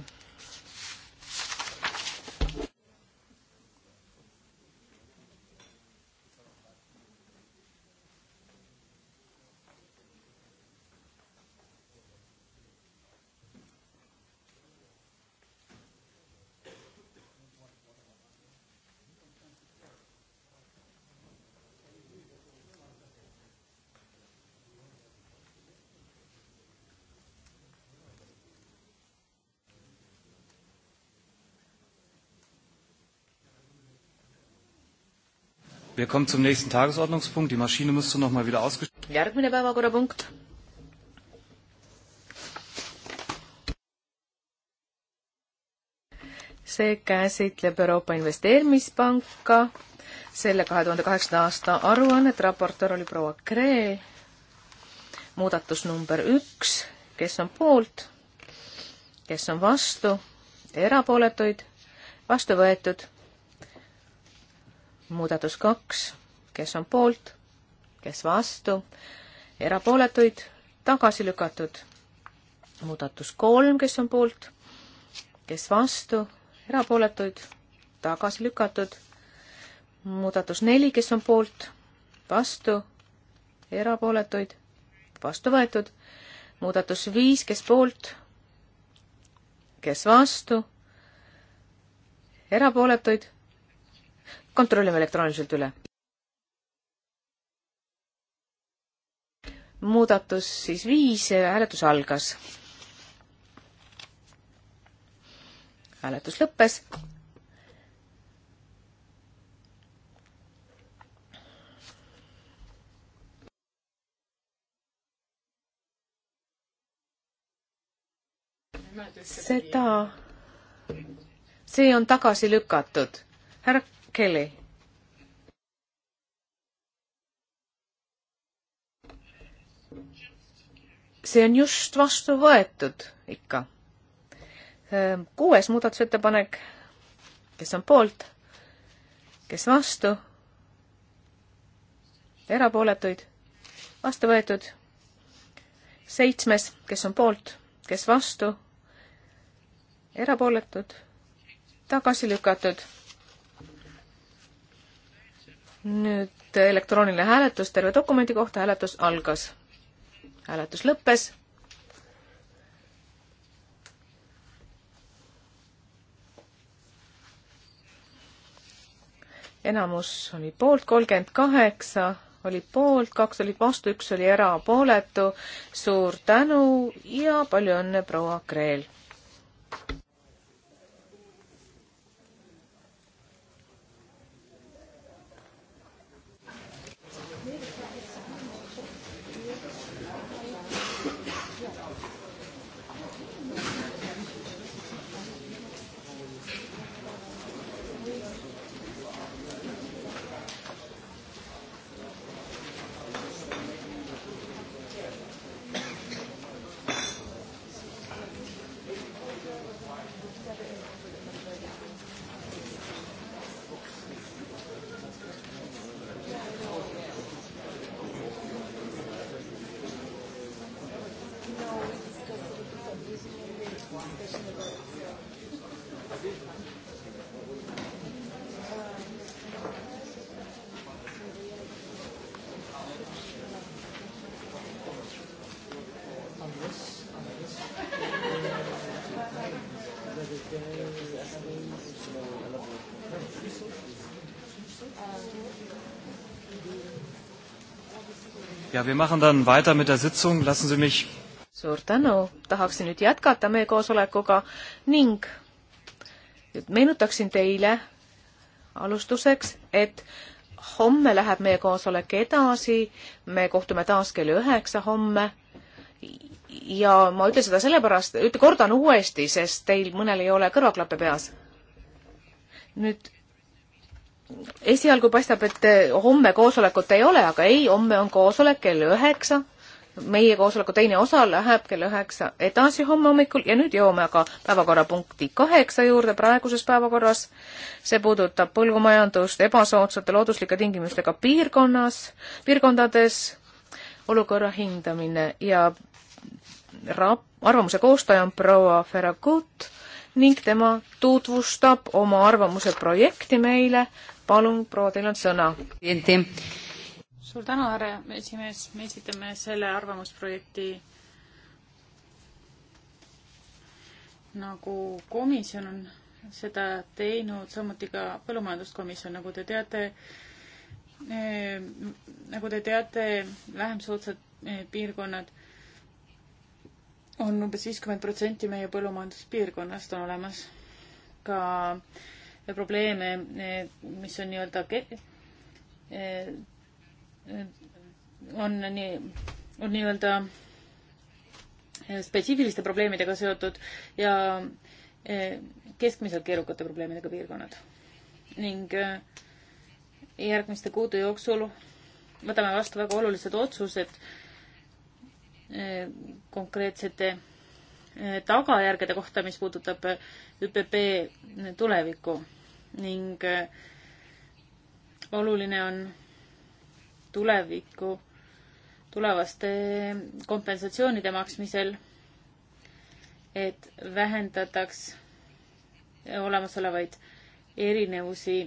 S4: Wir kommen zum nächsten Tagesordnungspunkt. Die Maschine müsste noch mal wieder ausgeschaltet
S3: werden. Järgmine päevakorrapunkt. see käsitleb Euroopa Investeerimispanka, selle kahe tuhande kaheksanda aasta aruannet, raportöör oli proua Kreel, muudatus number üks, kes on poolt, kes on vastu, erapooletuid, vastu võetud muudatus kaks, kes on poolt, kes vastu, erapooletuid tagasi lükatud. muudatus kolm, kes on poolt, kes vastu, erapooletuid tagasi lükatud. muudatus neli, kes on poolt, vastu, erapooletuid vastu võetud. muudatus viis, kes poolt, kes vastu, erapooletuid kontrollime elektrooniliselt üle. muudatus siis viis, hääletus algas. hääletus lõppes.
S5: seda,
S3: see on tagasi lükatud. härra Kelly. see on just vastu võetud ikka. Ehm, kuues muudatusettepanek, kes on poolt, kes vastu, erapooletuid, vastu võetud. seitsmes, kes on poolt, kes vastu, erapooletud, tagasi lükatud nüüd elektrooniline hääletus terve dokumendi kohta, hääletus algas. hääletus lõppes. enamus oli poolt, kolmkümmend kaheksa oli poolt, kaks olid vastu, üks oli erapooletu. suur tänu ja palju õnne, proua Kreel!
S4: ja wir machen dann weiter mit der Sitzung, lassen Sie mich.
S3: suur tänu, tahaksin nüüd jätkata meie koosolekuga ning nüüd meenutaksin teile alustuseks, et homme läheb meie koosolek edasi, me kohtume taas kell üheksa homme ja ma ütlen seda sellepärast, kordan uuesti, sest teil mõnel ei ole kõrvaklappe peas. nüüd esialgu paistab, et eh, homme koosolekut ei ole, aga ei, homme on koosolek kell üheksa. meie koosoleku teine osa läheb kell üheksa edasi homme hommikul ja nüüd jõuame aga päevakorrapunkti kaheksa juurde praeguses päevakorras. see puudutab põllumajandust ebasoodsate looduslike tingimustega piirkonnas, piirkondades, olukorra hindamine ja rap-, arvamuse koostaja on proua Ferragut ning tema tutvustab oma arvamuse projekti meile. palun, proua, teil on sõna.
S5: suur tänu, härra esimees, me esitame selle arvamusprojekti nagu komisjon on seda teinud, samuti ka põllumajanduskomisjon, nagu te teate eh, nagu te teate, vähem soodsad eh, piirkonnad on umbes viiskümmend protsenti meie põllumajanduspiirkonnast on olemas ka äh, probleeme, äh, mis on nii-öelda äh, on nii, on nii-öelda spetsiifiliste probleemidega seotud ja keskmiselt keerukate probleemidega piirkonnad. ning järgmiste kuude jooksul võtame vastu väga olulised otsused konkreetsete eh, tagajärgede kohta, mis puudutab eh, ÜPP tulevikku ning eh, oluline on tulevikku, tulevaste kompensatsioonide maksmisel, et vähendataks olemasolevaid erinevusi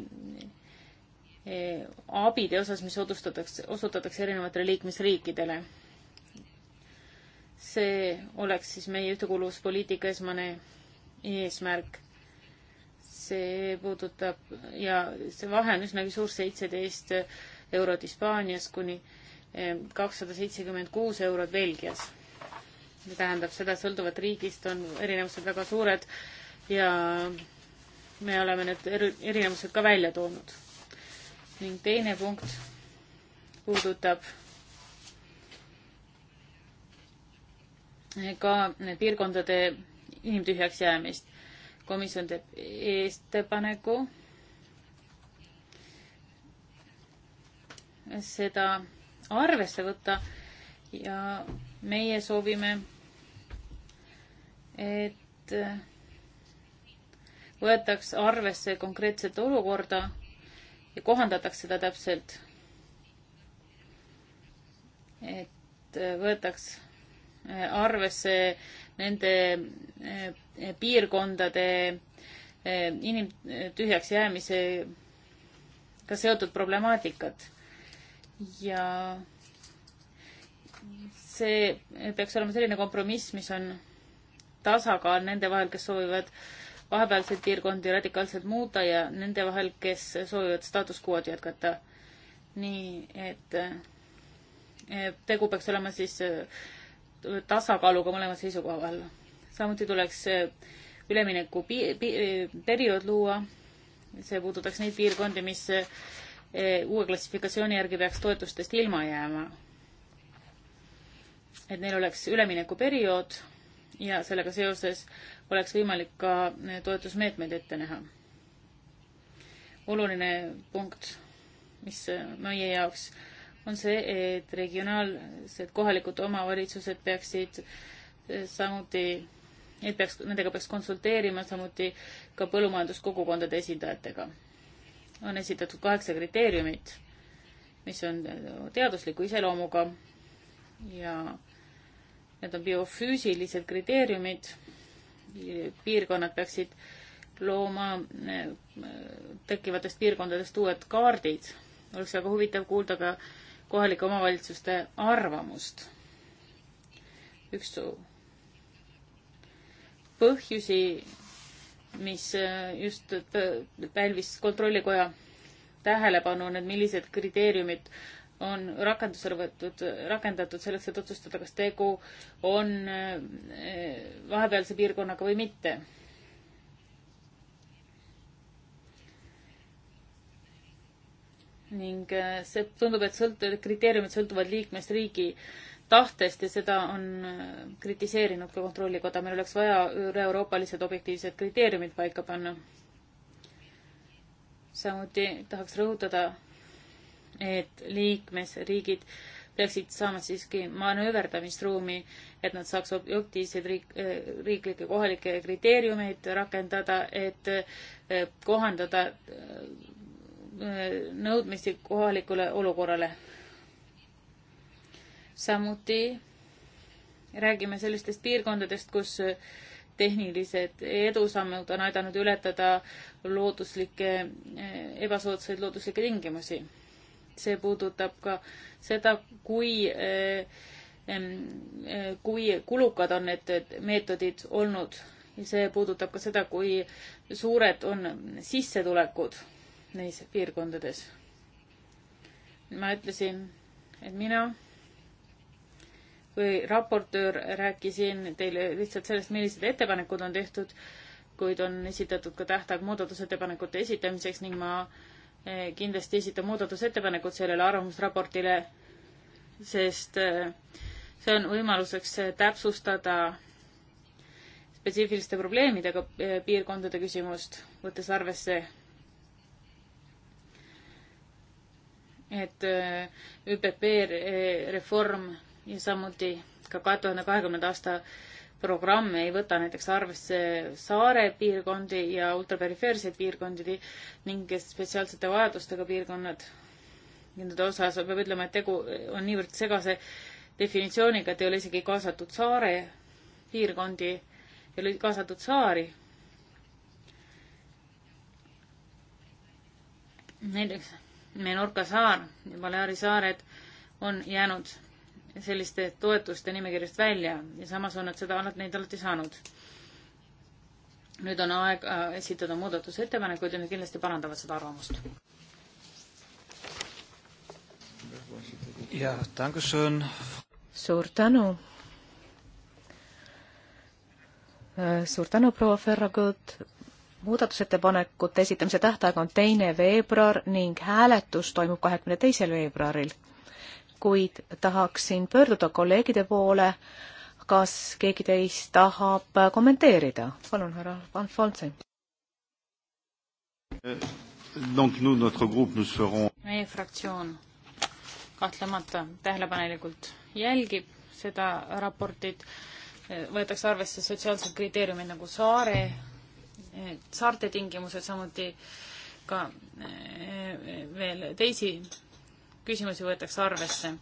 S5: abide osas, mis otsustatakse, osutatakse erinevatele liikmesriikidele see oleks siis meie ühtekuuluvuspoliitika esmane eesmärk. see puudutab ja see vahe on üsnagi suur, seitseteist eurot Hispaanias kuni eh, kakssada seitsekümmend kuus eurot Belgias. see tähendab seda, sõltuvalt riigist on erinevused väga suured ja me oleme need erinevused ka välja toonud. ning teine punkt puudutab ka piirkondade inimtühjaks jäämist. komisjon teeb ettepaneku seda arvesse võtta ja meie soovime, et võetaks arvesse konkreetset olukorda ja kohandataks seda täpselt. et võetaks arvesse nende eh, piirkondade eh, inimtühjaks jäämisega seotud problemaatikat. ja see peaks olema selline kompromiss, mis on tasakaal nende vahel, kes soovivad vahepealseid piirkondi radikaalselt muuta ja nende vahel, kes soovivad status quo'd jätkata. nii et eh, tegu peaks olema siis tasakaaluga mõlema seisukoha vahel. samuti tuleks äh, ülemineku pi-, pi-, äh, periood luua, see puudutaks neid piirkondi, mis äh, uue klassifikatsiooni järgi peaks toetustest ilma jääma. et neil oleks üleminekuperiood ja sellega seoses oleks võimalik ka toetusmeetmeid ette näha. oluline punkt, mis meie jaoks äh, on see, et regionaalsed kohalikud omavalitsused peaksid eh, samuti, neid peaks, nendega peaks konsulteerima, samuti ka põllumajanduskogukondade esindajatega. on esitatud kaheksa kriteeriumit, mis on eh, teadusliku iseloomuga ja need on biofüüsilised kriteeriumid, piirkonnad peaksid looma eh, tekkivatest piirkondadest uued kaardid. oleks väga huvitav kuulda ka äh, kohalike omavalitsuste arvamust. üks põhjusi, mis äh, just äh, pälvis Kontrollikoja tähelepanu, need millised kriteeriumid on rakendusele võetud, rakendatud selleks, et otsustada, kas tegu on äh, vahepealse piirkonnaga või mitte ning äh, see tundub, et sõlt-, kriteeriumid sõltuvad liikmesriigi tahtest ja seda on äh, kritiseerinud ka Kontrollikoda, meil oleks vaja üle-euroopalised objektiivsed kriteeriumid paika panna. samuti tahaks rõhutada, et liikmesriigid peaksid saama siiski manööverdamisruumi, et nad saaks objektiivseid riik, äh, riiklikke kohalikke kriteeriumeid rakendada, et kohandada nõudmisi kohalikule olukorrale. samuti räägime sellistest piirkondadest, kus tehnilised edusammud on aidanud ületada looduslikke, ebasoodsaid looduslikke tingimusi. see puudutab ka seda, kui, kui kulukad on need meetodid olnud ja see puudutab ka seda, kui suured on sissetulekud neis piirkondades. ma ütlesin, et mina kui raportöör rääkisin teile lihtsalt sellest, millised ettepanekud on tehtud, kuid on esitatud ka tähtaeg muudatusettepanekute esitamiseks ning ma eh, kindlasti esitan muudatusettepanekud sellele arvamusraportile, sest eh, see on võimaluseks eh, täpsustada spetsiifiliste probleemidega piirkondade küsimust, võttes arvesse et äh, ÜPP reform ja samuti ka kahe tuhande kahekümnenda aasta programm ei võta näiteks arvesse saare piirkondi ja ultraperifeerseid piirkondi ning spetsiaalsete vajadustega piirkonnad. Nende osas peab ütlema, et tegu on niivõrd segase definitsiooniga, et ei ole isegi kaasatud saare piirkondi, ei ole kaasatud saari. näiteks Menorca saar ja Baleari saared on jäänud selliste toetuste nimekirjast välja ja samas on nad seda alati, neid alati saanud. nüüd on aeg äh, esitada muudatusettepanekuid ja need kindlasti parandavad seda arvamust.
S4: jah, tänkusun.
S3: suur tänu. Äh, suur tänu, proua Ferragut muudatusettepanekute esitamise tähtaeg on teine veebruar ning hääletus toimub kahekümne teisel veebruaril. kuid tahaksin pöörduda kolleegide poole, kas keegi teist tahab kommenteerida? palun, härra Van Fonsen.
S5: meie fraktsioon kahtlemata tähelepanelikult jälgib seda raportit, võetakse arvesse sotsiaalsed kriteeriumid nagu saare saarte tingimused, samuti ka eh, veel teisi küsimusi võetakse arvesse.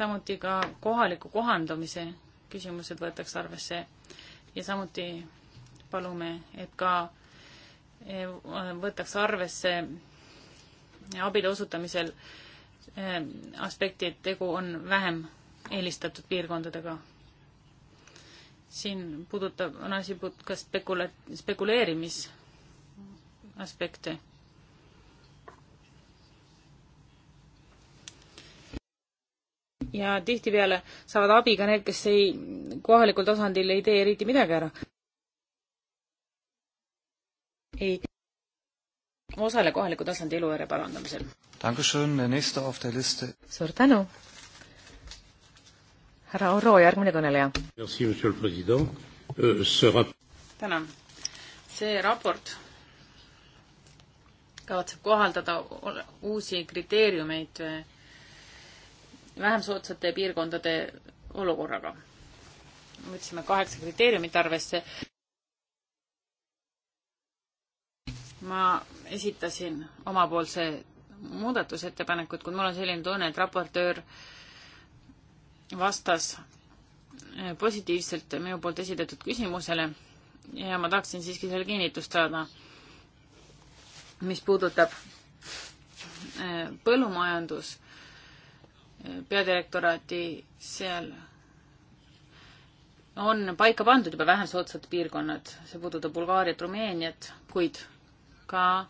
S5: samuti ka kohaliku kohandumise küsimused võetakse arvesse ja samuti palume, et ka eh, võtaks arvesse abide osutamisel eh, aspekti, et tegu on vähem eelistatud piirkondadega siin puudutab, on asi puud-, ka spekula-, spekuleerimisaspekte. ja tihtipeale saavad abi ka need, kes ei, kohalikul tasandil ei tee eriti midagi ära. ei osale kohaliku tasandi eluääre parandamisel. suur tänu! härra Oro,
S3: järgmine kõneleja.
S1: Euh,
S5: tänan. see raport kavatseb kohaldada uusi kriteeriumeid äh, vähem soodsate piirkondade olukorraga. võtsime kaheksa kriteeriumit arvesse. ma esitasin omapoolse muudatusettepanekud, kuid mul on selline tunne, et raportöör äh, vastas eh, positiivselt minu poolt esitatud küsimusele ja ma tahaksin siiski selle kinnitust saada, mis puudutab eh, põllumajandus eh, peadirektoraati, seal on paika pandud juba vähem soodsad piirkonnad, see puudutab Bulgaariat, Rumeeniat, kuid ka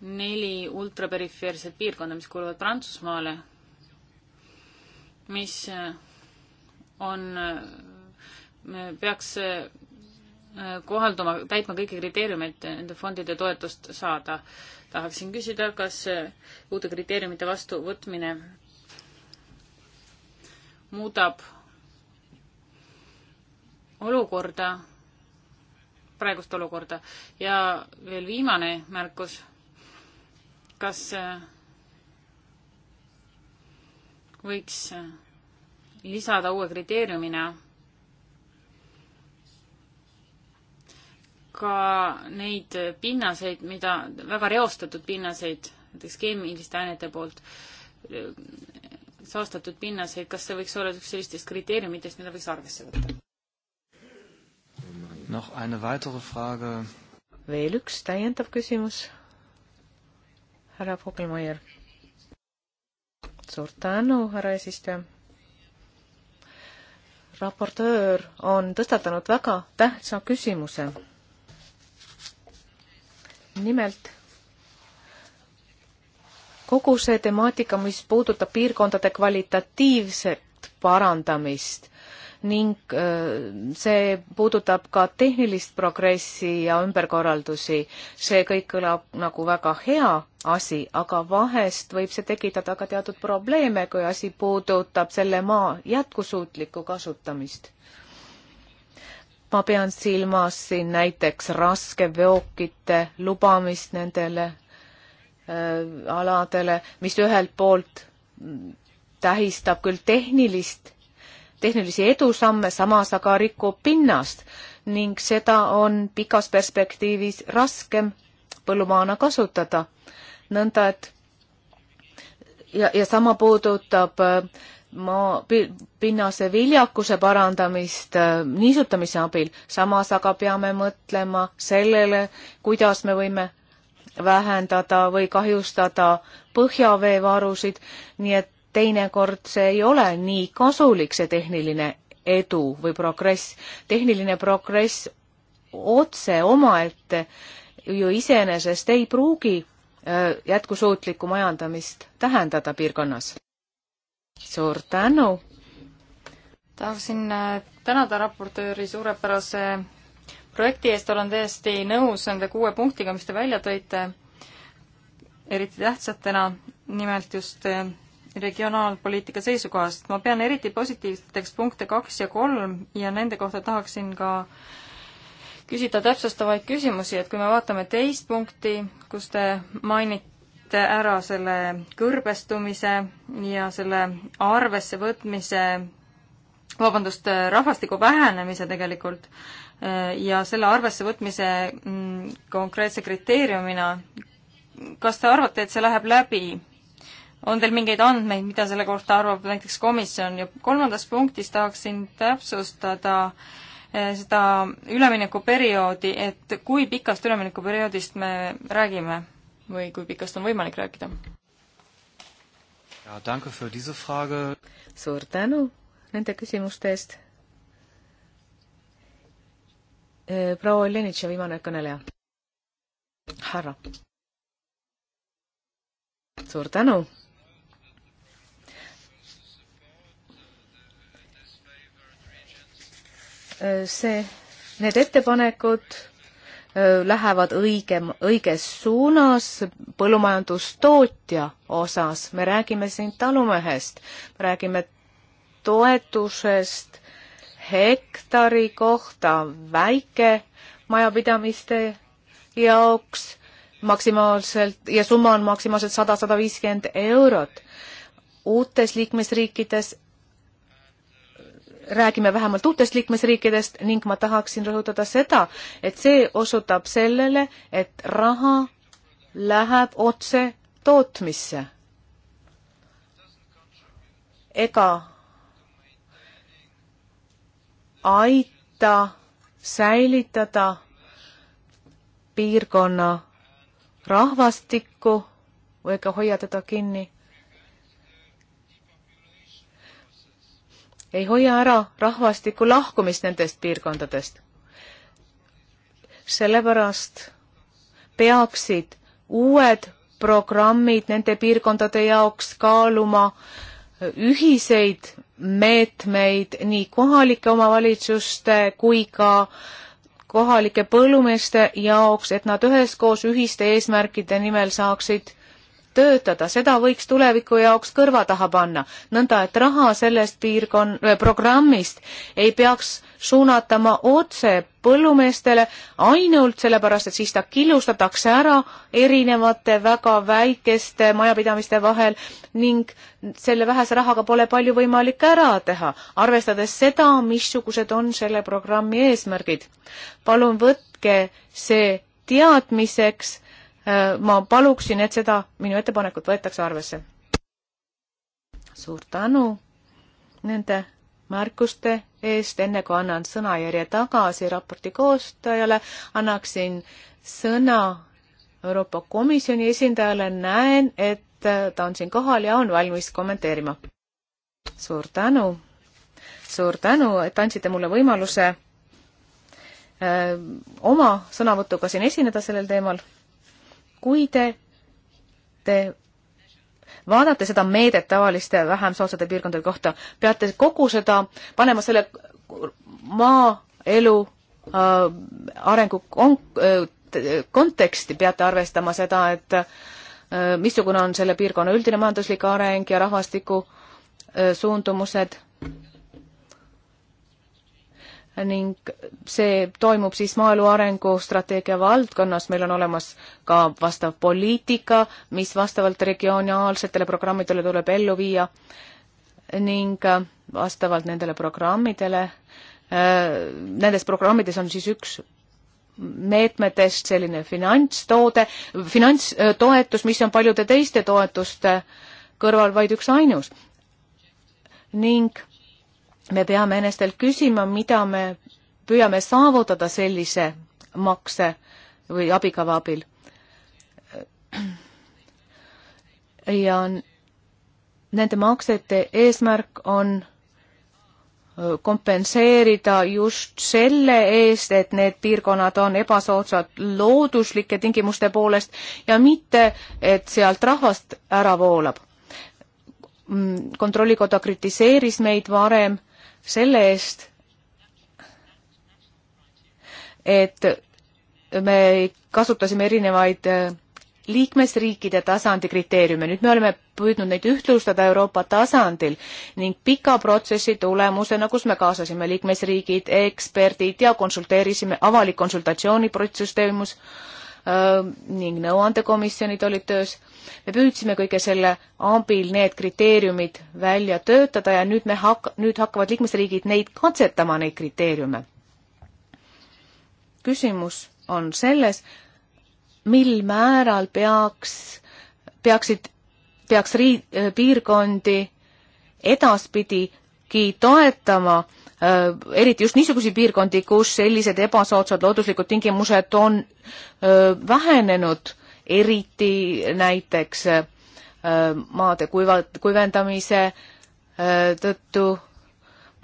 S5: neli ultraperifeerset piirkonda, mis kuuluvad Prantsusmaale mis on, peaks äh, kohalduma, täitma kõiki kriteeriume, et nende fondide toetust saada. tahaksin küsida, kas äh, uute kriteeriumite vastuvõtmine muudab olukorda, praegust olukorda ja veel viimane märkus, kas äh, võiks lisada uue kriteeriumina ka neid pinnaseid, mida, väga reostatud pinnaseid, näiteks keemiliste ainete poolt saastatud pinnaseid, kas see võiks olla üks sellistest kriteeriumitest, mida võiks arvesse võtta?
S4: noh, eine weitere Frage. veel
S3: üks täiendav küsimus. härra Vogelmeier suur tänu, härra eesistuja. raportöör on tõstatanud väga tähtsa küsimuse. nimelt kogu see temaatika, mis puudutab piirkondade kvalitatiivset parandamist ning see puudutab ka tehnilist progressi ja ümberkorraldusi. see kõik kõlab nagu väga hea asi, aga vahest võib see tekitada ka teatud probleeme, kui asi puudutab selle maa jätkusuutlikku kasutamist. ma pean silmas siin näiteks raskeveokite lubamist nendele äh, aladele, mis ühelt poolt tähistab küll tehnilist tehnilisi edusamme, samas aga rikub pinnast ning seda on pikas perspektiivis raskem põllumaana kasutada. nõnda et ja, ja sama puudutab äh, maa pinnase viljakuse parandamist äh, niisutamise abil, samas aga peame mõtlema sellele, kuidas me võime vähendada või kahjustada põhjaveevarusid, nii et teinekord see ei ole nii kasulik, see tehniline edu või progress. tehniline progress otse omaette ju iseenesest ei pruugi jätkusuutlikku majandamist tähendada piirkonnas. suur tänu!
S2: tahaksin tänada raportööri suurepärase projekti eest, olen täiesti nõus nende kuue punktiga, mis te välja tõite, eriti tähtsatena, nimelt just regionaalpoliitika seisukohast. ma pean eriti positiivseteks punkte kaks ja kolm ja nende kohta tahaksin ka küsida täpsustavaid küsimusi, et kui me vaatame teist punkti, kus te mainite ära selle kõrbestumise ja selle arvesse võtmise, vabandust, rahvastiku vähenemise tegelikult, ja selle arvesse võtmise mm, konkreetse kriteeriumina, kas te arvate, et see läheb läbi on teil mingeid andmeid, mida selle kohta arvab näiteks komisjon ja kolmandas punktis tahaksin täpsustada eh, seda üleminekuperioodi, et kui pikast üleminekuperioodist me räägime või kui pikast on võimalik rääkida?
S4: suur
S3: tänu
S2: nende küsimuste eest.
S3: Eh, proua Olenitša, viimane kõneleja. härra. suur tänu Äh, see, need ettepanekud äh, lähevad õige, õiges suunas põllumajandustootja osas. me räägime siin talumehest, räägime toetusest hektari kohta väikemajapidamiste jaoks maksimaalselt ja summa on maksimaalselt sada, sada viiskümmend eurot. uutes liikmesriikides räägime vähemalt uutest liikmesriikidest ning ma tahaksin rõhutada seda, et see osutab sellele, et raha läheb otse tootmisse. ega aita säilitada piirkonna rahvastikku ega hoia teda kinni ei hoia ära rahvastiku lahkumist nendest piirkondadest. sellepärast peaksid uued programmid nende piirkondade jaoks kaaluma ühiseid meetmeid nii kohalike omavalitsuste kui ka kohalike põllumeeste jaoks, et nad üheskoos ühiste eesmärkide nimel saaksid töötada, seda võiks tuleviku jaoks kõrva taha panna, nõnda et raha sellest piirkon-, äh, programmist ei peaks suunatama otse põllumeestele ainult sellepärast, et siis ta killustatakse ära erinevate väga väikeste majapidamiste vahel ning selle vähese rahaga pole palju võimalik ära teha, arvestades seda, missugused on selle programmi eesmärgid. palun võtke see teadmiseks Äh, ma paluksin, et seda minu ettepanekut võetakse arvesse. suur tänu nende märkuste eest, enne kui annan sõnajärje tagasi raporti koostajale, annaksin sõna Euroopa Komisjoni esindajale, näen, et ta on siin kohal ja on valmis kommenteerima. suur tänu, suur tänu, et andsite mulle võimaluse öö, äh, oma sõnavõtuga siin esineda sellel teemal kui te, te vaatate seda meedet tavaliste vähem soodsate piirkondade kohta, peate kogu seda panema selle maaelu äh, arengu kon-, äh, konteksti, peate arvestama seda, et äh, missugune on selle piirkonna üldine majanduslik areng ja rahvastiku äh, suundumused ning see toimub siis maaelu arengustrateegia valdkonnas, meil on olemas ka vastav poliitika, mis vastavalt regionaalsetele programmidele tuleb ellu viia ning äh, vastavalt nendele programmidele, äh, nendes programmides on siis üks meetmetest selline finantstoode, finantstoetus, äh, mis on paljude teiste toetuste kõrval vaid üks ainus. ning me peame enestelt küsima, mida me püüame saavutada sellise makse või abikava abil. ja nende maksete eesmärk on kompenseerida just selle eest, et need piirkonnad on ebasoodsad looduslike tingimuste poolest ja mitte, et sealt rahvast ära voolab. Mm, kontrollikoda kritiseeris meid varem selle eest, et me kasutasime erinevaid äh, liikmesriikide tasandi kriteeriume, nüüd me oleme püüdnud neid ühtlustada Euroopa tasandil ning pika protsessi tulemusena, kus me kaasasime liikmesriigid, eksperdid ja konsulteerisime avalik konsultatsiooniprotsess toimus äh, Äh, ning nõuandekomisjonid olid töös. me püüdsime kõige selle abil need kriteeriumid välja töötada ja nüüd me hak-, nüüd hakkavad liikmesriigid neid katsetama, neid kriteeriume. küsimus on selles, mil määral peaks, peaksid, peaks riik, piirkondi edaspidigi toetama äh, Äh, eriti just niisuguseid piirkondi, kus sellised ebasoodsad looduslikud tingimused on äh, vähenenud, eriti näiteks äh, maade kuivad, kuivendamise tõttu.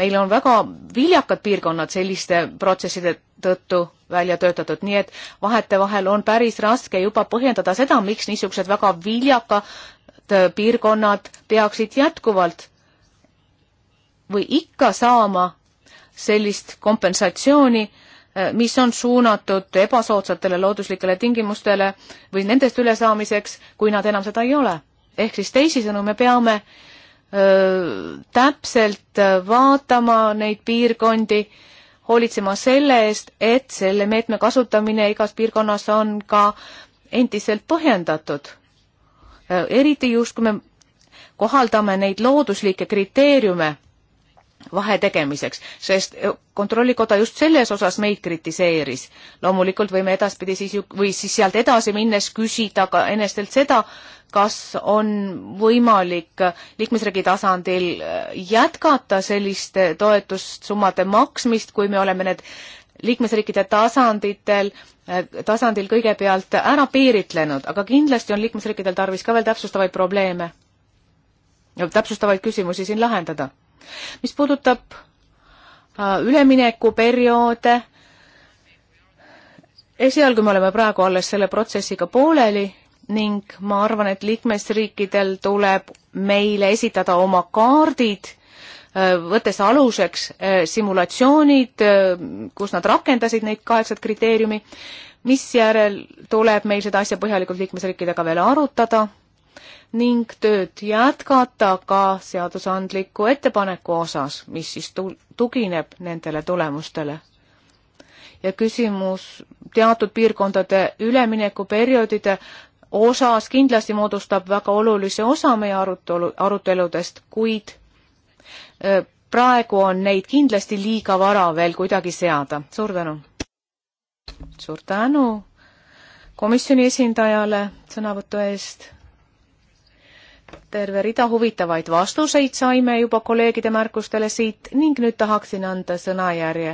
S3: meil on väga viljakad piirkonnad selliste protsesside tõttu välja töötatud, nii et vahetevahel on päris raske juba põhjendada seda, miks niisugused väga viljakad piirkonnad peaksid jätkuvalt või ikka saama sellist kompensatsiooni, eh, mis on suunatud ebasoodsatele looduslikele tingimustele või nendest ülesaamiseks, kui nad enam seda ei ole. ehk siis teisisõnu, me peame öö, täpselt eh, vaatama neid piirkondi, hoolitsema selle eest, et selle meetme kasutamine igas piirkonnas on ka endiselt põhjendatud. eriti just, kui me kohaldame neid looduslikke kriteeriume vahe tegemiseks, sest Kontrollikoda just selles osas meid kritiseeris. loomulikult võime edaspidi siis ju, või siis sealt edasi minnes küsida ka enestelt seda, kas on võimalik liikmesriigi tasandil äh, jätkata selliste toetussummade maksmist, kui me oleme need liikmesriikide tasanditel, äh, tasandil kõigepealt ära piiritlenud, aga kindlasti on liikmesriikidel tarvis ka veel täpsustavaid probleeme, täpsustavaid küsimusi siin lahendada mis puudutab äh, üleminekuperioode, esialgu me oleme praegu alles selle protsessiga pooleli ning ma arvan, et liikmesriikidel tuleb meile esitada oma kaardid, äh, võttes aluseks äh, simulatsioonid, kus nad rakendasid neid kaheksat kriteeriumi, misjärel tuleb meil seda asja põhjalikult liikmesriikidega veel arutada ning tööd jätkata ka seadusandliku ettepaneku osas, mis siis tugineb nendele tulemustele. ja küsimus teatud piirkondade üleminekuperioodide osas kindlasti moodustab väga olulise osa meie arutelu, aruteludest, kuid praegu on neid kindlasti liiga vara veel kuidagi seada. suur tänu! suur tänu komisjoni esindajale sõnavõtu eest terve rida huvitavaid vastuseid saime juba kolleegide märkustele siit ning nüüd tahaksin anda sõnajärje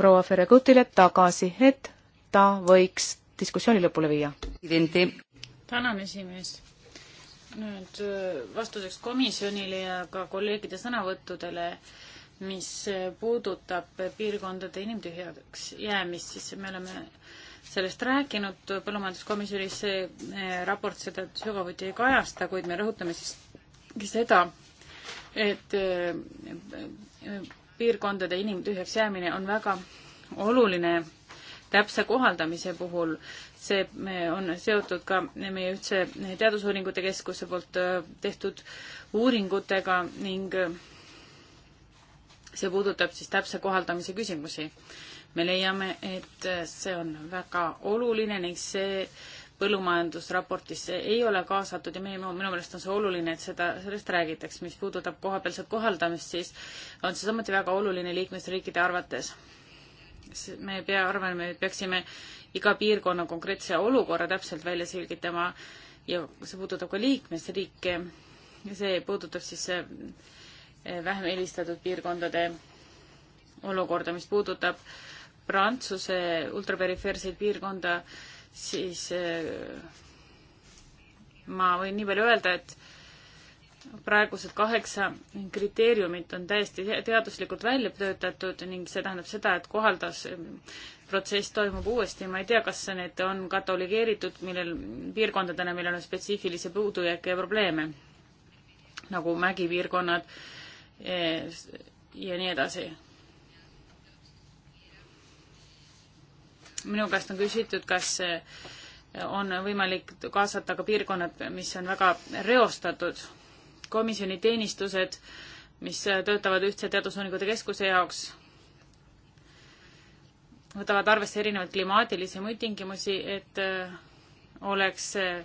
S3: proua Ferregutile tagasi, et ta võiks diskussiooni lõpule
S2: viia.
S5: tänan, esimees. nüüd äh, vastuseks komisjonile ja ka kolleegide sõnavõttudele, mis äh, puudutab piirkondade inimtühjaks jäämist, siis me oleme sellest rääkinud, põllumajanduskomisjonis see eh, raport seda sügavuti ei kajasta, kuid me rõhutame siiski seda, et eh, piirkondade inimtühjaks jäämine on väga oluline täpse kohaldamise puhul. see eh, on seotud ka meie ühtse Teadusuuringute Keskuse poolt tehtud uuringutega ning see puudutab siis täpse kohaldamise küsimusi me leiame, et see on väga oluline ning see põllumajandusraportisse ei ole kaasatud ja meie, minu meelest on see oluline, et seda, sellest räägitakse. mis puudutab kohapealset kohaldamist, siis on see samuti väga oluline liikmesriikide arvates. me ei pea, arvan, me peaksime iga piirkonna konkreetse olukorra täpselt välja selgitama ja see puudutab ka liikmesriike ja see puudutab siis eh, vähem eelistatud piirkondade olukorda, mis puudutab äh, Prantsuse ultraperifeerseid piirkonda, siis eh, ma võin nii palju öelda, et praegused kaheksa kriteeriumit on täiesti teaduslikult välja töötatud ning see tähendab seda, et kohaldas eh, protsess toimub uuesti, ma ei tea, kas need on katoligeeritud, millel piirkondadena, millel on spetsiifilisi puudujääke ja probleeme, nagu mägipiirkonnad eh, ja nii edasi minu käest on küsitud, kas on võimalik kaasata ka piirkonnad, mis on väga reostatud. komisjoni teenistused, mis töötavad Ühtse Teadusuuringute Keskuse jaoks, võtavad arvesse erinevaid klimaatilisi ja muid tingimusi, et äh, oleks äh,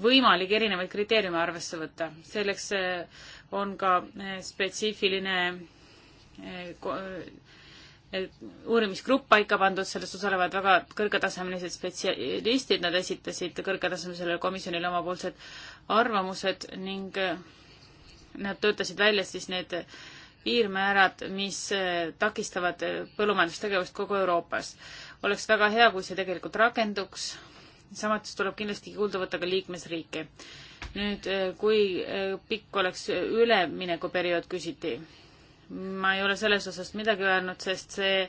S5: võimalik erinevaid kriteeriume arvesse võtta. selleks äh, on ka spetsiifiline uurimisgrupp paika pandud, selles osalevad väga kõrgetasemelised spetsialistid, nad esitasid kõrgetasemelisele komisjonile omapoolsed arvamused ning äh, nad töötasid välja siis need piirmäärad, mis äh, takistavad äh, põllumajandustegevust kogu Euroopas. oleks väga hea, kui see tegelikult rakenduks, samuti tuleb kindlasti kuulda võtta ka liikmesriike. nüüd, kui pikk oleks üleminekuperiood, küsiti ma ei ole selles osas midagi öelnud, sest see,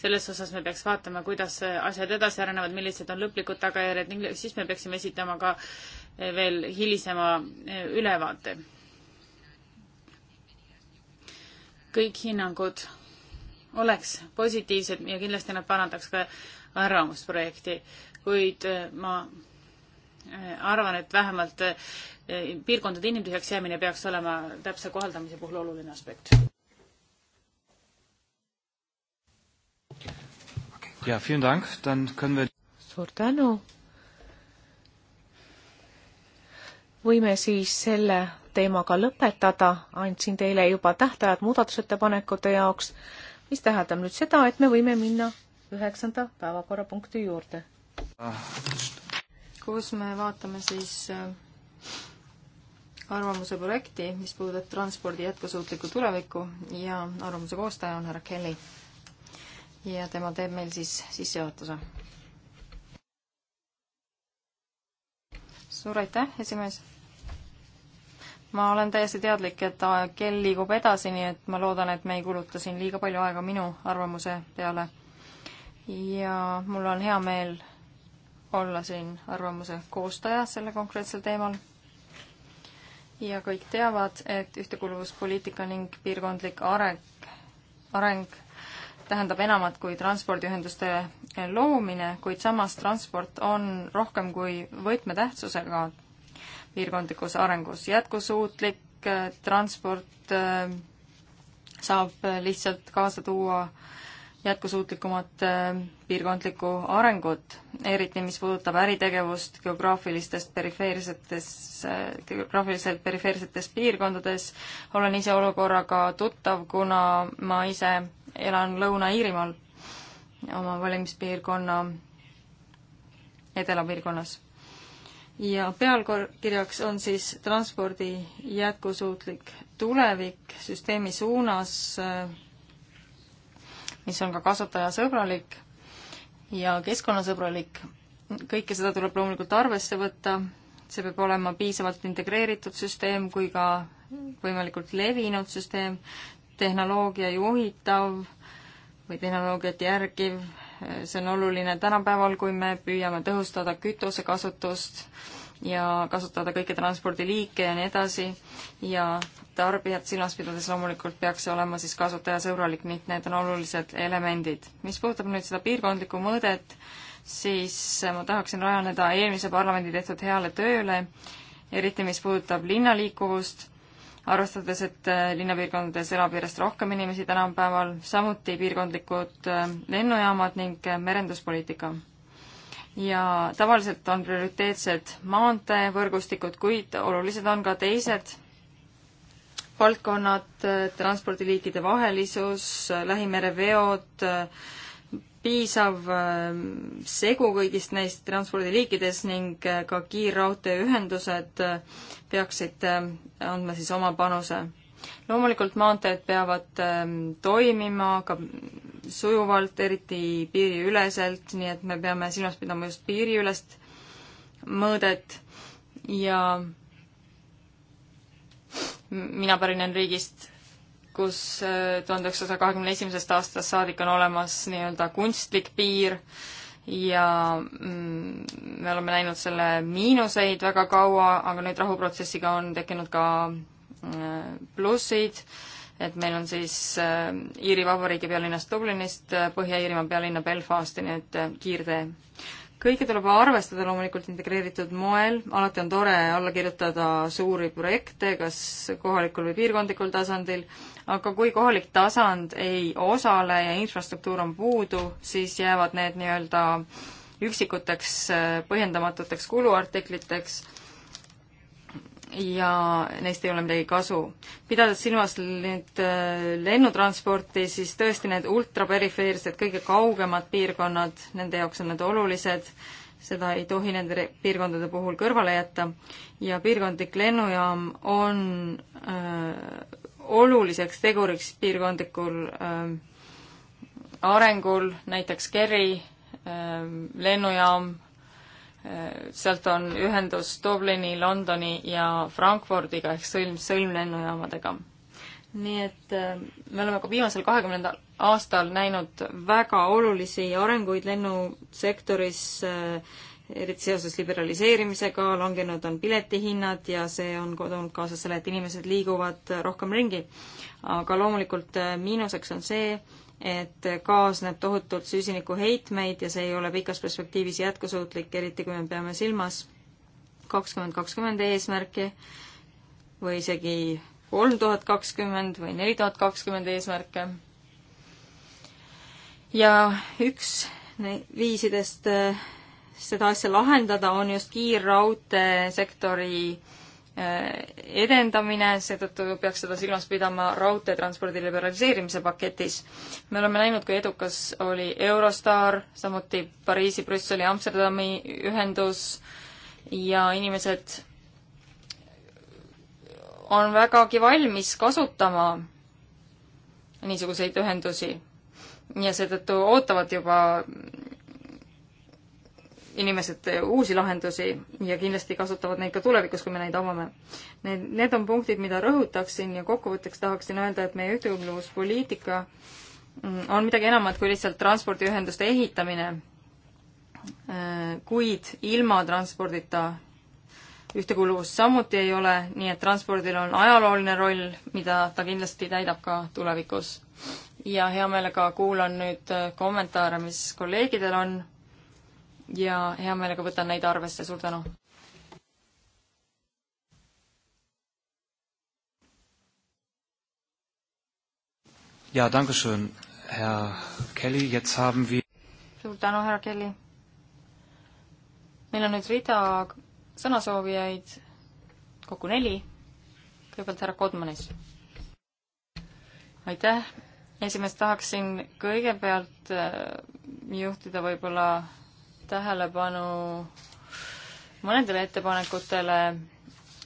S5: selles osas me peaks vaatama, kuidas asjad edasi arenevad, millised on lõplikud tagajärjed ning siis me peaksime esitama ka eh, veel hilisema eh, ülevaate. kõik hinnangud oleks positiivsed ja kindlasti nad parandaks ka arvamusprojekti, kuid eh, ma arvan, et vähemalt piirkondade inimtühjaks jäämine peaks olema täpse kohaldamise puhul oluline aspekt.
S4: ja, vielen Dank, dann können wir.
S3: suur tänu. võime siis selle teemaga lõpetada, andsin teile juba tähtajad muudatusettepanekute jaoks, mis tähendab nüüd seda, et me võime minna üheksanda päevakorrapunkti juurde.
S2: kus me vaatame siis äh, arvamuse projekti, mis puudutab transpordi jätkusuutlikku tulevikku ja arvamuse koostaja on härra Kelly ja tema teeb meil siis sissejuhatuse. suur aitäh, esimees! ma olen täiesti teadlik, et kell liigub edasi, nii et ma loodan, et me ei kuluta siin liiga palju aega minu arvamuse peale. ja mul on hea meel olla siin arvamuse koostaja selle konkreetsel teemal. ja kõik teavad, et ühtekuuluvuspoliitika ning piirkondlik areng, areng tähendab enamat kui transpordiühenduste loomine, kuid samas transport on rohkem kui võtmetähtsusega piirkondlikus arengus. jätkusuutlik äh, transport äh, saab lihtsalt kaasa tuua jätkusuutlikumat äh, piirkondlikku arengut, eriti mis puudutab äritegevust geograafilistest perifeersetes, geograafiliselt perifeersetes piirkondades. olen ise olukorraga tuttav, kuna ma ise elan Lõuna-Iirimaal oma valimispiirkonna edelapiirkonnas. ja pealkirjaks on siis transpordi jätkusuutlik tulevik süsteemi suunas, mis on ka kasutajasõbralik ja keskkonnasõbralik. kõike seda tuleb loomulikult arvesse võtta, see peab olema piisavalt integreeritud süsteem kui ka võimalikult levinud süsteem, tehnoloogia juhitav või tehnoloogiat järgiv, see on oluline tänapäeval, kui me püüame tõhustada kütusekasutust ja kasutada kõiki transpordiliike ja nii edasi ja tarbijat silmas pidades loomulikult peaks see olema siis kasutajasõbralik, nii et need on olulised elemendid. mis puudutab nüüd seda piirkondlikku mõõdet, siis ma tahaksin rajaneda eelmise parlamendi tehtud heale tööle, eriti mis puudutab linnaliikuvust arvestades, et äh, linnapiirkondades elab järjest rohkem inimesi tänapäeval, samuti piirkondlikud äh, lennujaamad ning äh, merenduspoliitika. ja tavaliselt on prioriteetsed maanteevõrgustikud, kuid olulised on ka teised valdkonnad, transpordiliikide vahelisus, lähimereveod, piisav ähm, segu kõigist neist transpordiliikides ning äh, ka kiirraudteeühendused äh, peaksid ähm, andma siis oma panuse. loomulikult maanteed peavad ähm, toimima ka sujuvalt, eriti piiriüleselt, nii et me peame silmas pidama just piiriülest mõõdet ja mina pärinen riigist, kus äh, tuhande üheksasaja kahekümne esimesest aastast saadik on olemas nii-öelda kunstlik piir ja mm, me oleme näinud selle miinuseid väga kaua, aga nüüd rahuprotsessiga on tekkinud ka äh, plussid, et meil on siis äh, Iiri Vabariigi pealinnast Dublinist Põhja-Iirimaa pealinna Belfastini nüüd kiirtee kõike tuleb arvestada loomulikult integreeritud moel, alati on tore alla kirjutada suuri projekte, kas kohalikul või piirkondlikul tasandil, aga kui kohalik tasand ei osale ja infrastruktuur on puudu, siis jäävad need nii-öelda üksikuteks põhjendamatuteks kuluartikliteks ja neist ei ole midagi kasu. pidades silmas nüüd äh, lennutransporti, siis tõesti need ultraperifeersed, kõige kaugemad piirkonnad, nende jaoks on need olulised, seda ei tohi nende piirkondade puhul kõrvale jätta ja piirkondlik lennujaam on äh, oluliseks teguriks piirkondlikul äh, arengul, näiteks Kerri äh, lennujaam sealt on ühendus Dublini, Londoni ja Frankfurdiga ehk sõlm, sõlmlennujaamadega. nii et äh, me oleme ka viimasel kahekümnendal aastal näinud väga olulisi arenguid lennusektoris, äh, eriti seoses liberaliseerimisega, langenud on piletihinnad ja see on toonud kaasa selle, et inimesed liiguvad rohkem ringi. aga loomulikult äh, miinuseks on see, et kaasneb tohutult süsinikuheitmeid ja see ei ole pikas perspektiivis jätkusuutlik, eriti kui me peame silmas kakskümmend kakskümmend eesmärki või isegi kolm tuhat kakskümmend või neli tuhat kakskümmend eesmärke. ja üks viisidest äh, seda asja lahendada on just kiirraudteesektori sektori Äh, edendamine, seetõttu peaks seda silmas pidama raudteetranspordi liberaliseerimise paketis. me oleme näinud, kui edukas oli Eurostar, samuti Pariisi, Brüsseli, Amsterdami ühendus ja inimesed on vägagi valmis kasutama niisuguseid ühendusi ja seetõttu ootavad juba inimesed uusi lahendusi ja kindlasti kasutavad neid ka tulevikus, kui me neid avame. Need, need on punktid, mida rõhutaksin ja kokkuvõtteks tahaksin öelda, et meie ühtekuuluvuspoliitika mm, on midagi enamat kui lihtsalt transpordiühenduste ehitamine, äh, kuid ilma transpordita ühtekuuluvust samuti ei ole, nii et transpordil on ajalooline roll, mida ta kindlasti täidab ka tulevikus. ja hea meelega kuulan nüüd kommentaare, mis kolleegidel on ja hea meelega võtan neid arvesse, suur tänu!
S4: Ja, danke schön, Herr Kelly. Jetzt haben wir...
S2: Suur tänu, härra Kelly. Meil on nüüd rida sõnasoovijaid, kokku neli. Kõigepealt härra Kodmanis. Aitäh. Esimest tahaksin kõigepealt äh, juhtida võib-olla tähelepanu mõnedele ettepanekutele,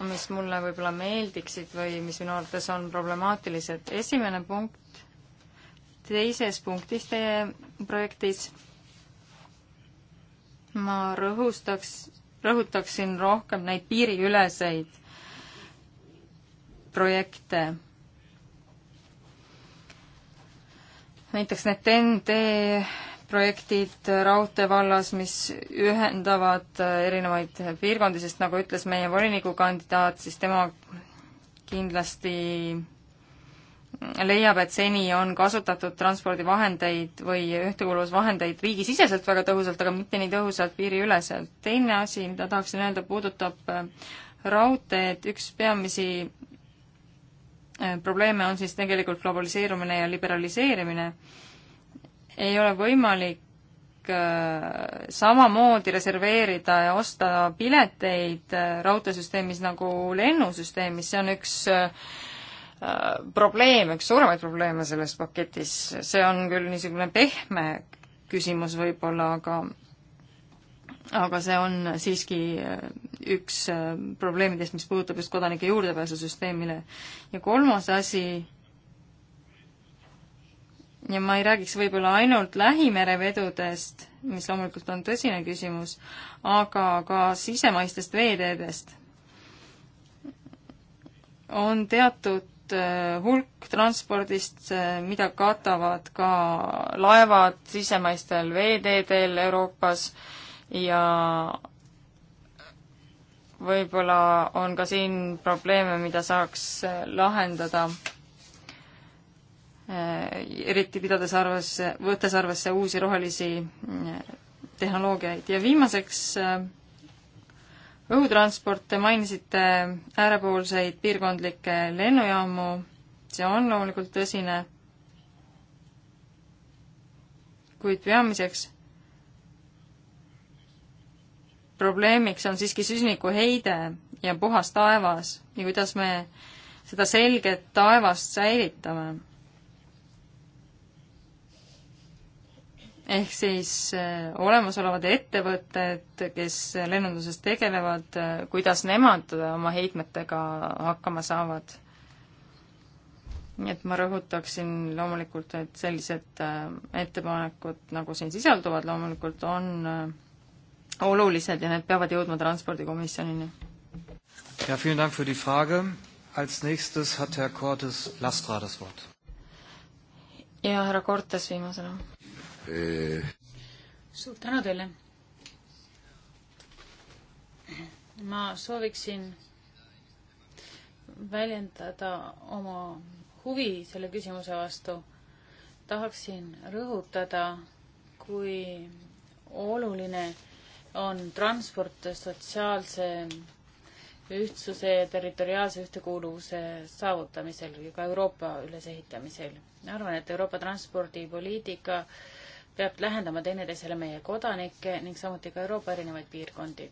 S2: mis mulle võib-olla meeldiksid või mis minu arvates on problemaatilised. esimene punkt, teises punktis teie projektis ma rõhustaks, rõhutaksin rohkem neid piiriüleseid projekte näiteks need TNT projektid raudtee vallas, mis ühendavad äh, erinevaid piirkondi, sest nagu ütles meie volinikukandidaat, siis tema kindlasti leiab, et seni on kasutatud transpordivahendeid või ühtekuuluvusvahendeid riigisiseselt väga tõhusalt, aga mitte nii tõhusalt piiriüleselt. teine asi, mida tahaksin öelda, puudutab äh, raudteed, üks peamisi äh, probleeme on siis tegelikult globaliseerumine ja liberaliseerimine ei ole võimalik äh, samamoodi reserveerida ja osta pileteid äh, raudteesüsteemis nagu lennusüsteemis, see on üks äh, probleem, üks suuremaid probleeme selles paketis, see on küll niisugune pehme küsimus võib-olla, aga aga see on siiski üks probleemidest, mis puudutab just kodanike juurdepääsu süsteemile. ja kolmas asi, ja ma ei räägiks võib-olla ainult lähimerevedudest, mis loomulikult on tõsine küsimus, aga ka sisemaistest veeteedest. on teatud äh, hulk transpordist, äh, mida katavad ka laevad sisemaistel veeteedel Euroopas ja võib-olla on ka siin probleeme, mida saaks äh, lahendada Äh, eriti pidades arvesse, võttes arvesse uusi rohelisi mm, tehnoloogiaid ja viimaseks äh, õhutransport, te mainisite äärepoolseid piirkondlikke lennujaamu, see on loomulikult tõsine, kuid peamiseks probleemiks on siiski süsinikuheide ja puhas taevas ja kuidas me seda selget taevast säilitame ehk siis äh, olemasolevad ettevõtted, kes lennunduses tegelevad, äh, kuidas nemad oma heitmetega hakkama saavad. nii et ma rõhutaksin loomulikult, et sellised äh, ettepanekud, nagu siin sisalduvad, loomulikult on olulised ja need peavad jõudma Transpordikomisjonini.
S4: ja, vielen Dank für die Frage. Als nächstes hat Herr Cortes Lastra das Wort.
S2: ja härra Cortes viimasena
S1: Eh,
S5: suur tänu teile. ma sooviksin väljendada oma huvi selle küsimuse vastu. tahaksin rõhutada, kui oluline on transport sotsiaalse ühtsuse ja territoriaalse ühtekuuluvuse saavutamisel ja ka Euroopa ülesehitamisel. arvan, et Euroopa transpordipoliitika äh, peab lähendama teineteisele meie kodanikke ning samuti ka Euroopa erinevaid piirkondi.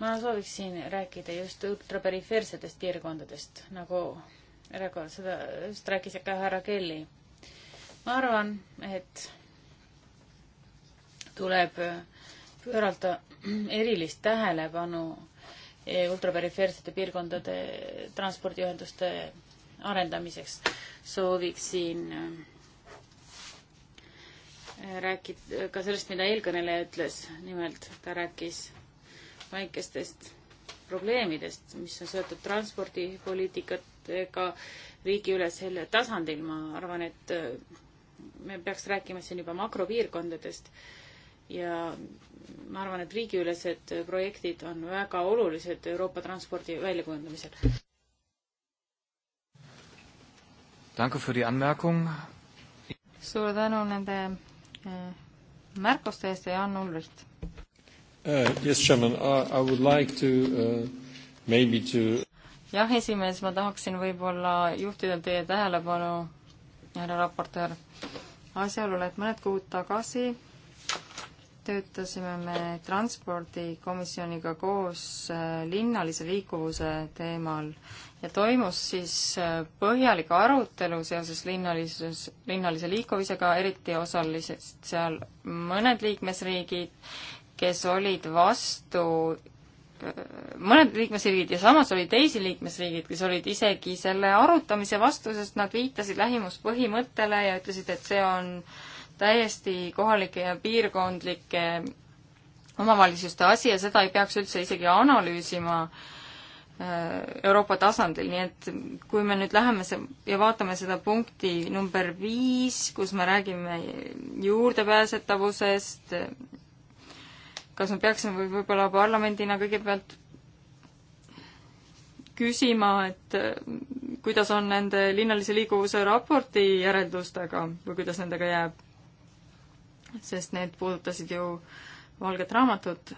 S5: ma sooviksin rääkida just ultraperifeersetest piirkondadest, nagu seda just rääkis ka härra Kelly. ma arvan, et tuleb pöörata erilist tähelepanu ultraperifeersete piirkondade transpordiühenduste arendamiseks. sooviksin rääkid ka sellest, mida eelkõneleja ütles, nimelt ta rääkis väikestest probleemidest, mis on seotud transpordipoliitikatega riigiülesel tasandil, ma arvan, et äh, me peaks rääkima siin juba makropiirkondadest ja ma arvan, et riigiülesed projektid on väga olulised Euroopa transpordi väljakujundamisel. suur
S2: tänu nende Eh, märkuste eest ja Jan Ulrist
S4: uh,. Yes, Chairman uh,, I would like to uh, maybe to
S2: jah, esimees, ma tahaksin võib-olla juhtida teie tähelepanu, härra raportöör, asjaolule, et mõned kuud tagasi töötasime me transpordikomisjoniga koos äh, linnalise liikuvuse teemal ja toimus siis äh, põhjalik arutelu seoses linnalisus, linnalise liikumisega, eriti osalesid seal mõned liikmesriigid, kes olid vastu äh, mõned liikmesriigid ja samas oli teisi liikmesriigid, kes olid isegi selle arutamise vastu, sest nad viitasid lähimuspõhimõttele ja ütlesid, et see on äh, täiesti kohalike ja piirkondlike omavalitsuste asi ja seda ei peaks üldse isegi analüüsima äh, Euroopa tasandil, nii et kui me nüüd läheme see ja vaatame seda punkti number viis, kus me räägime juurdepääsetavusest, kas me peaksime võib-olla parlamendina kõigepealt küsima, et äh, kuidas on nende linnalise liikuvuse raporti järeldustega või kuidas nendega jääb sest need puudutasid ju valget raamatut.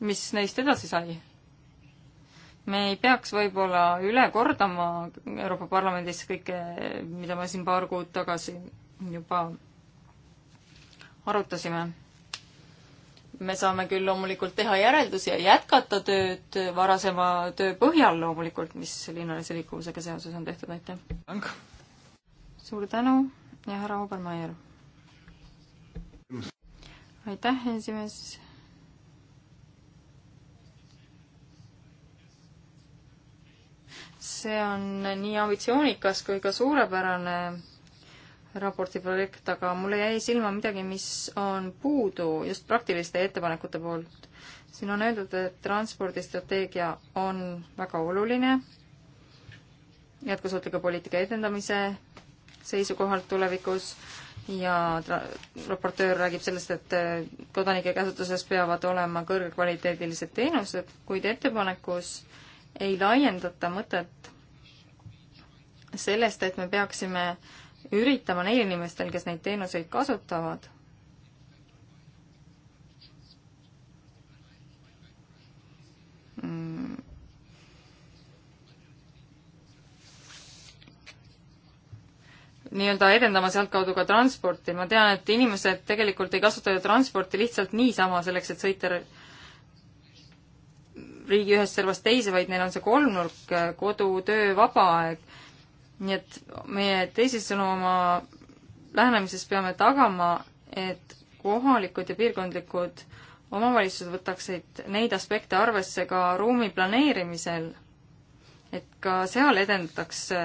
S2: mis neist edasi sai? me ei peaks võib-olla üle kordama Euroopa Parlamendis kõike, mida me siin paar kuud tagasi juba arutasime. me saame küll loomulikult teha järeldusi ja jätkata tööd varasema töö põhjal loomulikult, mis linnalise liikuvusega seoses on tehtud, aitäh! suur tänu ja härra Obermeier! aitäh, esimees. see on nii ambitsioonikas kui ka suurepärane raporti projekt, aga mulle jäi silma midagi, mis on puudu just praktiliste ettepanekute poolt. siin on öeldud, et transpordistrateegia on väga oluline jätkusuutliku poliitika edendamise seisukohalt tulevikus ja raportöör räägib sellest, et eh, kodanike käsutuses peavad olema kõrgkvaliteedilised teenused, kuid ettepanekus ei laiendata mõtet sellest, et me peaksime üritama neil inimestel, kes neid teenuseid kasutavad, nii-öelda edendama sealtkaudu ka transporti. ma tean, et inimesed tegelikult ei kasuta ju transporti lihtsalt niisama selleks, et sõita riigi ühest servast teise, vaid neil on see kolmnurk, kodu, töö, vaba aeg. nii et meie teisisõnu oma lähenemises peame tagama, et kohalikud ja piirkondlikud omavalitsused võtaksid neid aspekte arvesse ka ruumi planeerimisel, et ka seal edendatakse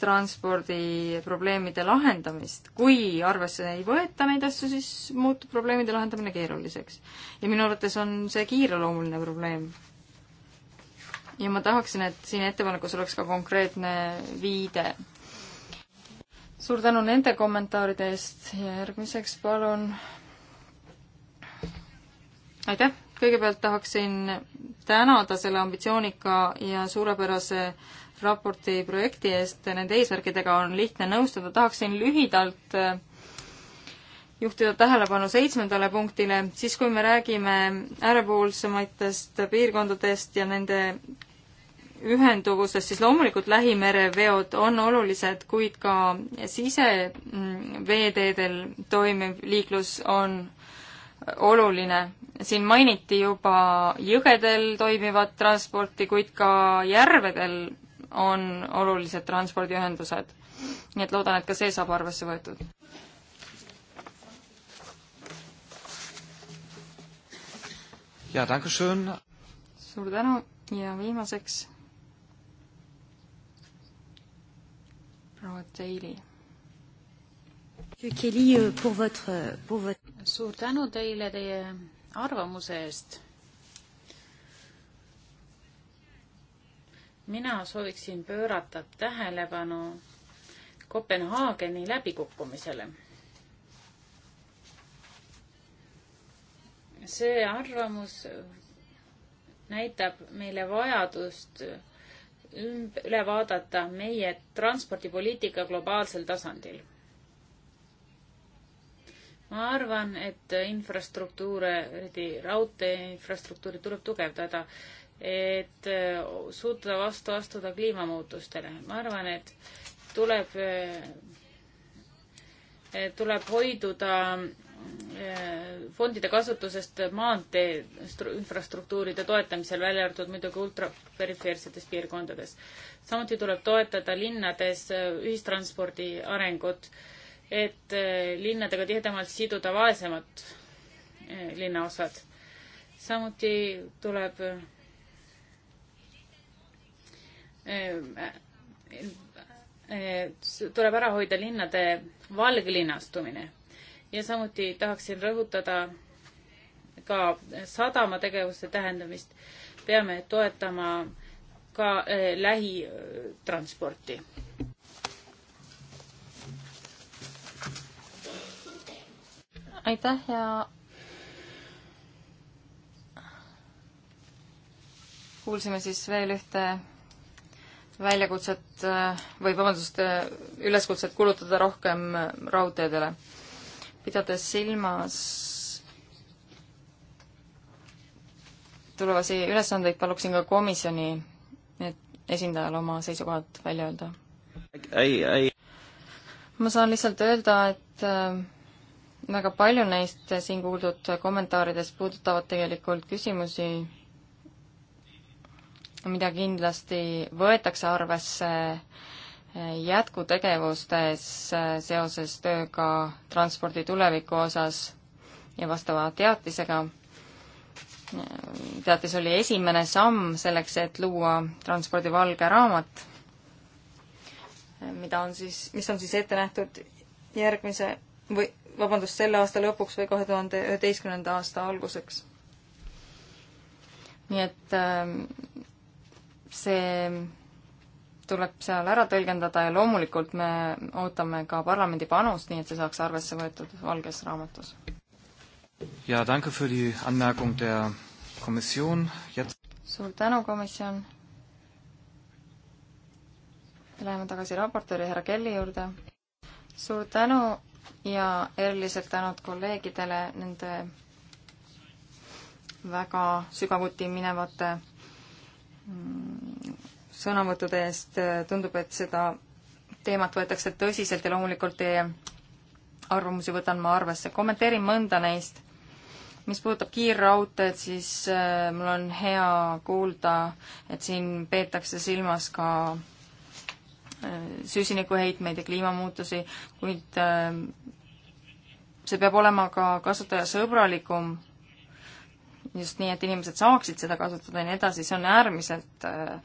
S2: transpordiprobleemide lahendamist. kui arvesse ei võeta neid asju, siis muutub probleemide lahendamine keeruliseks. ja minu arvates on see kiireloomuline probleem. ja ma tahaksin, et siin ettepanekus oleks ka konkreetne viide. suur tänu nende kommentaaride eest ja järgmiseks palun aitäh! kõigepealt tahaksin tänada selle ambitsioonika ja suurepärase raporti projekti eest, nende eesmärkidega on lihtne nõustuda, tahaksin lühidalt äh, juhtida tähelepanu seitsmendale punktile, siis kui me räägime äärepoolsematest piirkondadest ja nende ühenduvusest, siis loomulikult lähimereveod on olulised, kuid ka siseveeteedel toimiv liiklus on oluline. siin mainiti juba jõgedel toimivat transporti, kuid ka järvedel on olulised transpordiühendused. nii et loodan, et ka see saab arvesse võetud.
S4: ja tänkušõn.
S2: suur tänu ja viimaseks
S5: proua Daly. Euh, suur tänu teile teie arvamuse eest mina sooviksin pöörata tähelepanu Kopenhaageni läbikukkumisele. see arvamus näitab meile vajadust üle vaadata meie transpordipoliitika globaalsel tasandil. ma arvan, et infrastruktuure, eriti raudtee infrastruktuuri tuleb tugevdada et äh, suuta vastu astuda kliimamuutustele. ma arvan, et tuleb, äh, tuleb hoiduda äh, fondide kasutusest maantee infrastruktuuride toetamisel, välja arvatud muidugi ultraperifeersetes piirkondades. samuti tuleb toetada linnades ühistranspordi arengut, et linnadega tihedamalt siduda vaesemad linnaosad. samuti tuleb Ehm, ehm, tuleb ära hoida linnade valglinnastumine ja samuti tahaksin rõhutada ka sadamategevuste tähendamist. peame toetama ka eh, lähitransporti.
S2: aitäh ja kuulsime siis veel ühte väljakutset või vabandust, üleskutset kulutada rohkem raudteedele, pidades silmas tulevasi ülesandeid, paluksin ka komisjoni esindajal oma seisukohad välja öelda. ma saan lihtsalt öelda, et äh, väga palju neist siin kuuldud kommentaaridest puudutavad tegelikult küsimusi, mida kindlasti võetakse arvesse eh, jätkutegevustes eh, seoses tööga transpordi tuleviku osas ja vastava teatisega. Eh, teatis oli esimene samm selleks, et luua transpordi valge raamat, mida on siis, mis on siis ette nähtud järgmise või vabandust, selle aasta lõpuks või kahe tuhande üheteistkümnenda aasta alguseks. nii et see tuleb seal ära tõlgendada ja loomulikult me ootame ka parlamendi panust, nii et see saaks arvesse võetud valges raamatus.
S4: ja danke für die Anmerkung der Kommission Jetzt....
S2: suur tänu, komisjon. Läheme tagasi raportööri härra Kelly juurde. suur tänu ja eriliselt tänud kolleegidele nende väga sügavuti minevate mm, sõnavõttude eest, tundub, et seda teemat võetakse tõsiselt ja loomulikult teie arvamusi võtan ma arvesse. kommenteerin mõnda neist. mis puudutab kiirraudteed, siis äh, mul on hea kuulda, et siin peetakse silmas ka äh, süsinikuheitmeid ja kliimamuutusi, kuid äh, see peab olema ka kasutajasõbralikum, just nii, et inimesed saaksid seda kasutada ja nii edasi, see on äärmiselt äh,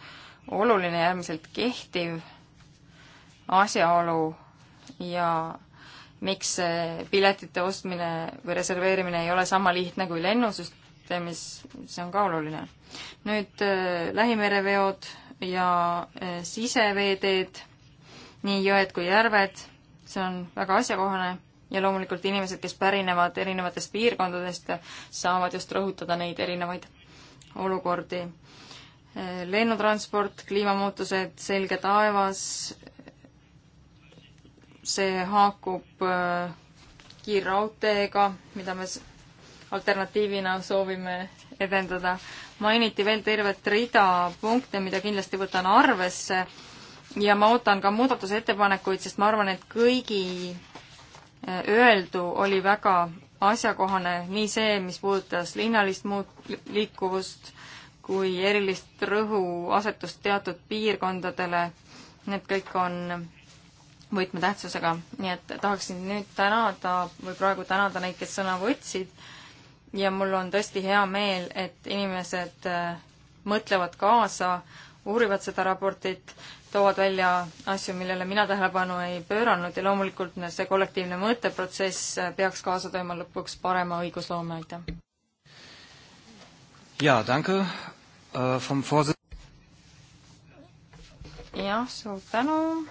S2: oluline ja äärmiselt kehtiv asjaolu ja miks piletite ostmine või reserveerimine ei ole sama lihtne kui lennusüsteemis, see on ka oluline. nüüd äh, lähimereveod ja äh, siseveeteed, nii jõed kui järved, see on väga asjakohane ja loomulikult inimesed, kes pärinevad erinevatest piirkondadest, saavad just rõhutada neid erinevaid olukordi lennutransport, kliimamuutused, selge taevas, see haakub äh, kiirraudteega, mida me alternatiivina soovime edendada. mainiti veel tervet rida punkte, mida kindlasti võtan arvesse ja ma ootan ka muudatusettepanekuid, sest ma arvan, et kõigi äh, öeldu oli väga asjakohane, nii see, mis puudutas linnalist muut-, liikuvust, kui erilist rõhuasetust teatud piirkondadele, need kõik on võtmetähtsusega, nii et tahaksin nüüd tänada või praegu tänada neid, kes sõna võtsid ja mul on tõesti hea meel, et inimesed äh, mõtlevad kaasa, uurivad seda raportit, toovad välja asju, millele mina tähelepanu ei pööranud ja loomulikult see kollektiivne mõõteprotsess äh, peaks kaasa toima lõpuks parema õigusloome, aitäh!
S4: jaa, tänku Äh, vom Vorsitz-
S2: jah, suur tänu.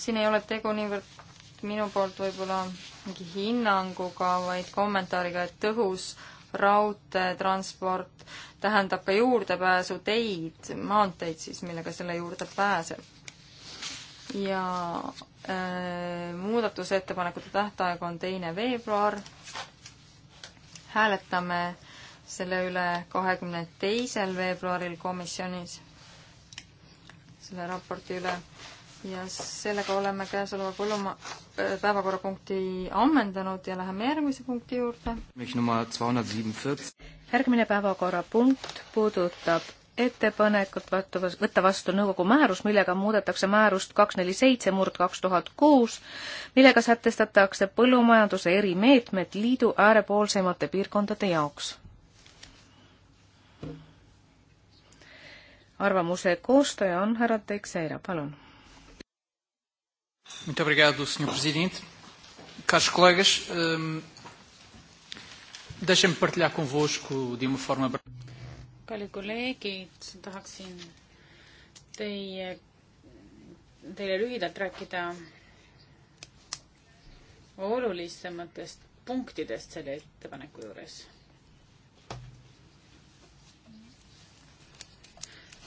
S2: siin ei ole tegu niivõrd minu poolt võib-olla mingi hinnanguga, vaid kommentaariga, et tõhus raudteetransport tähendab ka juurdepääsu teid, maanteid siis, millega selle juurde pääseb. ja äh, muudatusettepanekute tähtaeg on teine veebruar hääletame selle üle kahekümne teisel veebruaril komisjonis, selle raporti üle. ja sellega oleme käesoleva põlluma-, äh, päevakorrapunkti ammendanud ja läheme järgmise punkti juurde.
S3: järgmine päevakorrapunkt puudutab ettepanekut võtta vastu nõukogu määrus, millega muudetakse määrust kaks neli seitse murd kaks tuhat kuus, millega sätestatakse põllumajanduse erimeetmed liidu äärepoolsemate piirkondade jaoks. arvamuse koostaja on härra Teixeira, palun.
S4: Muito obrigado, senhor presidente. Caros colegas, um, deixem-me partilhar convosco de uma forma breve
S5: kallid kolleegid, tahaksin teie, teile lühidalt rääkida olulisematest punktidest selle ettepaneku juures.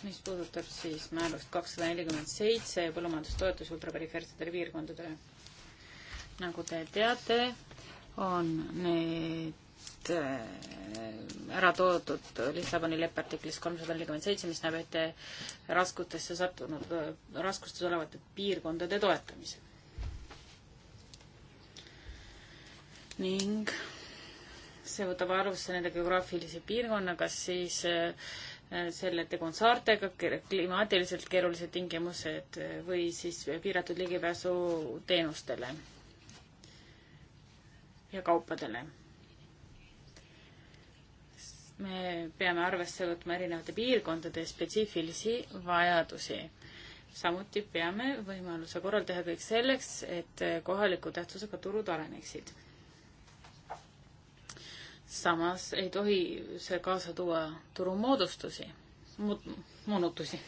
S5: mis puudutab siis määrust kakssada nelikümmend seitse põllumajandustoetus ultraperifeersetele piirkondadele. nagu te teate, on need Äh, ära toodud Lissaboni leppe artiklis kolmsada nelikümmend seitse, mis näeb ette raskutesse sattunud, raskustes olevate piirkondade toetamise. ning see võtab arvesse nende geograafilise piirkonna, kas siis äh, selle tegu on saartega, klimaatiliselt keerulised tingimused või siis piiratud ligipääsu teenustele ja kaupadele me peame arvesse võtma erinevate piirkondade spetsiifilisi vajadusi. samuti peame võimaluse korral teha kõik selleks, et kohaliku tähtsusega turud areneksid. samas ei tohi see kaasa tuua turumoodustusi, moonutusi.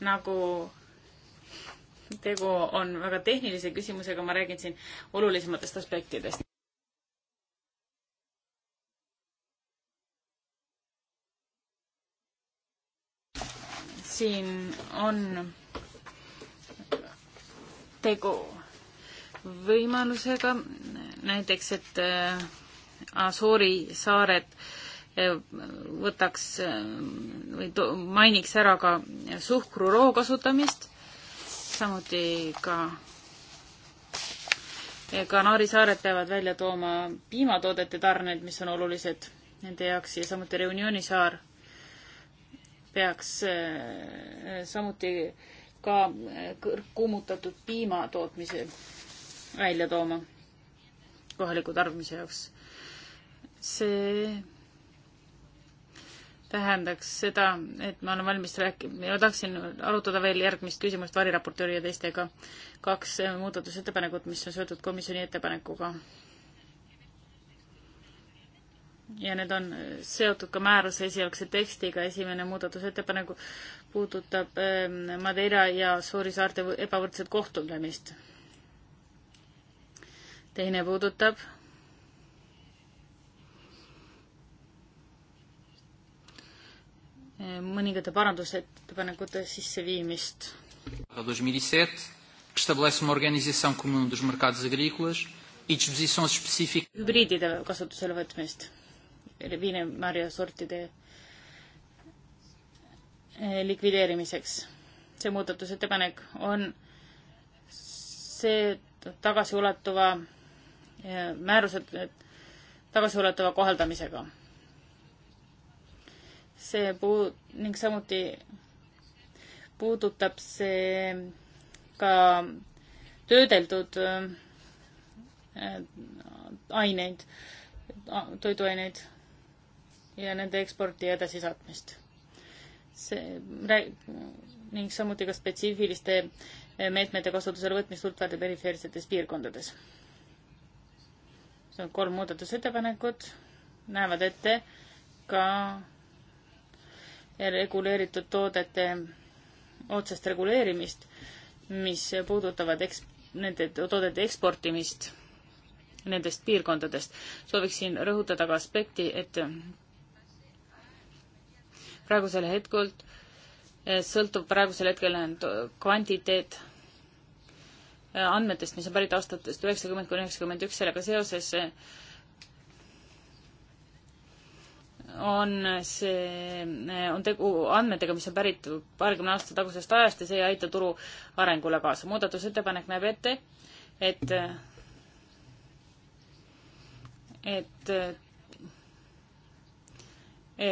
S5: nagu tegu on väga tehnilise küsimusega, ma räägin siin olulisematest aspektidest. siin on tegu võimalusega, näiteks et äh, Asoori saared äh, võtaks äh, või mainiks ära ka suhkruroo kasutamist samuti ka Kanaari saared peavad välja tooma piimatoodete tarned, mis on olulised nende jaoks ja samuti Reunioni saar peaks eh, samuti ka kummutatud piima tootmise välja tooma kohaliku tarbimise jaoks. see tähendaks seda, et ma olen valmis rääkima, ma tahaksin arutada veel järgmist küsimust variraportööri ja teistega. kaks äh, muudatusettepanekut, mis on seotud komisjoni ettepanekuga. ja need on äh, seotud ka määruse esialgse tekstiga, esimene muudatusettepanek puudutab ähm, Madeira ja Suuri saarte ebavõrdset kohtlemist. teine puudutab mõningate parandusettepanekute sisseviimist.
S4: E e
S5: hübriidide kasutusele võtmist, viinamarja sortide eh, likvideerimiseks. see muudatusettepanek on see tagasiulatuva eh, määruse tagasiulatuva kohaldamisega see puu- ning samuti puudutab see ka töödeldud äh, aineid, toiduaineid ja nende eksporti ja edasisaatmist. see rääg-, ning samuti ka spetsiifiliste äh, meetmete kasutusele võtmist hulkade perifeersetes piirkondades. see on kolm muudatusettepanekut, näevad ette ka reguleeritud toodete otsest reguleerimist, mis puudutavad eks-, nende toodete eksportimist nendest piirkondadest. sooviksin rõhutada ka aspekti, et praegusel hetkel eh, sõltub praegusel hetkel kvantiteet eh, andmetest, mis on pärit aastatest üheksakümmend kuni üheksakümmend üks, sellega seoses eh, on see, on tegu andmetega, mis on pärit paarikümne aasta tagusest ajast ja see ei aita turu arengule kaasa. muudatusettepanek näeb ette, et, et,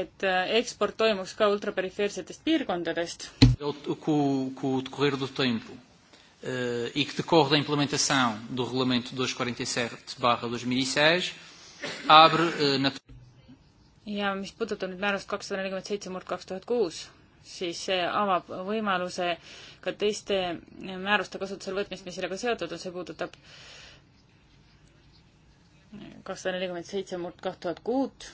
S5: et eksport toimuks ka ultraperifeersetest piirkondadest.
S4: Com, com o decorrer do tempo uh, e que decorre da implementação do Regulamento 247-2006, e e
S5: abre uh, eh, naturalmente ja mis puudutab nüüd määrust kakssada nelikümmend seitse murd kaks tuhat kuus, siis see avab võimaluse ka teiste määruste kasutusele võtmist, mis sellega seotud on, see puudutab kakssada nelikümmend seitse murd kaht tuhat kuut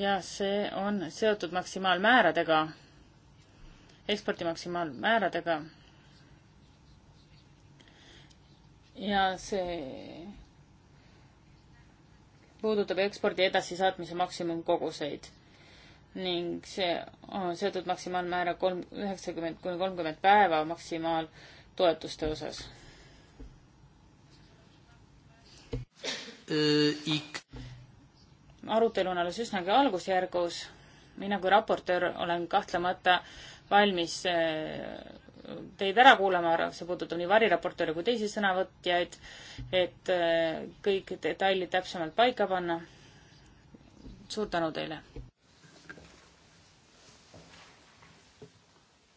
S5: ja see on seotud maksimaalmääradega, ekspordi maksimaalmääradega. ja see puudutab ekspordi edasisaatmise maksimumkoguseid ning see on seotud maksimaalmäära kolm, üheksakümmend kuni kolmkümmend päeva maksimaaltoetuste osas. Äh, arutelu on alles üsnagi algusjärgus. mina kui raportöör olen kahtlemata valmis äh, teid ära kuulama, see puudutab nii variraportööre kui teisi sõnavõtjaid, et äh, kõik detailid täpsemalt paika panna. suur tänu teile!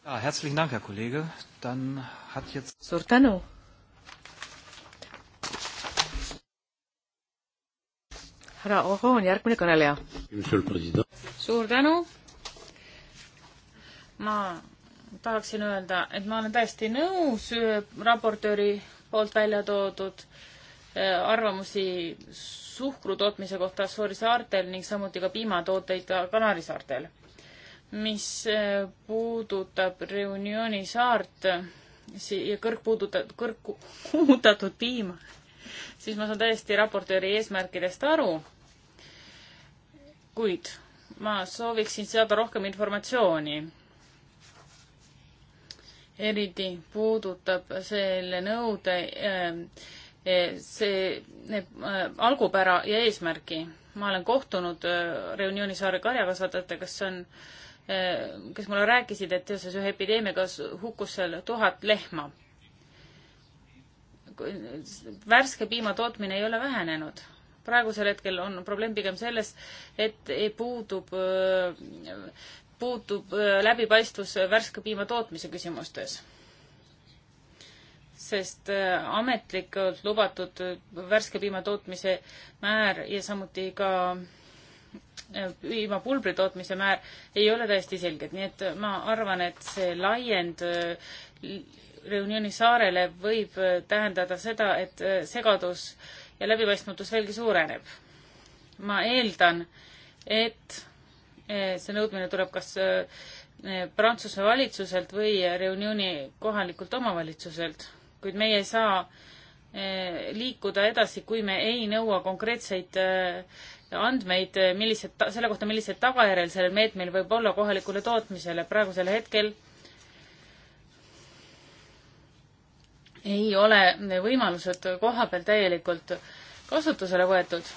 S4: Ja, ah, herzlichen Dank, Herr Kollege. Dann
S1: hat
S3: jetzt... Suur tänu.
S5: härra Oho on järgmine kõneleja. suur tänu. ma tahaksin öelda, et ma olen täiesti nõus äh, raportööri poolt välja toodud äh, arvamusi suhkru tootmise kohta Assuuri saartel ning samuti ka piimatooteid ka Kanari saartel. mis äh, puudutab Reunioni saart ja kõrgpuudutat-, kõrgkuumutatud piima, siis ma saan täiesti raportööri eesmärkidest aru, kuid ma sooviksin saada rohkem informatsiooni eriti puudutab selle nõude ähm, e, see need, algupära ja eesmärgi. ma olen kohtunud äh, Reunioni saare karjakasvatajatega, kes on, äh, kes mulle rääkisid, et seoses ühe epideemiaga hukkus seal tuhat lehma. värske piima tootmine ei ole vähenenud, praegusel hetkel on probleem pigem selles, et puudub äh, puutub äh, läbipaistvus värske piima tootmise küsimustes. sest äh, ametlikult lubatud äh, värske piima tootmise määr ja samuti ka piimapulbri tootmise määr ei ole täiesti selged, nii et ma arvan, et see laiend Reunioni saarele võib tähendada seda, et segadus ja läbipaistmatus veelgi suureneb. ma eeldan, et Eh, see nõudmine tuleb kas eh, eh, Prantsuse valitsuselt või Reunioni kohalikult omavalitsuselt, kuid meie ei saa liikuda edasi, kui me ei nõua konkreetseid andmeid, millised, selle kohta, millised tagajärjel sellel meetmel võib olla kohalikule tootmisele. praegusel hetkel ei ole võimalused koha peal täielikult kasutusele võetud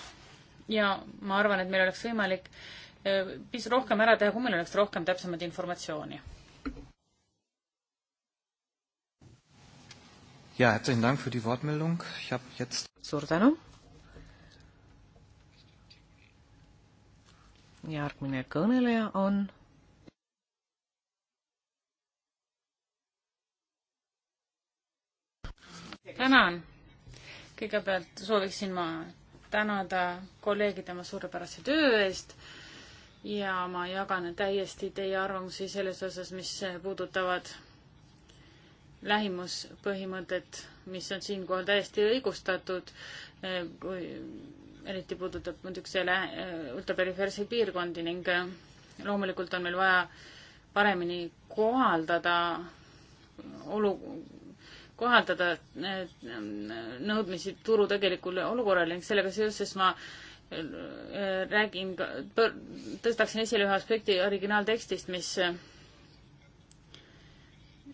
S5: ja ma arvan, et meil oleks võimalik äh, Eh, pisut rohkem ära teha, kui meil oleks rohkem täpsemat informatsiooni?
S4: ja, herzlichen Dank für die Wortmeldung, ich habe jetzt suur tänu.
S3: järgmine kõneleja on
S5: tänan. kõigepealt sooviksin ma tänada kolleegi tema suurepärase töö eest ja ma jagan täiesti teie arvamusi selles osas, mis puudutavad lähimuspõhimõtet, mis on siinkohal täiesti õigustatud, eh, kui eriti puudutab niisuguse eh, ultraperifeerseid piirkondi ning eh, loomulikult on meil vaja paremini kohaldada olu, kohaldada nõudmisi turu tegelikule olukorrale ning sellega seoses ma äh, räägin, tõstaksin esile ühe aspekti originaaltekstist, mis,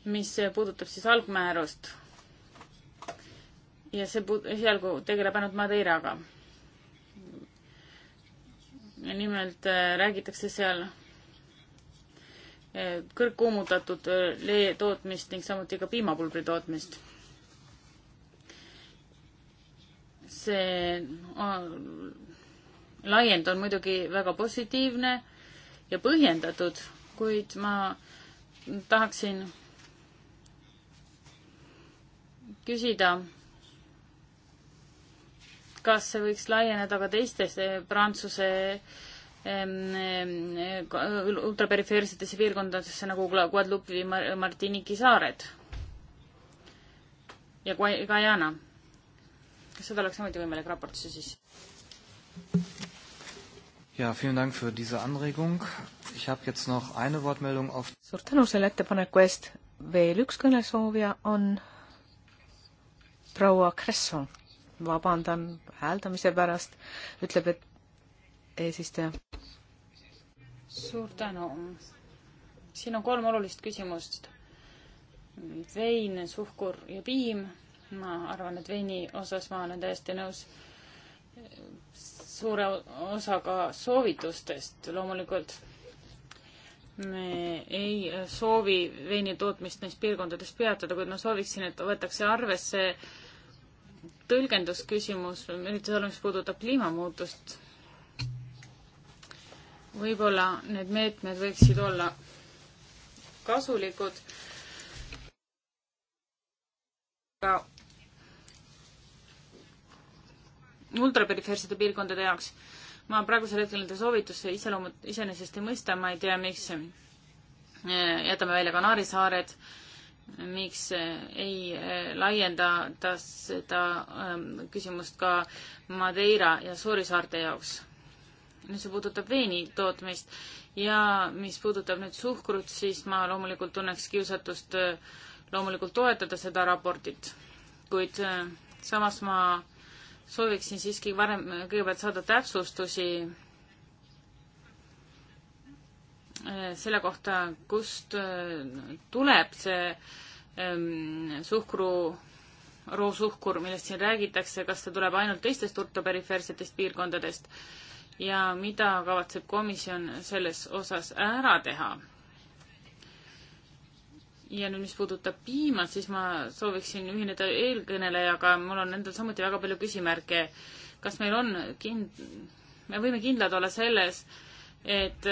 S5: mis puudutab siis algmäärust. ja see puud-, esialgu tegeleb ainult Madeiraga. nimelt äh, räägitakse seal äh, kõrgkuumutatud äh, lee tootmist ning samuti ka piimapulbri tootmist see laiend on muidugi väga positiivne ja põhjendatud, kuid ma tahaksin küsida, kas see võiks laieneda ka teistesse Prantsuse ultraperifeersetesse piirkondadesse nagu Guadeloupe või Martinique saared ja Guyana. kas seda oleks samuti võimalik raportisse sisse?
S4: ja, vielen Dank für diese Anregung. Ich habe jetzt noch eine Wortmeldung auf.
S3: suur tänu selle ettepaneku eest. veel üks kõnesoovija on proua Cresson. vabandan hääldamise pärast, ütleb, et eesistuja.
S5: suur tänu. siin on kolm olulist küsimust. vein, suhkur ja piim. ma arvan, et veini osas ma olen täiesti nõus suure osaga soovitustest. loomulikult me ei soovi veini tootmist neis piirkondades peatada, kuid ma sooviksin, et võetakse arvesse tõlgendusküsimus, eriti seal, mis puudutab kliimamuutust. võib-olla need meetmed võiksid olla kasulikud ka ultraperifeersete piirkondade jaoks. ma praegusel hetkel nende soovitusse iseloomu iseenesest ei mõista, ma ei tea, miks eh, jätame välja Kanaari saared, miks eh, ei eh, laiendada seda ehm, küsimust ka Madeira ja Suuri saarte jaoks. nüüd see puudutab veini tootmist ja mis puudutab nüüd suhkrut, siis ma loomulikult tunneks kiusatust loomulikult toetada seda raportit, kuid samas ma sooviksin siiski varem kõigepealt saada täpsustusi äh, selle kohta, kust äh, tuleb see ähm, suhkru, roosuhkur, millest siin räägitakse, kas see tuleb ainult teistest ultraperifeersetest piirkondadest ja mida kavatseb komisjon selles osas ära teha ja nüüd, mis puudutab piima, siis ma sooviksin ühineda eelkõnelejaga, mul on endal samuti väga palju küsimärke. kas meil on kind-, me võime kindlad olla selles, et,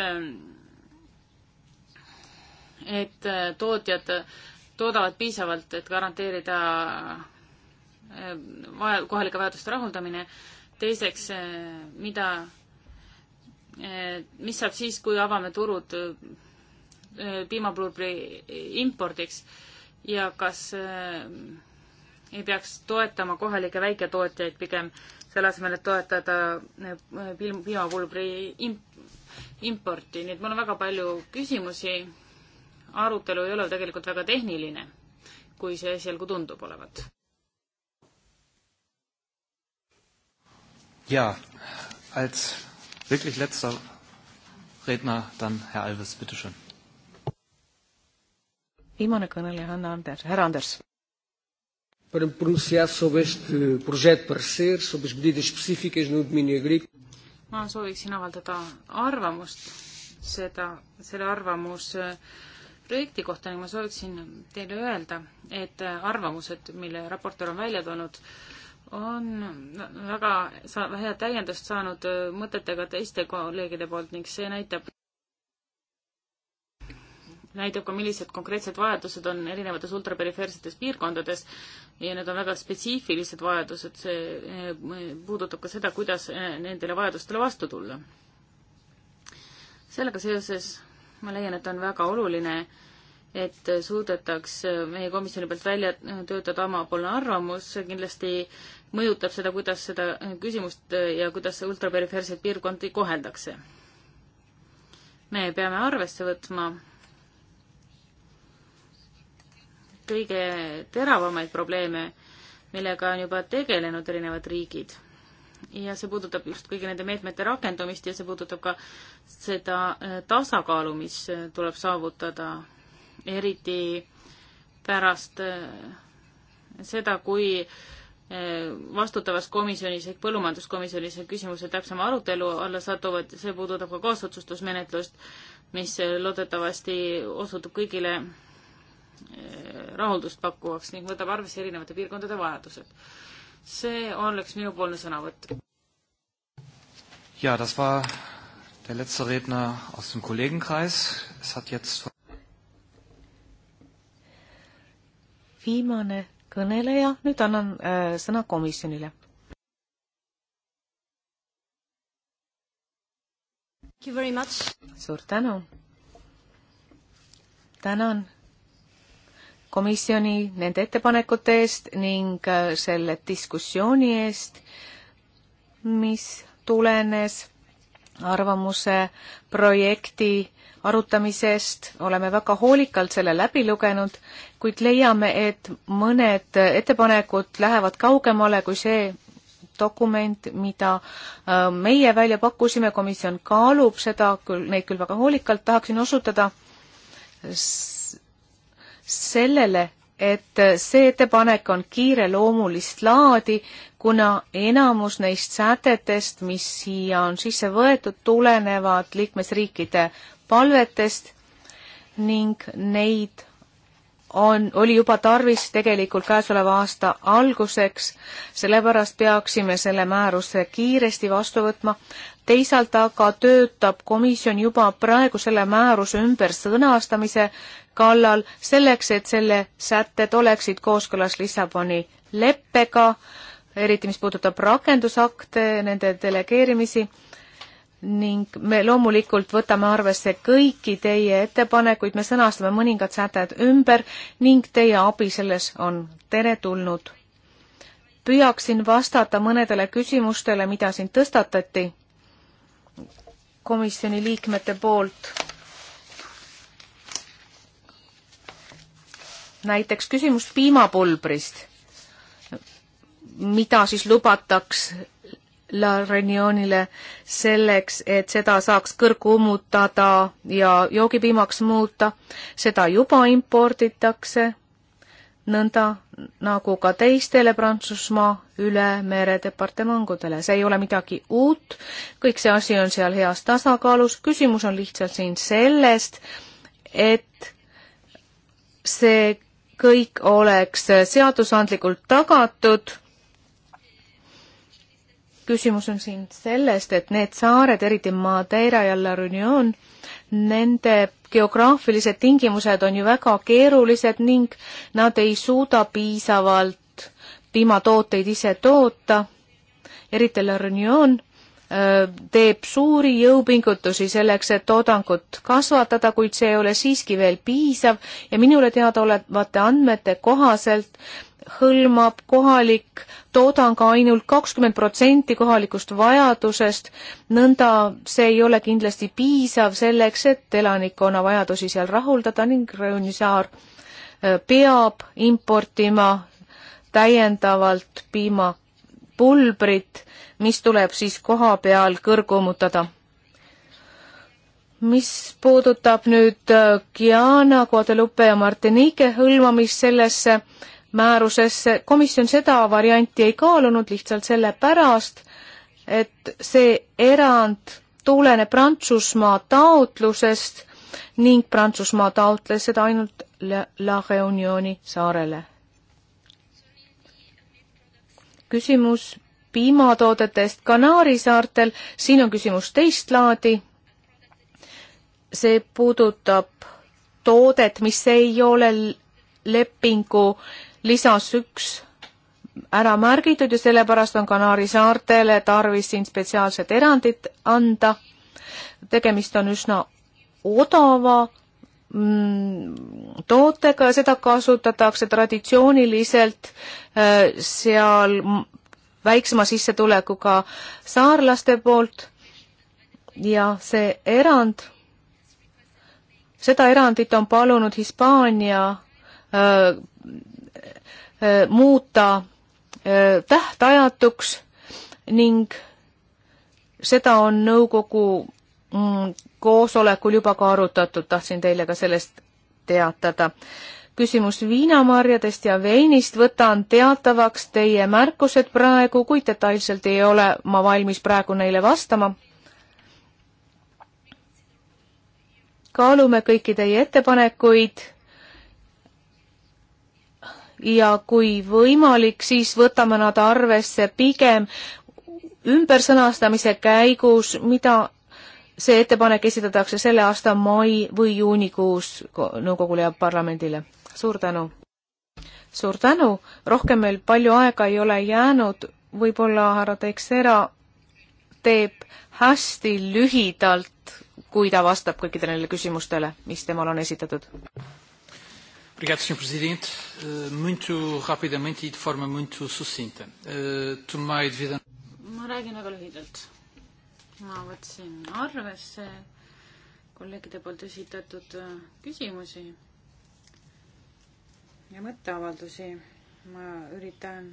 S5: et tootjad toodavad piisavalt, et garanteerida eh, vaja, kohalike vajaduste rahuldamine. teiseks, eh, mida, eh, mis saab siis, kui avame turud Äh, piimapulbri impordiks ja kas äh, ei peaks toetama kohalikke väiketootjaid pigem selle asemel, et toetada äh, piimapulbri importi, nii et mul on väga palju küsimusi. arutelu ei ole tegelikult väga tehniline, kui see esialgu tundub olevat.
S4: jaa, als wirklich letzter Redner dann Herr Alves, bitteschön
S3: viimane kõneleja Hanna Anders, härra Anders.
S4: Para me pronunciar sobre este projeto de parecer, sobre as medidas específicas no domínio agrícola.
S5: ma sooviksin avaldada arvamust seda, selle arvamuse projekti kohta ning ma sooviksin teile öelda, et arvamused, mille raportöör on välja toonud, on väga sa-, head täiendust saanud mõtetega teiste kolleegide poolt ning see näitab, näitab ka, millised konkreetsed vajadused on erinevates ultraperifeersetes piirkondades ja need on väga spetsiifilised vajadused, see eh, puudutab ka seda, kuidas eh, nendele vajadustele vastu tulla. sellega seoses ma leian, et on väga oluline, et suudetaks meie komisjoni pealt välja töötada omapoolne arvamus, kindlasti mõjutab seda, kuidas seda küsimust ja kuidas ultraperifeerseid piirkondi koheldakse. me peame arvesse võtma kõige teravamaid probleeme, millega on juba tegelenud erinevad riigid. ja see puudutab just kõigi nende meetmete rakendumist ja see puudutab ka seda äh, tasakaalu, mis äh, tuleb saavutada, eriti pärast äh, seda, kui vastutavas komisjonis ehk põllumajanduskomisjonis küsimuse täpsema arutelu alla satuvad, see puudutab ka kaasotsustusmenetlust, mis loodetavasti osutub kõigile Eh, rahuldust pakkuvaks ning võtab arvesse erinevate piirkondade vajadused. see oleks minupoolne sõnavõtt.
S4: ja, das war der letzte Redner aus dem Kollegenkreis. Es hat jetzt
S3: viimane kõneleja, nüüd annan äh, sõna komisjonile. suur tänu. tänan komisjoni nende ettepanekute eest ning äh, selle diskussiooni eest, mis tulenes arvamuse projekti arutamisest, oleme väga hoolikalt selle läbi lugenud, kuid leiame, et mõned ettepanekud lähevad kaugemale kui see dokument, mida äh, meie välja pakkusime, komisjon kaalub seda küll, neid küll väga hoolikalt, tahaksin osutada sellele, et see ettepanek on kiireloomulist laadi, kuna enamus neist sätetest, mis siia on sisse võetud, tulenevad liikmesriikide palvetest ning neid on, oli juba tarvis tegelikult käesoleva aasta alguseks, sellepärast peaksime selle määruse kiiresti vastu võtma. teisalt aga töötab komisjon juba praegu selle määruse ümber sõnastamise kallal selleks, et selle sätted oleksid kooskõlas Lissaboni leppega, eriti mis puudutab rakendusakte, nende delegeerimisi ning me loomulikult võtame arvesse kõiki teie ettepanekuid, me sõnastame mõningad sätted ümber ning teie abi selles on teretulnud. püüaksin vastata mõnedele küsimustele, mida siin tõstatati komisjoni liikmete poolt näiteks küsimus piimapulbrist, mida siis lubataks La Reunionile selleks, et seda saaks kõrgu ummutada ja joogipiimaks muuta, seda juba imporditakse, nõnda nagu ka teistele Prantsusmaa üle mere departemangudele. see ei ole midagi uut, kõik see asi on seal heas tasakaalus, küsimus on lihtsalt siin sellest, et see kõik oleks seadusandlikult tagatud. küsimus on siin sellest, et need saared, eriti Madeira ja La Reunion, nende geograafilised tingimused on ju väga keerulised ning nad ei suuda piisavalt piimatooteid ise toota, eriti La Reunion teeb suuri jõupingutusi selleks, et toodangut kasvatada, kuid see ei ole siiski veel piisav ja minule teadaolevate andmete kohaselt hõlmab kohalik toodang ainult kakskümmend protsenti kohalikust vajadusest, nõnda see ei ole kindlasti piisav selleks, et elanikkonna vajadusi seal rahuldada ning Rõõnisaar äh, peab importima täiendavalt piima pulbrit, mis tuleb siis koha peal kõrgummutada. mis puudutab nüüd Guyana, äh, Guadeloupe ja Martinique hõlmamist sellesse määrusesse, komisjon seda varianti ei kaalunud lihtsalt sellepärast, et see erand tuleneb Prantsusmaa taotlusest ning Prantsusmaa taotles seda ainult La Reunioni saarele küsimus piimatoodetest Kanaari saartel, siin on küsimus teist laadi. see puudutab toodet, mis ei ole lepingu lisas üks ära märgitud ja sellepärast on Kanaari saartele tarvis siin spetsiaalsed erandid anda. tegemist on üsna odava Mm, tootega ja seda kasutatakse traditsiooniliselt äh, seal väiksema sissetulekuga saarlaste poolt ja see erand, seda erandit on palunud Hispaania äh, äh, muuta äh, tähtajatuks ning seda on nõukogu mm, koosolekul juba ka arutatud, tahtsin teile ka sellest teatada. küsimus viinamarjadest ja veinist võtan teatavaks teie märkused praegu, kuid detailselt ei ole ma valmis praegu neile vastama. kaalume kõiki teie ettepanekuid ja kui võimalik, siis võtame nad arvesse pigem ümbersõnastamise käigus, mida see ettepanek esitatakse selle aasta mai või juunikuus nõukogule ja parlamendile. suur tänu! suur tänu, rohkem meil palju aega ei ole jäänud, võib-olla härra Teixeira teeb hästi lühidalt, kui ta vastab kõikidele neile küsimustele, mis temal on esitatud.
S4: Obrigado, Sr. Presidente. Eh, muito rapidamente e de forma muito sucinta. Eh, Tomei devida...
S5: Ma räägin väga lühidalt ma võtsin arvesse kolleegide poolt esitatud äh, küsimusi ja mõtteavaldusi. ma üritan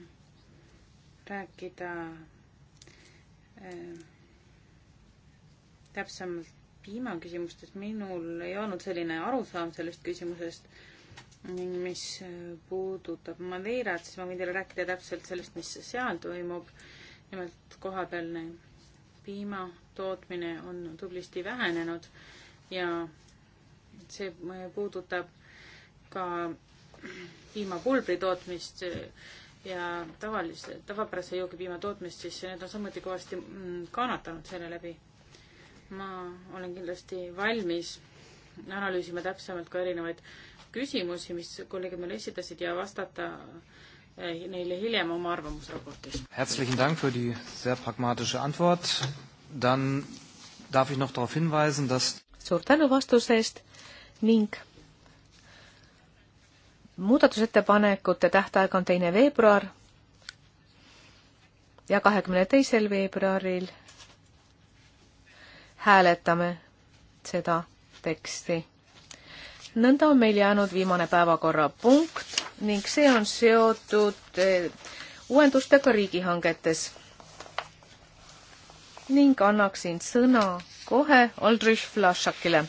S5: rääkida äh, täpsemalt piimaküsimustest. minul ei olnud selline arusaam sellest küsimusest ning mis äh, puudutab Madeirat, siis ma võin teile rääkida täpselt sellest, mis seal toimub. nimelt kohapealne piima tootmine on tublisti vähenenud ja see puudutab ka piimapulbri tootmist ja tavalise, tavapärase joogipiima tootmist, siis need on samuti kõvasti mm, kannatanud selle läbi. ma olen kindlasti valmis analüüsima täpsemalt ka erinevaid küsimusi, mis kolleegid mulle esitasid ja vastata äh, Eh, neile hiljem oma arvamusraportis.
S4: Herzlichen Dank für die sehr pragmatische Antwort. Dann darf ich noch darauf hinweisen, dass
S3: suur tänu vastuse eest ning muudatusettepanekute tähtaeg on teine veebruar ja kahekümne teisel veebruaril hääletame seda teksti. nõnda on meil jäänud viimane päevakorrapunkt ning see on seotud eh, uuendustega riigihangetes. ning annaksin sõna kohe Aldrich Flašakile.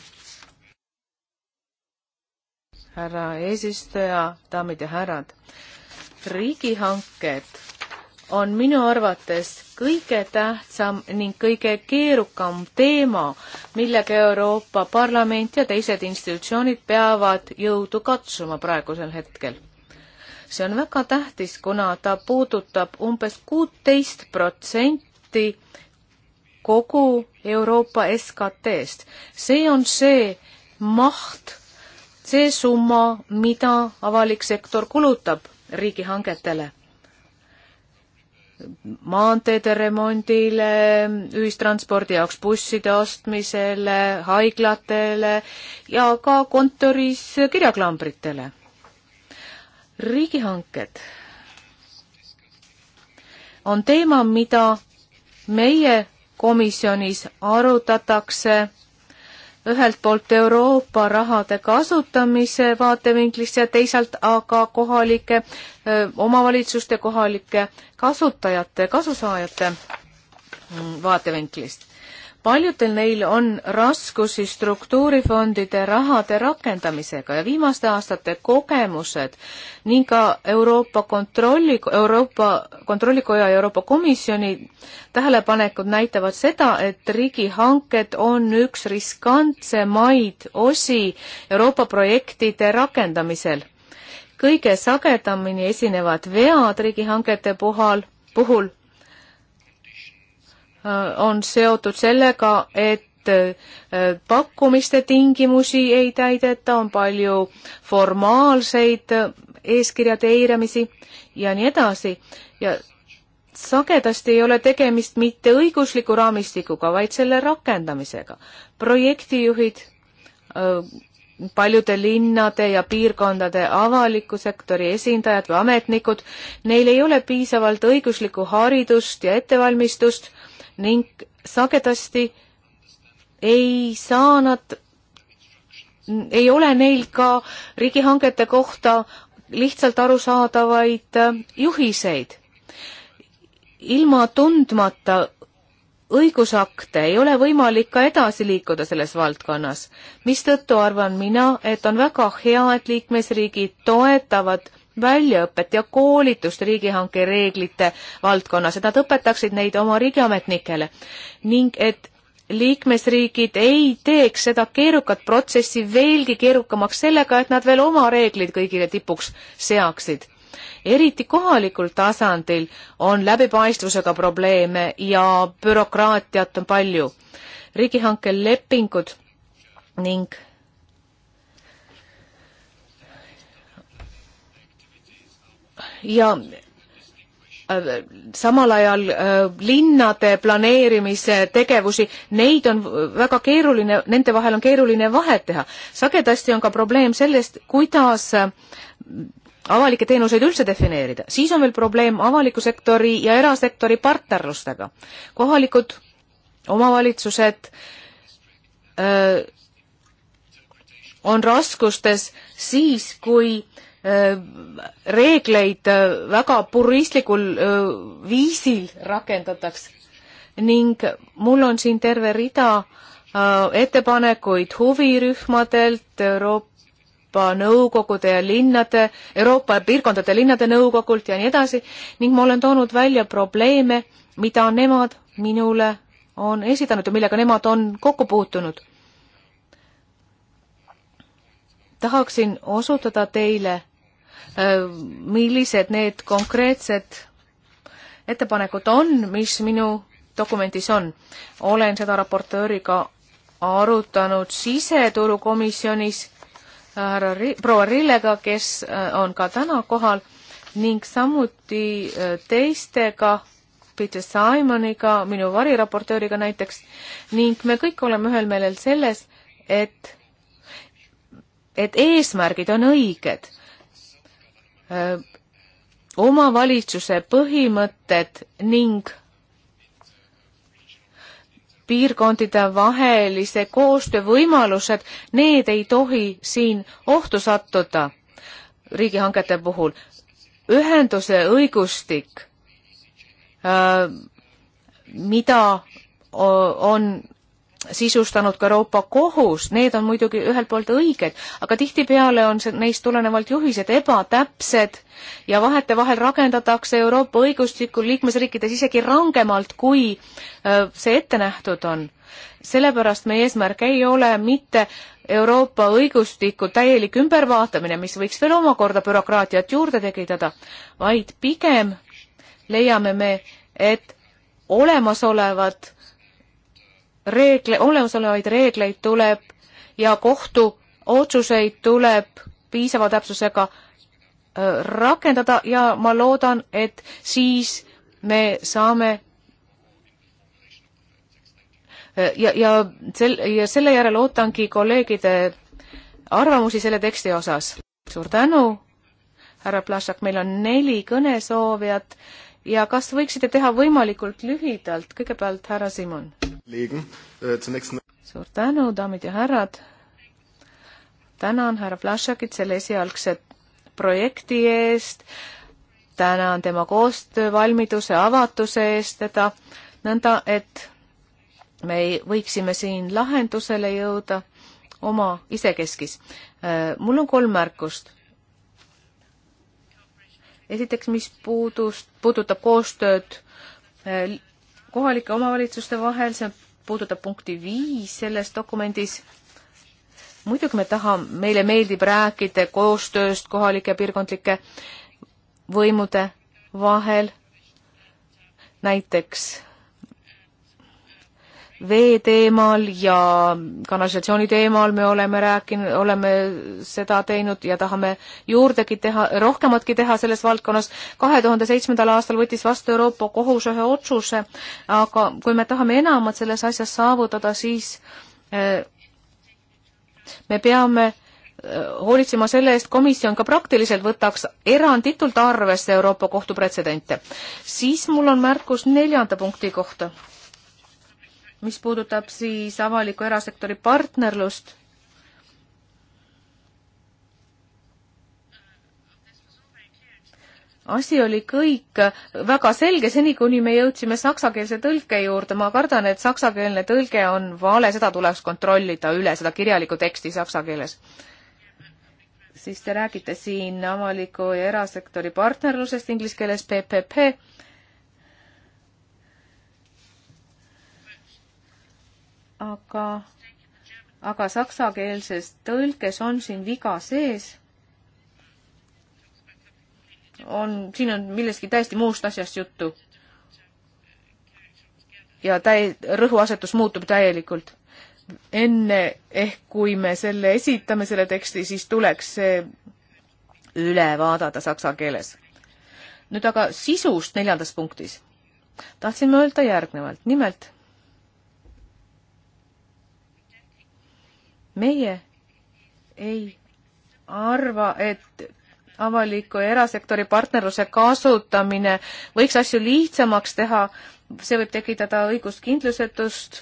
S3: härra eesistuja, daamid ja härrad, riigihanked on minu arvates kõige tähtsam ning kõige keerukam teema, millega Euroopa Parlament ja teised institutsioonid peavad jõudu katsuma praegusel hetkel see on väga tähtis, kuna ta puudutab umbes kuuteist protsenti kogu Euroopa SKT-st. see on see maht, see summa, mida avalik sektor kulutab riigihangetele. maanteede remondile, ühistranspordi jaoks busside ostmisele, haiglatele ja ka kontoris kirjaklambritele riigihanked on teema, mida meie komisjonis arutatakse ühelt poolt Euroopa rahade kasutamise vaatevinklist ja teisalt aga kohalike öö, omavalitsuste, kohalike kasutajate, kasusaajate mm, vaatevinklist paljudel neil on raskusi struktuurifondide rahade rakendamisega ja viimaste aastate kogemused ning ka Euroopa Kontrolli, Euroopa Kontrollikoja ja Euroopa Komisjoni tähelepanekud näitavad seda, et riigihanked on üks riskantsemaid osi Euroopa projektide rakendamisel. kõige sagedamini esinevad vead riigihangete puhul, puhul Äh, on seotud sellega, et äh, pakkumiste tingimusi ei täideta, on palju formaalseid äh, eeskirjade eiramisi ja nii edasi ja sagedasti ei ole tegemist mitte õigusliku raamistikuga, vaid selle rakendamisega. projektijuhid paljude linnade ja piirkondade avaliku sektori esindajad või ametnikud, neil ei ole piisavalt õiguslikku haridust ja ettevalmistust ning sagedasti ei saa nad, ei ole neil ka riigihangete kohta lihtsalt arusaadavaid äh, juhiseid. ilma tundmata õigusakte ei ole võimalik ka edasi liikuda selles valdkonnas, mistõttu arvan mina, et on väga hea, et liikmesriigid toetavad väljaõpet ja koolitust riigihanke reeglite valdkonnas, et nad õpetaksid neid oma riigiametnikele ning et liikmesriigid ei teeks seda keerukat protsessi veelgi keerukamaks sellega, et nad veel oma reeglid kõigile tipuks seaksid. eriti kohalikul tasandil on läbipaistvusega probleeme ja bürokraatiat on palju. riigihanke lepingud ning ja äh, samal ajal äh, linnade planeerimise tegevusi, neid on väga keeruline, nende vahel on keeruline vahet teha. sagedasti on ka probleem sellest, kuidas äh, avalikke teenuseid üldse defineerida, siis on veel probleem avaliku sektori ja erasektori partnerlustega. kohalikud omavalitsused öö, on raskustes siis, kui öö, Äh, reegleid äh, väga puristlikul äh, viisil rakendataks ning mul on siin terve rida ettepanekuid huvirühmadelt, Euroopa nõukogude ja linnade, Euroopa piirkondade linnade nõukogult ja nii edasi ning ma olen toonud välja probleeme, mida nemad minule on esitanud ja millega nemad on kokku puutunud. tahaksin osutada teile Äh, millised need konkreetsed ettepanekud on, mis minu dokumendis on. olen seda raportööriga arutanud siseturukomisjonis härra Ri-, proua Rillega, kes äh, on ka täna kohal, ning samuti äh, teistega, Peter Simoniga, minu variraportööriga näiteks, ning me kõik oleme ühel meelel selles, et, et eesmärgid on õiged omavalitsuse põhimõtted ning piirkondade vahelise koostöö võimalused, need ei tohi siin ohtu sattuda riigihangete puhul. ühenduse õigustik, mida on sisustanud ka Euroopa Kohus, need on muidugi ühelt poolt õiged, aga tihtipeale on see, neist tulenevalt juhised ebatäpsed ja vahetevahel rakendatakse Euroopa õigustikku liikmesriikides isegi rangemalt, kui see ette nähtud on. sellepärast meie eesmärk ei ole mitte Euroopa õigustiku täielik ümbervaatamine, mis võiks veel omakorda bürokraatiat juurde tekitada, vaid pigem leiame me, et olemasolevad reegle, olemasolevaid reegleid tuleb ja kohtuotsuseid tuleb piisava täpsusega äh, rakendada ja ma loodan, et siis me saame äh, ja, ja sel-, ja selle järel ootangi kolleegide arvamusi selle teksti osas. suur tänu, härra Plašak, meil on neli kõnesoovijat ja kas võiksite teha võimalikult lühidalt, kõigepealt härra Simon? Äh, suur tänu, daamid ja härrad. tänan härra Vlašakit selle esialgse projekti eest. tänan tema koostöövalmiduse, avatuse eest teda nõnda, et me võiksime siin lahendusele jõuda oma isekeskis. Äh, mul on kolm märkust esiteks, mis puudust, puudutab koostööd äh, kohalike omavalitsuste vahel, see puudutab punkti viis selles dokumendis. muidugi me tahame, meile meeldib rääkida koostööst kohalike piirkondlike võimude vahel, näiteks vee teemal ja kanalisatsiooni teemal me oleme rääkinud, oleme seda teinud ja tahame juurdegi teha, rohkematki teha selles valdkonnas. kahe tuhande seitsmendal aastal võttis vastu Euroopa Kohus ühe otsuse, aga kui me tahame enamat selles asjas saavutada, siis eh, me peame eh, hoolitsema selle eest, komisjon ka praktiliselt võtaks eranditult arvesse Euroopa Kohtu pretsedente. siis mul on märkus neljanda punkti kohta mis puudutab siis avaliku erasektori partnerlust, asi oli kõik väga selge, seni kuni me jõudsime saksakeelse tõlke juurde, ma kardan, et saksakeelne tõlge on vale, seda tuleks kontrollida üle, seda kirjalikku teksti saksa keeles. siis te räägite siin avaliku ja erasektori partnerlusest, inglise keeles PPP aga, aga saksakeelses tõlkes on siin viga sees. on, siin on millestki täiesti muust asjast juttu. ja täi-, rõhuasetus muutub täielikult. enne, ehk kui me selle esitame, selle teksti, siis tuleks see üle vaadata saksa keeles. nüüd aga sisust neljandas punktis tahtsin ma öelda järgnevalt, nimelt meie ei arva, et avaliku ja erasektori partnerluse kasutamine võiks asju lihtsamaks teha, see võib tekitada õiguskindlusetust,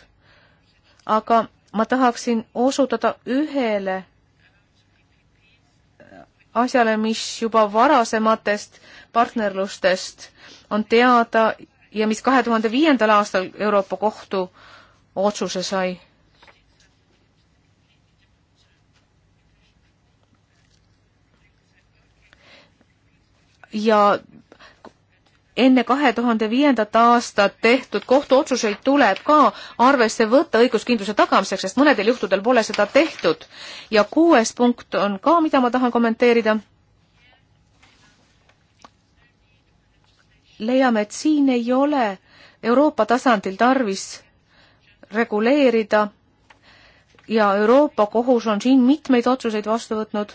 S3: aga ma tahaksin osutada ühele asjale, mis juba varasematest partnerlustest on teada ja mis kahe tuhande viiendal aastal Euroopa Kohtu otsuse sai ja enne kahe tuhande viiendat aastat tehtud kohtuotsuseid tuleb ka arvesse võtta õiguskindluse tagamiseks, sest mõnedel juhtudel pole seda tehtud. ja kuues punkt on ka, mida ma tahan kommenteerida. leiame, et siin ei ole Euroopa tasandil tarvis reguleerida ja Euroopa Kohus on siin mitmeid otsuseid vastu võtnud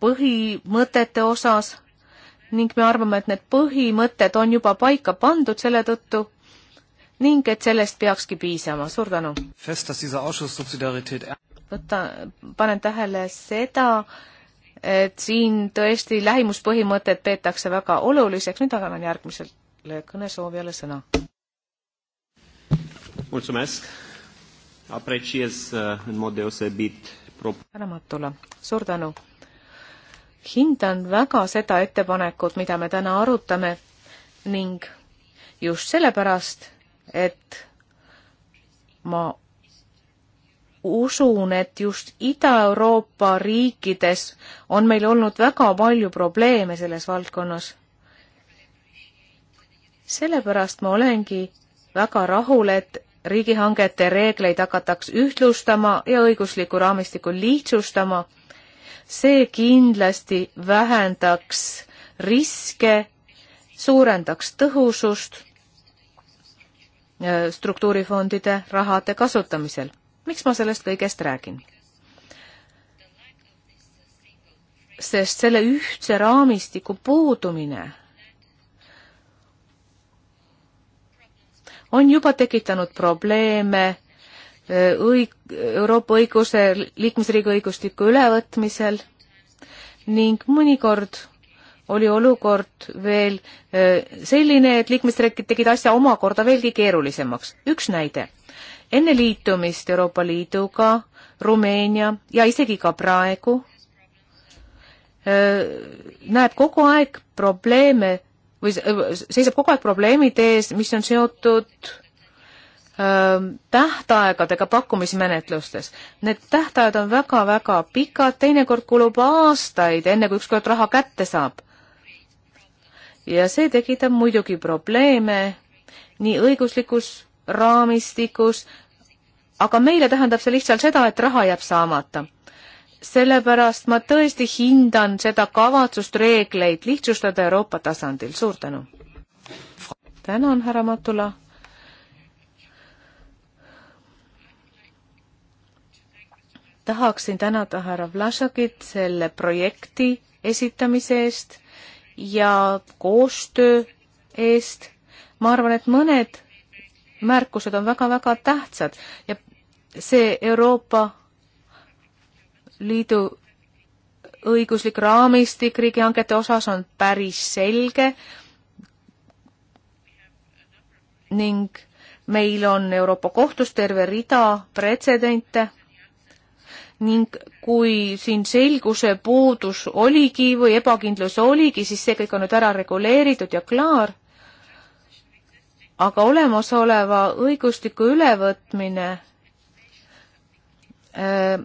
S3: põhimõtete osas ning me arvame, et need põhimõtted on juba paika pandud selle tõttu ning et sellest peakski piisama. suur tänu! Er- võta, panen tähele seda, et siin tõesti lähimuspõhimõtet peetakse väga oluliseks, nüüd annan järgmisele kõnesoovijale sõna. Eh, härra Matula, suur tänu! hindan väga seda ettepanekut, mida me täna arutame ning just sellepärast, et ma usun, et just Ida-Euroopa riikides on meil olnud väga palju probleeme selles valdkonnas. sellepärast ma olengi väga rahul, et riigihangete reegleid hakataks ühtlustama ja õiguslikku raamistikku lihtsustama see kindlasti vähendaks riske, suurendaks tõhusust äh, struktuurifondide rahade kasutamisel. miks ma sellest kõigest räägin? sest selle ühtse raamistiku puudumine on juba tekitanud probleeme õig-, Euroopa õiguse, liikmesriigi õigustiku ülevõtmisel ning mõnikord oli olukord veel selline, et liikmesriigid tegid asja omakorda veelgi keerulisemaks. üks näide. enne liitumist Euroopa Liiduga Rumeenia ja isegi ka praegu näeb kogu aeg probleeme või seisab kogu aeg probleemide ees, mis on seotud tähtaegadega pakkumismenetlustes. Need tähtajad on väga-väga pikad, teinekord kulub aastaid, enne kui ükskord raha kätte saab. ja see tekitab muidugi probleeme nii õiguslikus raamistikus, aga meile tähendab see lihtsalt seda, et raha jääb saamata sellepärast ma tõesti hindan seda kavatsust reegleid lihtsustada Euroopa tasandil. suur tänu! tänan, härra Matula! tahaksin tänada härra Vlašakit selle projekti esitamise eest ja koostöö eest. ma arvan, et mõned märkused on väga-väga tähtsad ja see Euroopa Liidu õiguslik raamistik riigihangete osas on päris selge ning meil on Euroopa Kohtus terve rida pretsedente ning kui siin selguse puudus oligi või ebakindlus oligi, siis see kõik on nüüd ära reguleeritud ja klaar, aga olemasoleva õigustiku ülevõtmine äh,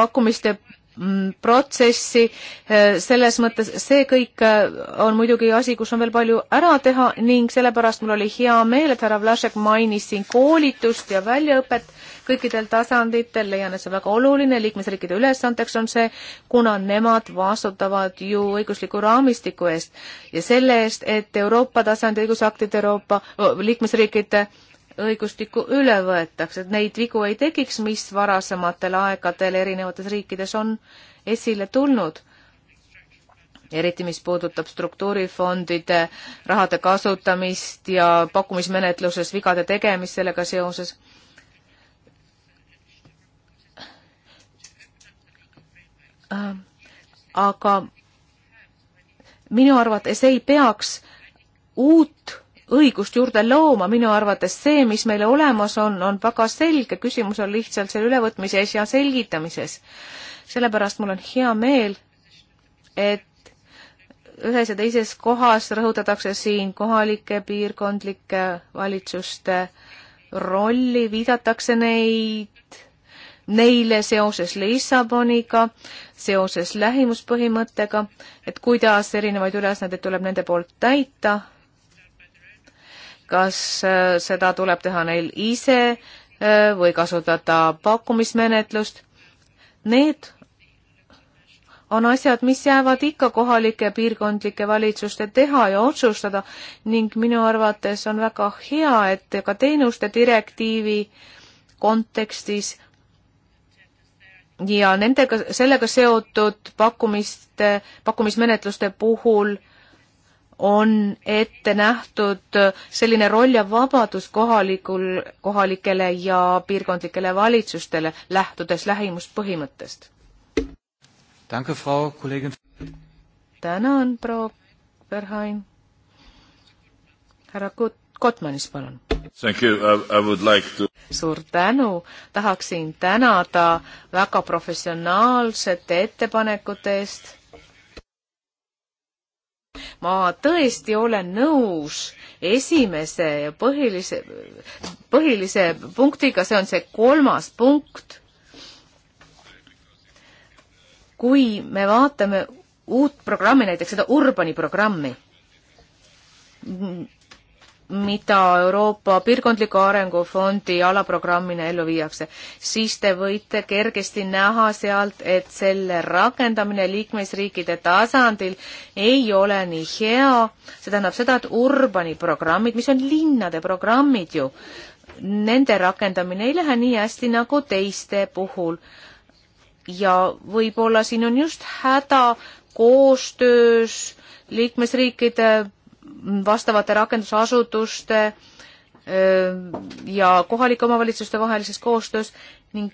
S3: pakkumiste Mm, protsessi, äh, selles mõttes see kõik äh, on muidugi asi, kus on veel palju ära teha ning sellepärast mul oli hea meel, et härra Vlašek mainis siin koolitust ja väljaõpet kõikidel tasanditel, leian, et see on väga oluline, liikmesriikide ülesandeks on see, kuna nemad vastutavad ju õigusliku raamistiku eest ja selle eest, et Euroopa tasandi õigusaktid Euroopa liikmesriikide äh, õigustikku üle võetakse, et neid vigu ei tekiks, mis varasematel aegadel erinevates riikides on esile tulnud. eriti, mis puudutab struktuurifondide rahade kasutamist ja pakkumismenetluses vigade tegemist sellega seoses äh,. aga minu arvates ei peaks uut õigust juurde looma, minu arvates see, mis meil olemas on, on väga selge, küsimus on lihtsalt selle ülevõtmises ja selgitamises. sellepärast mul on hea meel, et ühes ja teises kohas rõhutatakse siin kohalike piirkondlike valitsuste rolli, viidatakse neid, neile seoses Lissaboniga, seoses lähimuspõhimõttega, et kuidas erinevaid ülesandeid tuleb nende poolt täita kas äh, seda tuleb teha neil ise äh, või kasutada pakkumismenetlust. Need on asjad, mis jäävad ikka kohalike piirkondlike valitsuste teha ja otsustada ning minu arvates on väga hea, et ka teenuste direktiivi kontekstis ja nendega, sellega seotud pakkumiste, pakkumismenetluste puhul on ette nähtud selline roll ja vabadus kohalikul, kohalikele ja piirkondlikele valitsustele, lähtudes lähimuspõhimõttest. tänan, proua Verhaim. härra Kut-, Kotmanis, palun.
S1: Like to... suur
S3: tänu, tahaksin tänada väga professionaalsete ettepanekute eest ma tõesti olen nõus esimese ja põhilise, põhilise punktiga, see on see kolmas punkt. kui me vaatame uut programmi, näiteks seda Urbani programmi, mida Euroopa Piirkondliku Arengufondi alaprogrammina ellu viiakse, siis te võite kergesti näha sealt, et selle rakendamine liikmesriikide tasandil ei ole nii hea, see tähendab seda, et urbani programmid, mis on linnade programmid ju, nende rakendamine ei lähe nii hästi nagu teiste puhul. ja võib-olla siin on just häda koostöös liikmesriikide vastavate rakendusasutuste äh, ja kohalike omavalitsuste vahelises koostöös ning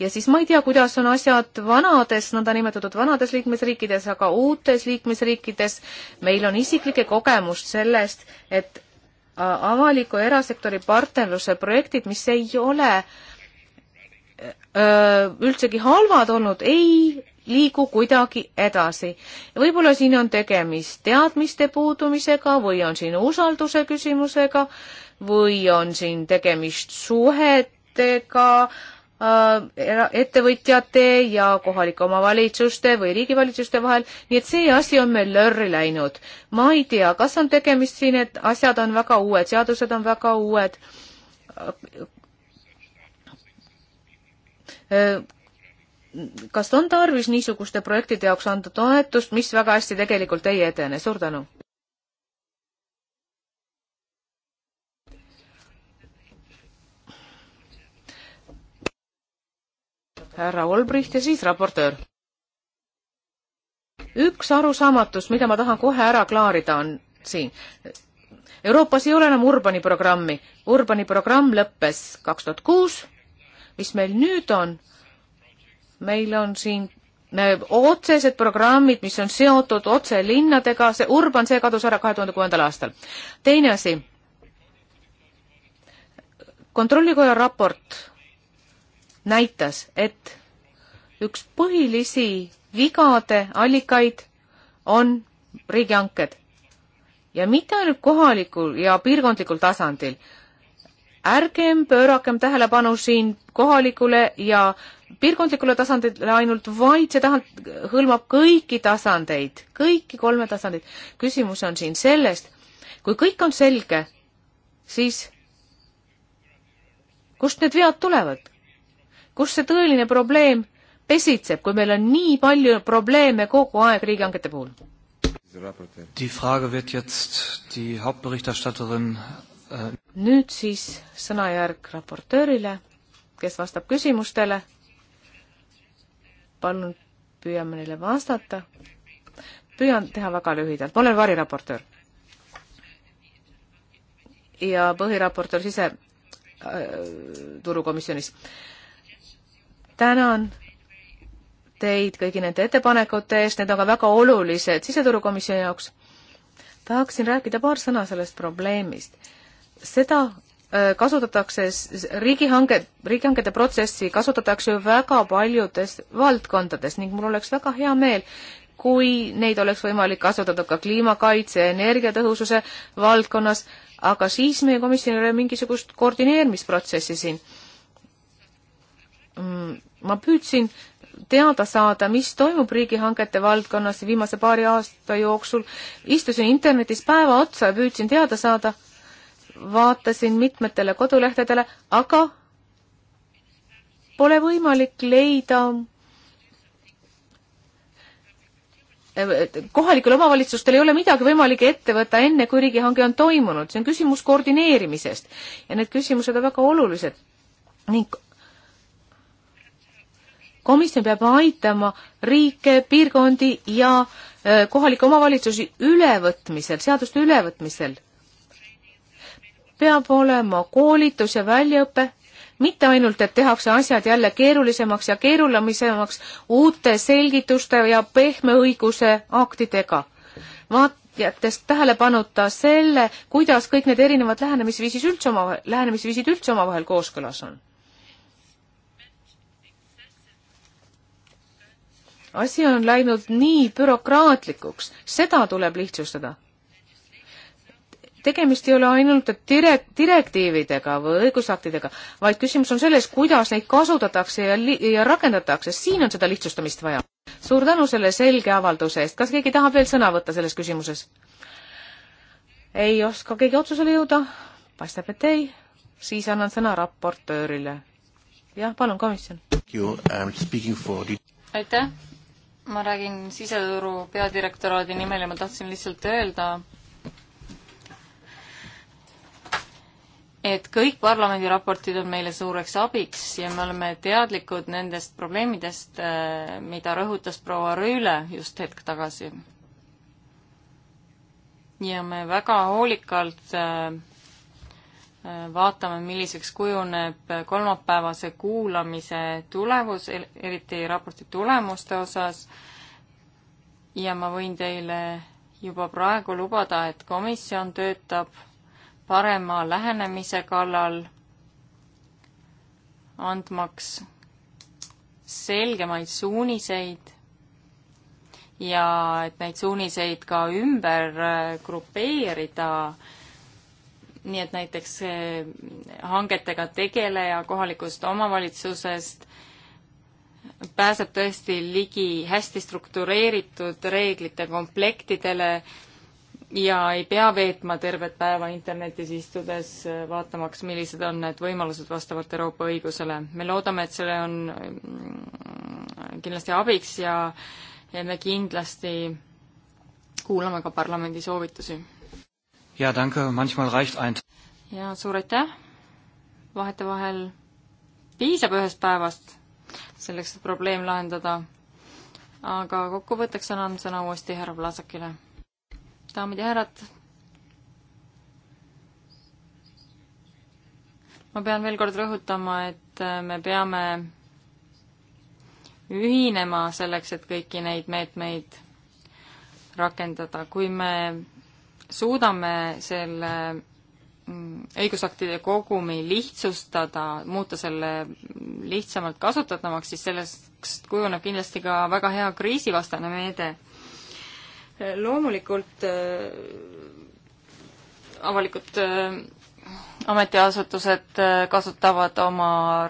S3: ja siis ma ei tea, kuidas on asjad vanades, nõndanimetatud vanades liikmesriikides, aga uutes liikmesriikides meil on isiklikke kogemust sellest, et äh, avaliku ja erasektori partnerluse projektid, mis ei ole öö, äh, üldsegi halvad olnud, ei liigu kuidagi edasi. võib-olla siin on tegemist teadmiste puudumisega või on siin usalduse küsimusega või on siin tegemist suhetega äh, ettevõtjate ja kohalike omavalitsuste või riigivalitsuste vahel, nii et see asi on meil lörri läinud. ma ei tea, kas on tegemist siin, et asjad on väga uued, seadused on väga uued äh, kas on tarvis niisuguste projektide jaoks anda toetust, mis väga hästi tegelikult ei edene? suur tänu! härra Olbricht ja siis raportöör. üks arusaamatus, mida ma tahan kohe ära klaarida, on siin. Euroopas ei ole enam Urbani programmi. Urbani programm lõppes kaks tuhat kuus. mis meil nüüd on, meil on siin äh, otsesed programmid, mis on seotud otse linnadega, see Urban, see kadus ära kahe tuhande kuuendal aastal. teine asi, kontrollikoja raport näitas, et üks põhilisi vigade allikaid on riigihanked ja mitte ainult kohalikul ja piirkondlikul tasandil. ärgem pöörakem tähelepanu siin kohalikule ja piirkondlikule tasandile ainult, vaid see tahab, hõlmab kõiki tasandeid, kõiki kolme tasandit. küsimus on siin sellest, kui kõik on selge, siis kust need vead tulevad? kust see tõeline probleem pesitseb, kui meil on nii palju probleeme kogu aeg riigihangete puhul? Äh, nüüd siis sõnajärg raportöörile, kes vastab küsimustele palun püüame neile vastata. püüan teha väga lühidalt, ma olen variraportöör. ja põhiraportöör siseturukomisjonis äh,. tänan teid kõigi nende ettepanekute eest, need on ka väga olulised siseturukomisjoni jaoks. tahaksin rääkida paar sõna sellest probleemist. seda Äh, kasutatakse, riigihange, riigihangete protsessi kasutatakse ju väga paljudes valdkondades ning mul oleks väga hea meel, kui neid oleks võimalik kasutada ka kliimakaitse ja energiatõhususe valdkonnas, aga siis meie komisjonil ei ole mingisugust koordineerimisprotsessi siin. Mm, ma püüdsin teada saada, mis toimub riigihangete valdkonnas viimase paari aasta jooksul, istusin internetis päeva otsa ja püüdsin teada saada, vaatasin mitmetele kodulehtedele, aga pole võimalik leida eh, kohalikel omavalitsustel ei ole midagi võimalik ette võtta enne, kui riigihange on toimunud, see on küsimus koordineerimisest ja need küsimused on väga olulised ning komisjon peab aitama riike, piirkondi ja eh, kohalikke omavalitsusi ülevõtmisel, seaduste ülevõtmisel peab olema koolitus ja väljaõpe, mitte ainult, et tehakse asjad jälle keerulisemaks ja keerulisemaks uute selgituste ja pehme õiguse aktidega. vaat-, jättes tähelepanuta selle, kuidas kõik need erinevad lähenemisviisis üldse oma, lähenemisviisid üldse omavahel kooskõlas on. asi on läinud nii bürokraatlikuks, seda tuleb lihtsustada tegemist ei ole ainult direk-, direktiividega või õigusaktidega, vaid küsimus on selles, kuidas neid kasutatakse ja, ja rakendatakse, siin on seda lihtsustamist vaja. suur tänu selle selge avalduse eest, kas keegi tahab veel sõna võtta selles küsimuses? ei oska keegi otsusele jõuda? paistab, et ei. siis annan sõna raportöörile.
S2: jah, palun, komisjon. aitäh, ma räägin siseturu peadirektoraadi nimel ja ma tahtsin lihtsalt öelda, et kõik parlamendiraportid on meile suureks abiks ja me oleme teadlikud nendest probleemidest, äh, mida rõhutas proua Rüüle just hetk tagasi. ja me väga hoolikalt äh, äh, vaatame, milliseks kujuneb kolmapäevase kuulamise tulemus, er-, eriti raporti tulemuste osas, ja ma võin teile juba praegu lubada, et komisjon töötab parema lähenemise kallal, andmaks selgemaid suuniseid ja et neid suuniseid ka ümber äh, grupeerida, nii et näiteks äh, hangetega tegeleja kohalikust omavalitsusest pääseb tõesti ligi hästi struktureeritud reeglite komplektidele, ja ei pea veetma tervet päeva internetis istudes, äh, vaatamaks, millised on need võimalused vastavalt Euroopa õigusele. me loodame, et see on mm, kindlasti abiks ja, ja me kindlasti kuulame ka parlamendi soovitusi.
S4: jaa, danke, manchmal reicht ein-.
S2: jaa, suur aitäh! vahetevahel piisab ühest päevast selleks, et probleem lahendada, aga kokkuvõtteks annan sõna uuesti härra Vlasakile daamid ja härrad. ma pean veel kord rõhutama, et äh, me peame ühinema selleks, et kõiki neid meetmeid rakendada. kui me suudame selle mm, õigusaktide kogumi lihtsustada, muuta selle lihtsamalt kasutatavaks, siis sellest kujuneb kindlasti ka väga hea kriisivastane meede loomulikult äh, avalikud äh, ametiasutused äh, kasutavad oma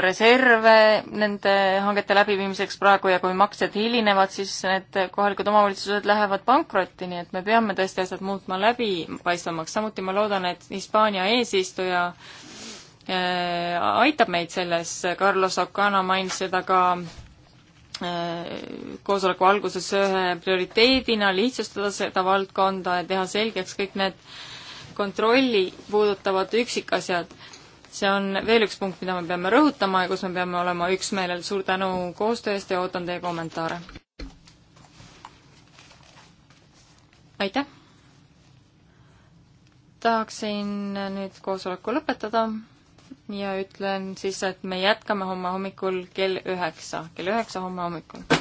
S2: reserve nende hangete läbiviimiseks praegu ja kui maksed hilinevad, siis need kohalikud omavalitsused lähevad pankrotti, nii et me peame tõesti asjad muutma läbipaistvamaks, samuti ma loodan, et Hispaania eesistuja aitab meid selles, Carlos Ocana mainis seda ka Äh, koosoleku alguses ühe prioriteedina lihtsustada seda valdkonda ja teha selgeks kõik need kontrolli puudutavad üksikasjad. see on veel üks punkt, mida me peame rõhutama ja kus me peame olema üksmeelel. suur tänu koostöö eest ja ootan teie kommentaare. aitäh! tahaksin nüüd koosoleku lõpetada ja ütlen siis, et me jätkame homme hommikul kell üheksa, kell üheksa homme hommikul